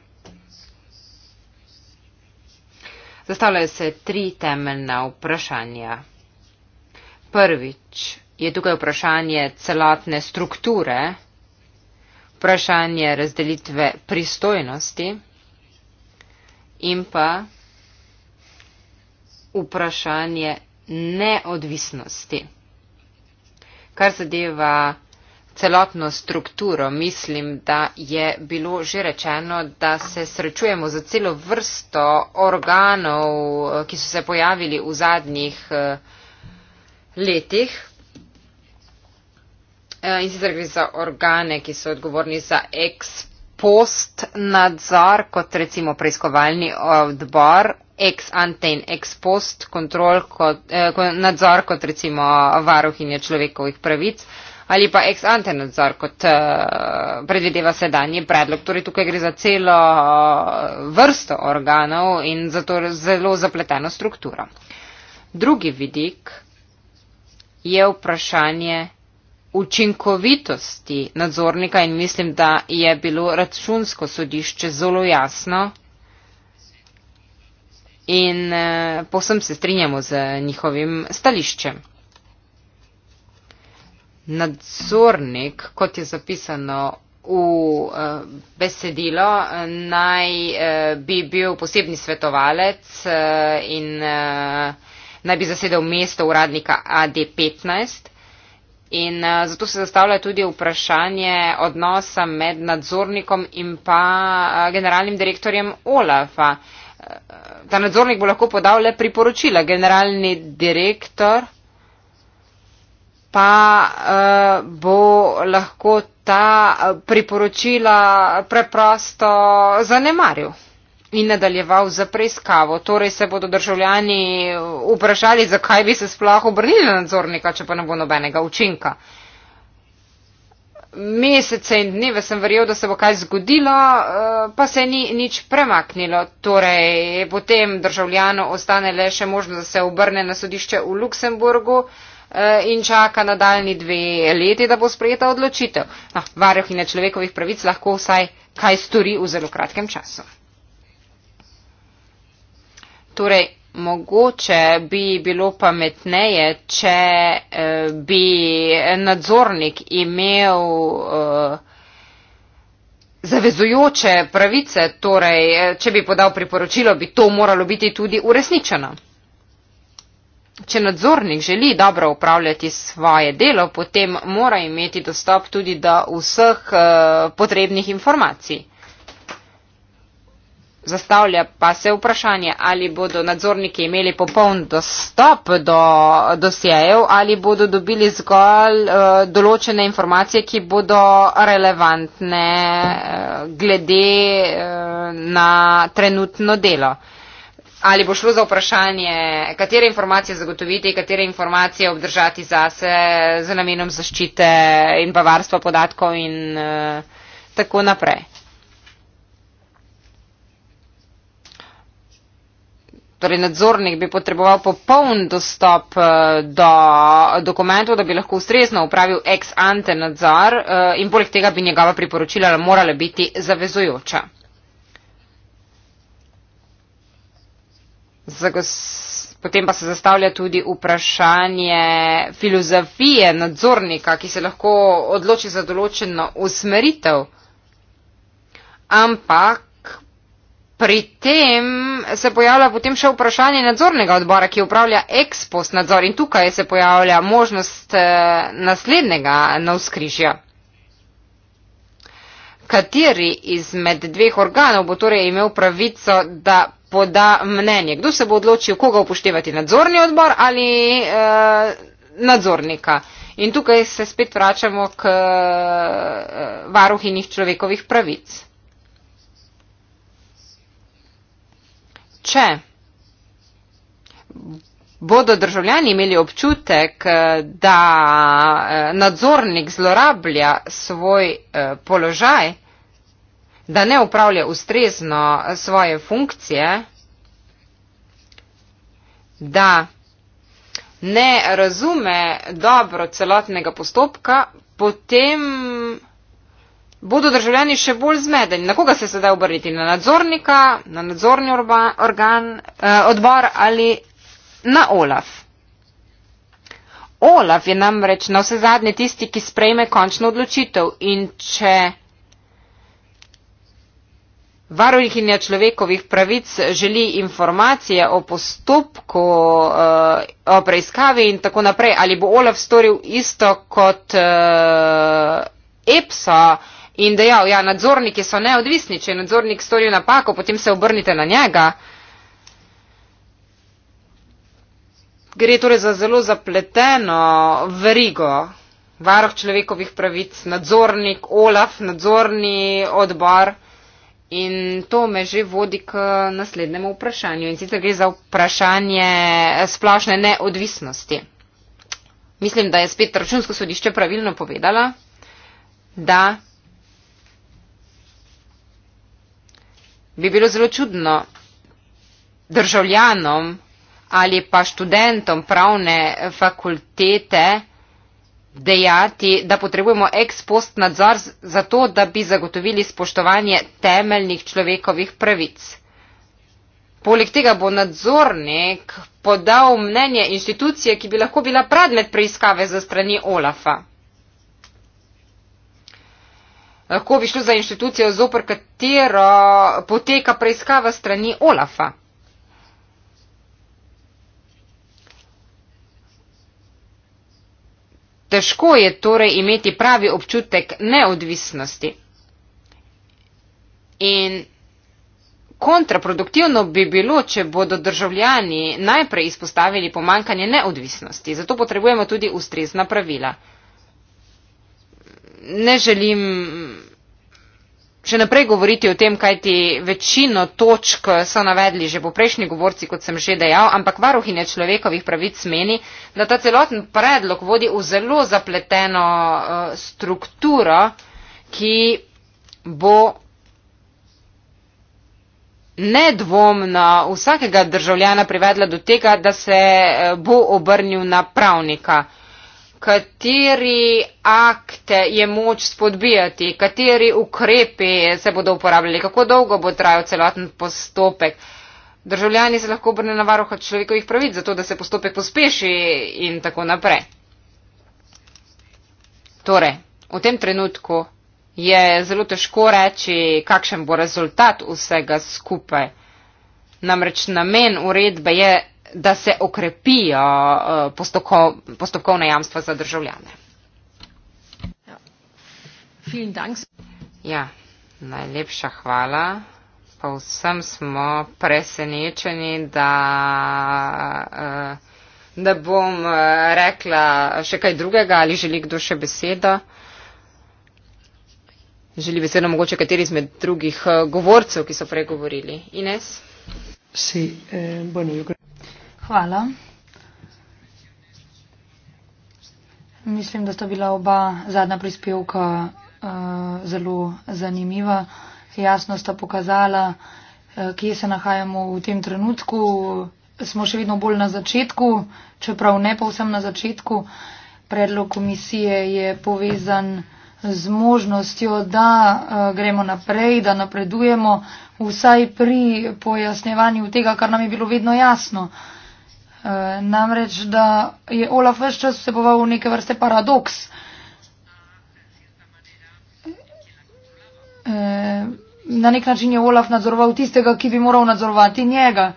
Zastavljajo se tri temeljna vprašanja. Prvič je tukaj vprašanje celotne strukture, vprašanje razdelitve pristojnosti in pa vprašanje neodvisnosti. Kar zadeva celotno strukturo, mislim, da je bilo že rečeno, da se srečujemo za celo vrsto organov, eh, ki so se pojavili v zadnjih eh, letih. Eh, in sicer gre za organe, ki so odgovorni za ex post nadzor, kot recimo preiskovalni odbor, ex ante in ex post kontrol, kot, eh, nadzor, kot recimo varuhinje človekovih pravic. Eh, ali pa ex ante nadzor, kot uh, predvideva sedanji predlog. Torej, tukaj gre za celo eh, vrsto organov in zato zelo zapleteno strukturo. Drugi vidik je vprašanje učinkovitosti nadzornika in mislim, da je bilo računsko sodišče zelo jasno in eh, posem se strinjamo z njihovim stališčem nadzornik, kot je zapisano v eh, besedilo, naj eh, bi bil posebni svetovalec eh, in naj bi zasedel mesto uradnika AD15. In zato se zastavlja tudi vprašanje odnosa med nadzornikom in pa generalnim direktorjem OLAF-a. Ta nadzornik bo lahko podal le priporočila. Generalni direktor pa eh, bo lahko ta priporočila preprosto zanemaril in nadaljeval za preiskavo. Torej se bodo državljani vprašali, zakaj bi se sploh obrnili na nadzornika, če pa ne bo nobenega učinka. Mesece in dneve sem verjel, da se bo kaj zgodilo, eh, pa se ni nič premaknilo. Torej, potem državljano ostane le še možnost, da se obrne na sodišče v Luksemburgu. Eh, in čaka nadaljni dve leti, da bo sprejeta odločitev. No, varuhinja človekovih pravic lahko vsaj kaj stori v zelo kratkem času. Torej, mogoče bi bilo pametneje, če eh, bi nadzornik imel eh, zavezujoče pravice, torej, eh, če bi podal priporočilo, bi to moralo biti tudi uresničeno. Če nadzornik želi dobro upravljati svoje delo, potem mora imeti dostop tudi do vseh eh, potrebnih informacij. Zastavlja pa se vprašanje, ali bodo nadzorniki imeli popoln dostop do dosjejev ali bodo dobili zgolj uh, določene informacije, ki bodo relevantne uh, glede uh, na trenutno delo. Uh, ali bo šlo za vprašanje, katere informacije zagotoviti, katere informacije obdržati zase z namenom zaščite in pa varstva podatkov in uh, tako naprej. Torej, nadzornik bi potreboval popoln dostop eh, do dokumentov, da bi lahko ustrezno upravil ex ante nadzor eh, in poleg tega bi njegova priporočila morala biti zavezujoča. Potem pa se zastavlja tudi vprašanje filozofije nadzornika, ki se lahko odloči za določeno usmeritev. Ampak pri tem se pojavlja potem še vprašanje nadzornega odbora, ki upravlja ekspos nadzor in tukaj se pojavlja možnost eh, naslednjega navskrižja. Kateri izmed dveh organov bo torej imel pravico, da poda mnenje. Kdo se bo odločil, koga upoštevati, nadzorni odbor ali uh, nadzornika? In tukaj se spet vračamo k uh, eh, varuhinih človekovih pravic. Če bodo državljani imeli občutek, eh, da nadzornik zlorablja svoj položaj, da ne upravlja ustrezno svoje funkcije, da ne razume dobro celotnega postopka, potem bodo državljani še bolj zmedeni. Na koga se sedaj obrniti? Na nadzornika, na nadzorni organ, eh, odbor ali na OLAF? OLAF je namreč na vse zadnje tisti, ki sprejme končno odločitev in če Varuhinja človekovih pravic želi informacije o postopku, eh, o preiskavi in tako naprej. Ali bo Olaf storil isto kot eh, EPSA in dejal, ja, nadzorniki so neodvisni, če je nadzornik storil napako, potem se obrnite na njega. Gre torej za zelo zapleteno verigo. Varuh človekovih pravic, nadzornik, Olaf, nadzorni odbor. In to me že vodi k naslednjemu vprašanju. In sicer gre za vprašanje splošne neodvisnosti. Mislim, da je spet računsko sodišče pravilno povedala, da bi bilo zelo čudno državljanom ali pa študentom pravne fakultete, dejati, da potrebujemo ex post nadzor za to, da bi zagotovili spoštovanje temeljnih človekovih pravic. Poleg tega bo nadzornik podal mnenje inštitucije, ki bi lahko bila predmet preiskave za strani Olafa. Lahko bi šlo za inštitucijo, zopr katero poteka preiskava strani Olafa. Težko je torej imeti pravi občutek neodvisnosti. In kontraproduktivno bi bilo, če bodo državljani najprej izpostavili pomankanje neodvisnosti. Zato potrebujemo tudi ustrezna pravila. Ne želim še naprej govoriti o tem, kajti večino točk so navedli že poprejšnji govorci, kot sem že dejal, ampak varuhinja človekovih pravic meni, da ta celoten predlog vodi v zelo zapleteno uh, strukturo, ki bo nedvomno vsakega državljana privedla do tega, da se eh, bo obrnil na pravnika kateri akte je moč spodbijati, kateri ukrepi se bodo uporabljali, kako dolgo bo trajal celoten postopek. Državljani se lahko obrne na varuha človekovih pravic, zato da se postopek pospeši in tako naprej. Torej, v tem trenutku je zelo težko reči, kakšen bo rezultat vsega skupaj. Namreč namen uredbe je da se okrepijo eh, postoko, postopkovna jamstva za državljane. Ja, ja najlepša hvala. Pa vsem smo presenečeni, da, eh, da bom eh, rekla še kaj drugega ali želi kdo še besedo. Želi besedo mogoče kateri izmed drugih govorcev, ki so prej govorili. Ines? Sí, eh, bueno, yo creo... Hvala. Mislim, da sta bila oba zadnja prispevka uh, zelo zanimiva. Jasno sta pokazala, uh, kje se nahajamo v tem trenutku. Smo še vedno bolj na začetku, čeprav ne povsem na začetku. Predlog komisije je povezan z možnostjo, da uh, gremo naprej, da napredujemo vsaj pri pojasnevanju tega, kar nam je bilo vedno jasno. Uh, Eh, namreč, da je Olaf vse čas vseboval neke vrste paradoks. Eh, na nek način je Olaf nadzoroval tistega, ki bi moral nadzorovati njega.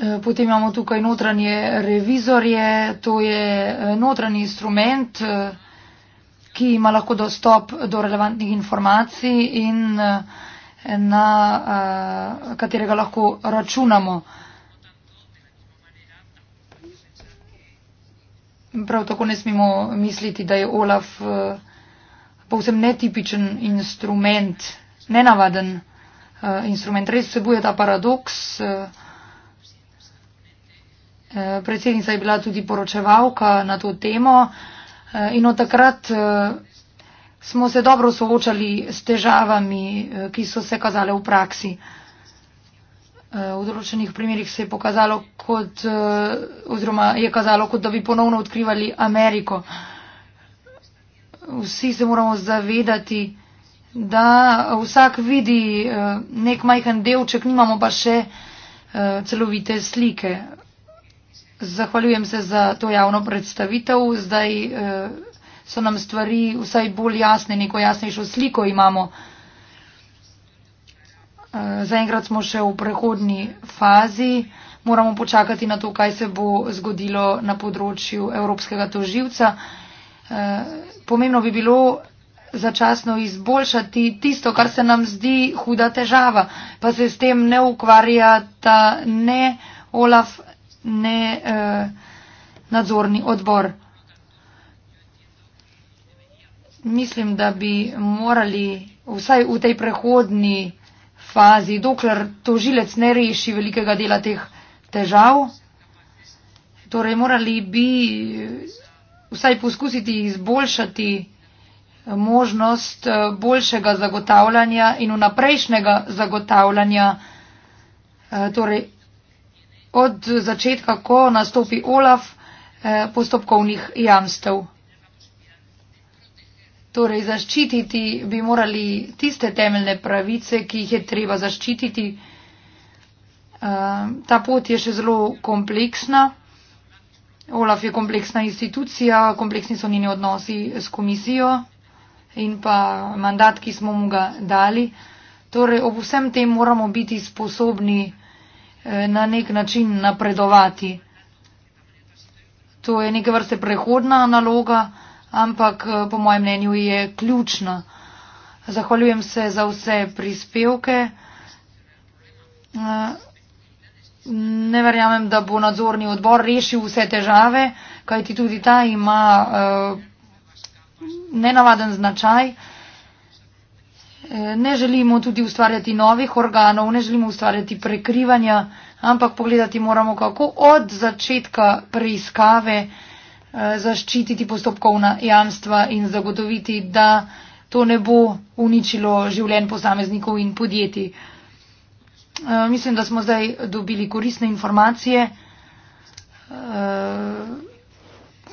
Eh, potem imamo tukaj notranje revizorje, to je notranji instrument, ki ima lahko dostop do relevantnih informacij in na katerega lahko računamo. prav tako ne smemo misliti, da je Olaf eh, povsem netipičen instrument, nenavaden eh, instrument. Res vsebuje ta paradoks. Eh, predsednica je bila tudi poročevalka na to temo in od takrat smo se dobro soočali s težavami, ki so se kazale v praksi. Eh, v določenih primerjih se je pokazalo kot, eh, oziroma je kazalo kot, da bi ponovno odkrivali Ameriko. Vsi se moramo zavedati, da vsak vidi eh, nek majhen delček, nimamo pa še celovite slike. Zahvaljujem se za to javno predstavitev. Zdaj so nam stvari vsaj bolj jasne, neko jasnejšo sliko imamo. Zaenkrat smo še v prehodni fazi, moramo počakati na to, kaj se bo zgodilo na področju evropskega toživca. Eh, pomembno bi bilo začasno izboljšati tisto, kar se nam zdi huda težava, pa se s tem ne ukvarjata ne Olaf, ne eh, nadzorni odbor. Mislim, da bi morali vsaj v tej prehodni fazi, dokler tožilec ne reši velikega dela teh težav. Torej, morali bi eh, vsaj poskusiti izboljšati eh, možnost eh, boljšega zagotavljanja in vnaprejšnjega zagotavljanja. Torej, od začetka, ko nastopi Olaf, postopkovnih jamstev. Torej, zaščititi bi morali tiste temeljne pravice, ki jih je treba zaščititi. Eh, ta pot je še zelo kompleksna. Olaf je kompleksna institucija, kompleksni so njeni odnosi s komisijo in pa mandat, ki smo mu ga dali. Torej, ob vsem tem moramo biti sposobni eh, na nek način napredovati. To je neke vrste prehodna naloga ampak eh, po mojem mnenju je ključna. Zahvaljujem se za vse prispevke. Eh, ne verjamem, da bo nadzorni odbor rešil vse težave, kajti tudi ta ima eh, nenavaden značaj. Ne želimo tudi ustvarjati novih organov, ne želimo ustvarjati prekrivanja, ampak pogledati moramo, kako od začetka preiskave Eh, zaščititi postopkovna jamstva in zagotoviti, da to ne bo uničilo življenj posameznikov in podjetij. Eh, mislim, da smo zdaj dobili korisne informacije. Eh,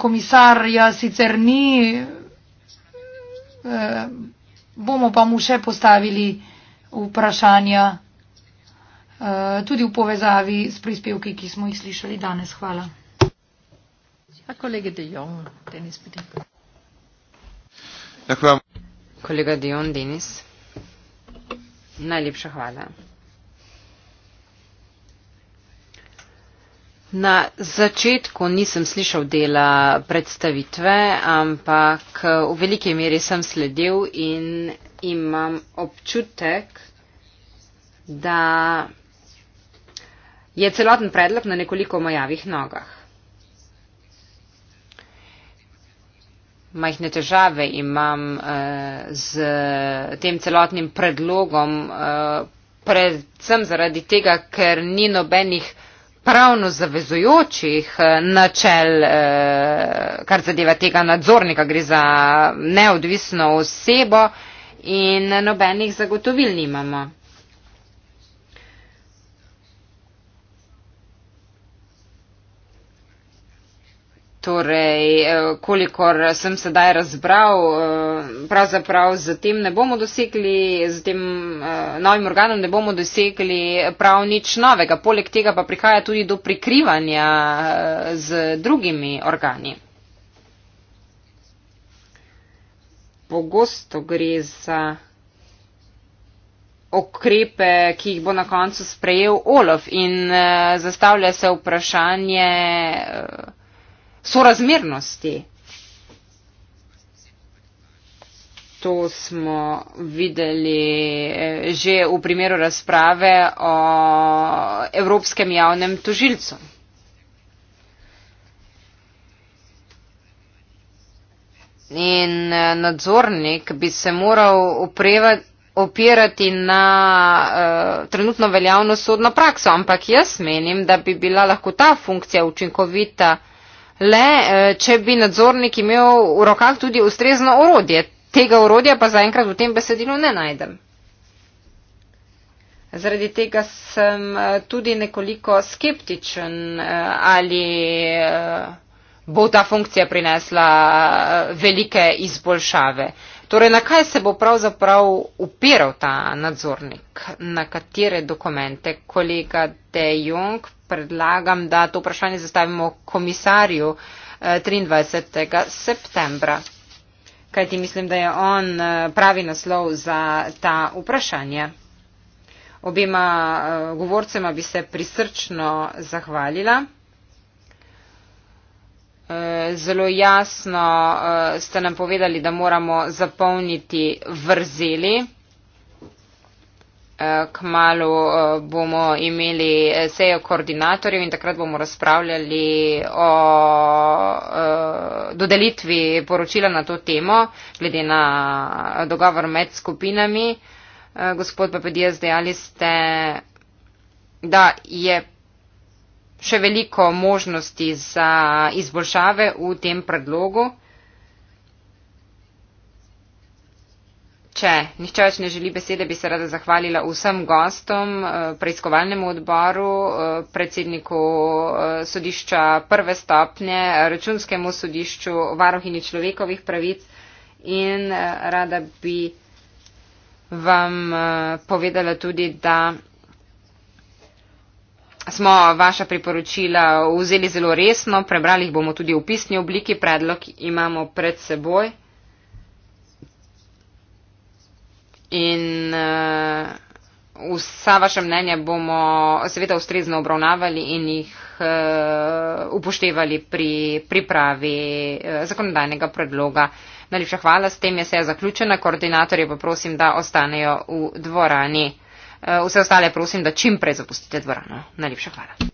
Komisarja sicer ni, bomo pa mu še postavili vprašanja tudi v povezavi s prispevki, ki smo jih slišali danes. Hvala. A kolega De Jong, Denis, bitte. Ja, hvala. Kolega De Jong, Denis, najlepša hvala. Na začetku nisem slišal dela predstavitve, ampak v veliki meri sem sledil in imam občutek, da je celoten predlog na nekoliko mojavih nogah. majhne težave imam uh, z tem celotnim predlogom, uh, predvsem zaradi tega, ker ni nobenih pravno zavezujočih eh, načel, kar zadeva tega nadzornika, gre za neodvisno osebo in nobenih zagotovil nimamo. Torej, eh, kolikor sem sedaj razbral, eh, pravzaprav z tem ne bomo dosegli, z tem eh, novim organom ne bomo dosegli prav nič novega. Poleg tega pa prihaja tudi do prikrivanja z drugimi organi. Pogosto gre za okrepe, ki jih bo na koncu sprejel Olof in zastavlja se vprašanje sorazmernosti. To smo videli eh, že v primeru razprave o Evropskem javnem tožilcu. In eh, nadzornik bi se moral opirati na uh, trenutno veljavno sodno prakso, ampak jaz menim, da bi bila lahko ta funkcija učinkovita le, eh, če bi nadzornik imel v rokah tudi ustrezno orodje. Tega orodja pa zaenkrat v tem besedilu ne najdem. Zaradi tega sem eh, tudi nekoliko skeptičen, eh, ali bo ta funkcija prinesla velike izboljšave. Torej, na kaj se bo pravzaprav upiral ta nadzornik, na katere dokumente? Kolega De Jong, predlagam, da to vprašanje zastavimo komisarju 23. Eh, septembra. Kaj ti mislim, da je on eh, pravi naslov za ta vprašanje? Obima eh, govorcema bi se prisrčno zahvalila. Eh, zelo jasno eh, ste nam povedali, da moramo zapolniti vrzeli. Eh, Kmalo bomo imeli sejo koordinatorjev in takrat bomo razpravljali o dodelitvi poročila na to temo, glede na dogovor med skupinami. Gospod Papadijas, dejali ste, da je še veliko možnosti za izboljšave v tem predlogu. Če nihče več ne želi besede, bi se rada zahvalila vsem gostom, eh, preiskovalnemu odboru, eh, predsedniku eh, sodišča prve stopnje, računskemu sodišču, varohini človekovih pravic in rada bi vam povedala tudi, da smo vaša priporočila vzeli zelo resno, prebrali jih bomo tudi v pisni obliki, predlog imamo pred seboj. In uh, vsa vaše mnenja bomo seveda ustrezno obravnavali in jih uh, upoštevali pri pripravi uh, zakonodajnega predloga. Najlepša hvala, s tem je seja zaključena, koordinatorje pa prosim, da ostanejo v dvorani. Vse ostale prosim, da čim prej zapustite dvorano. Najlepša hvala.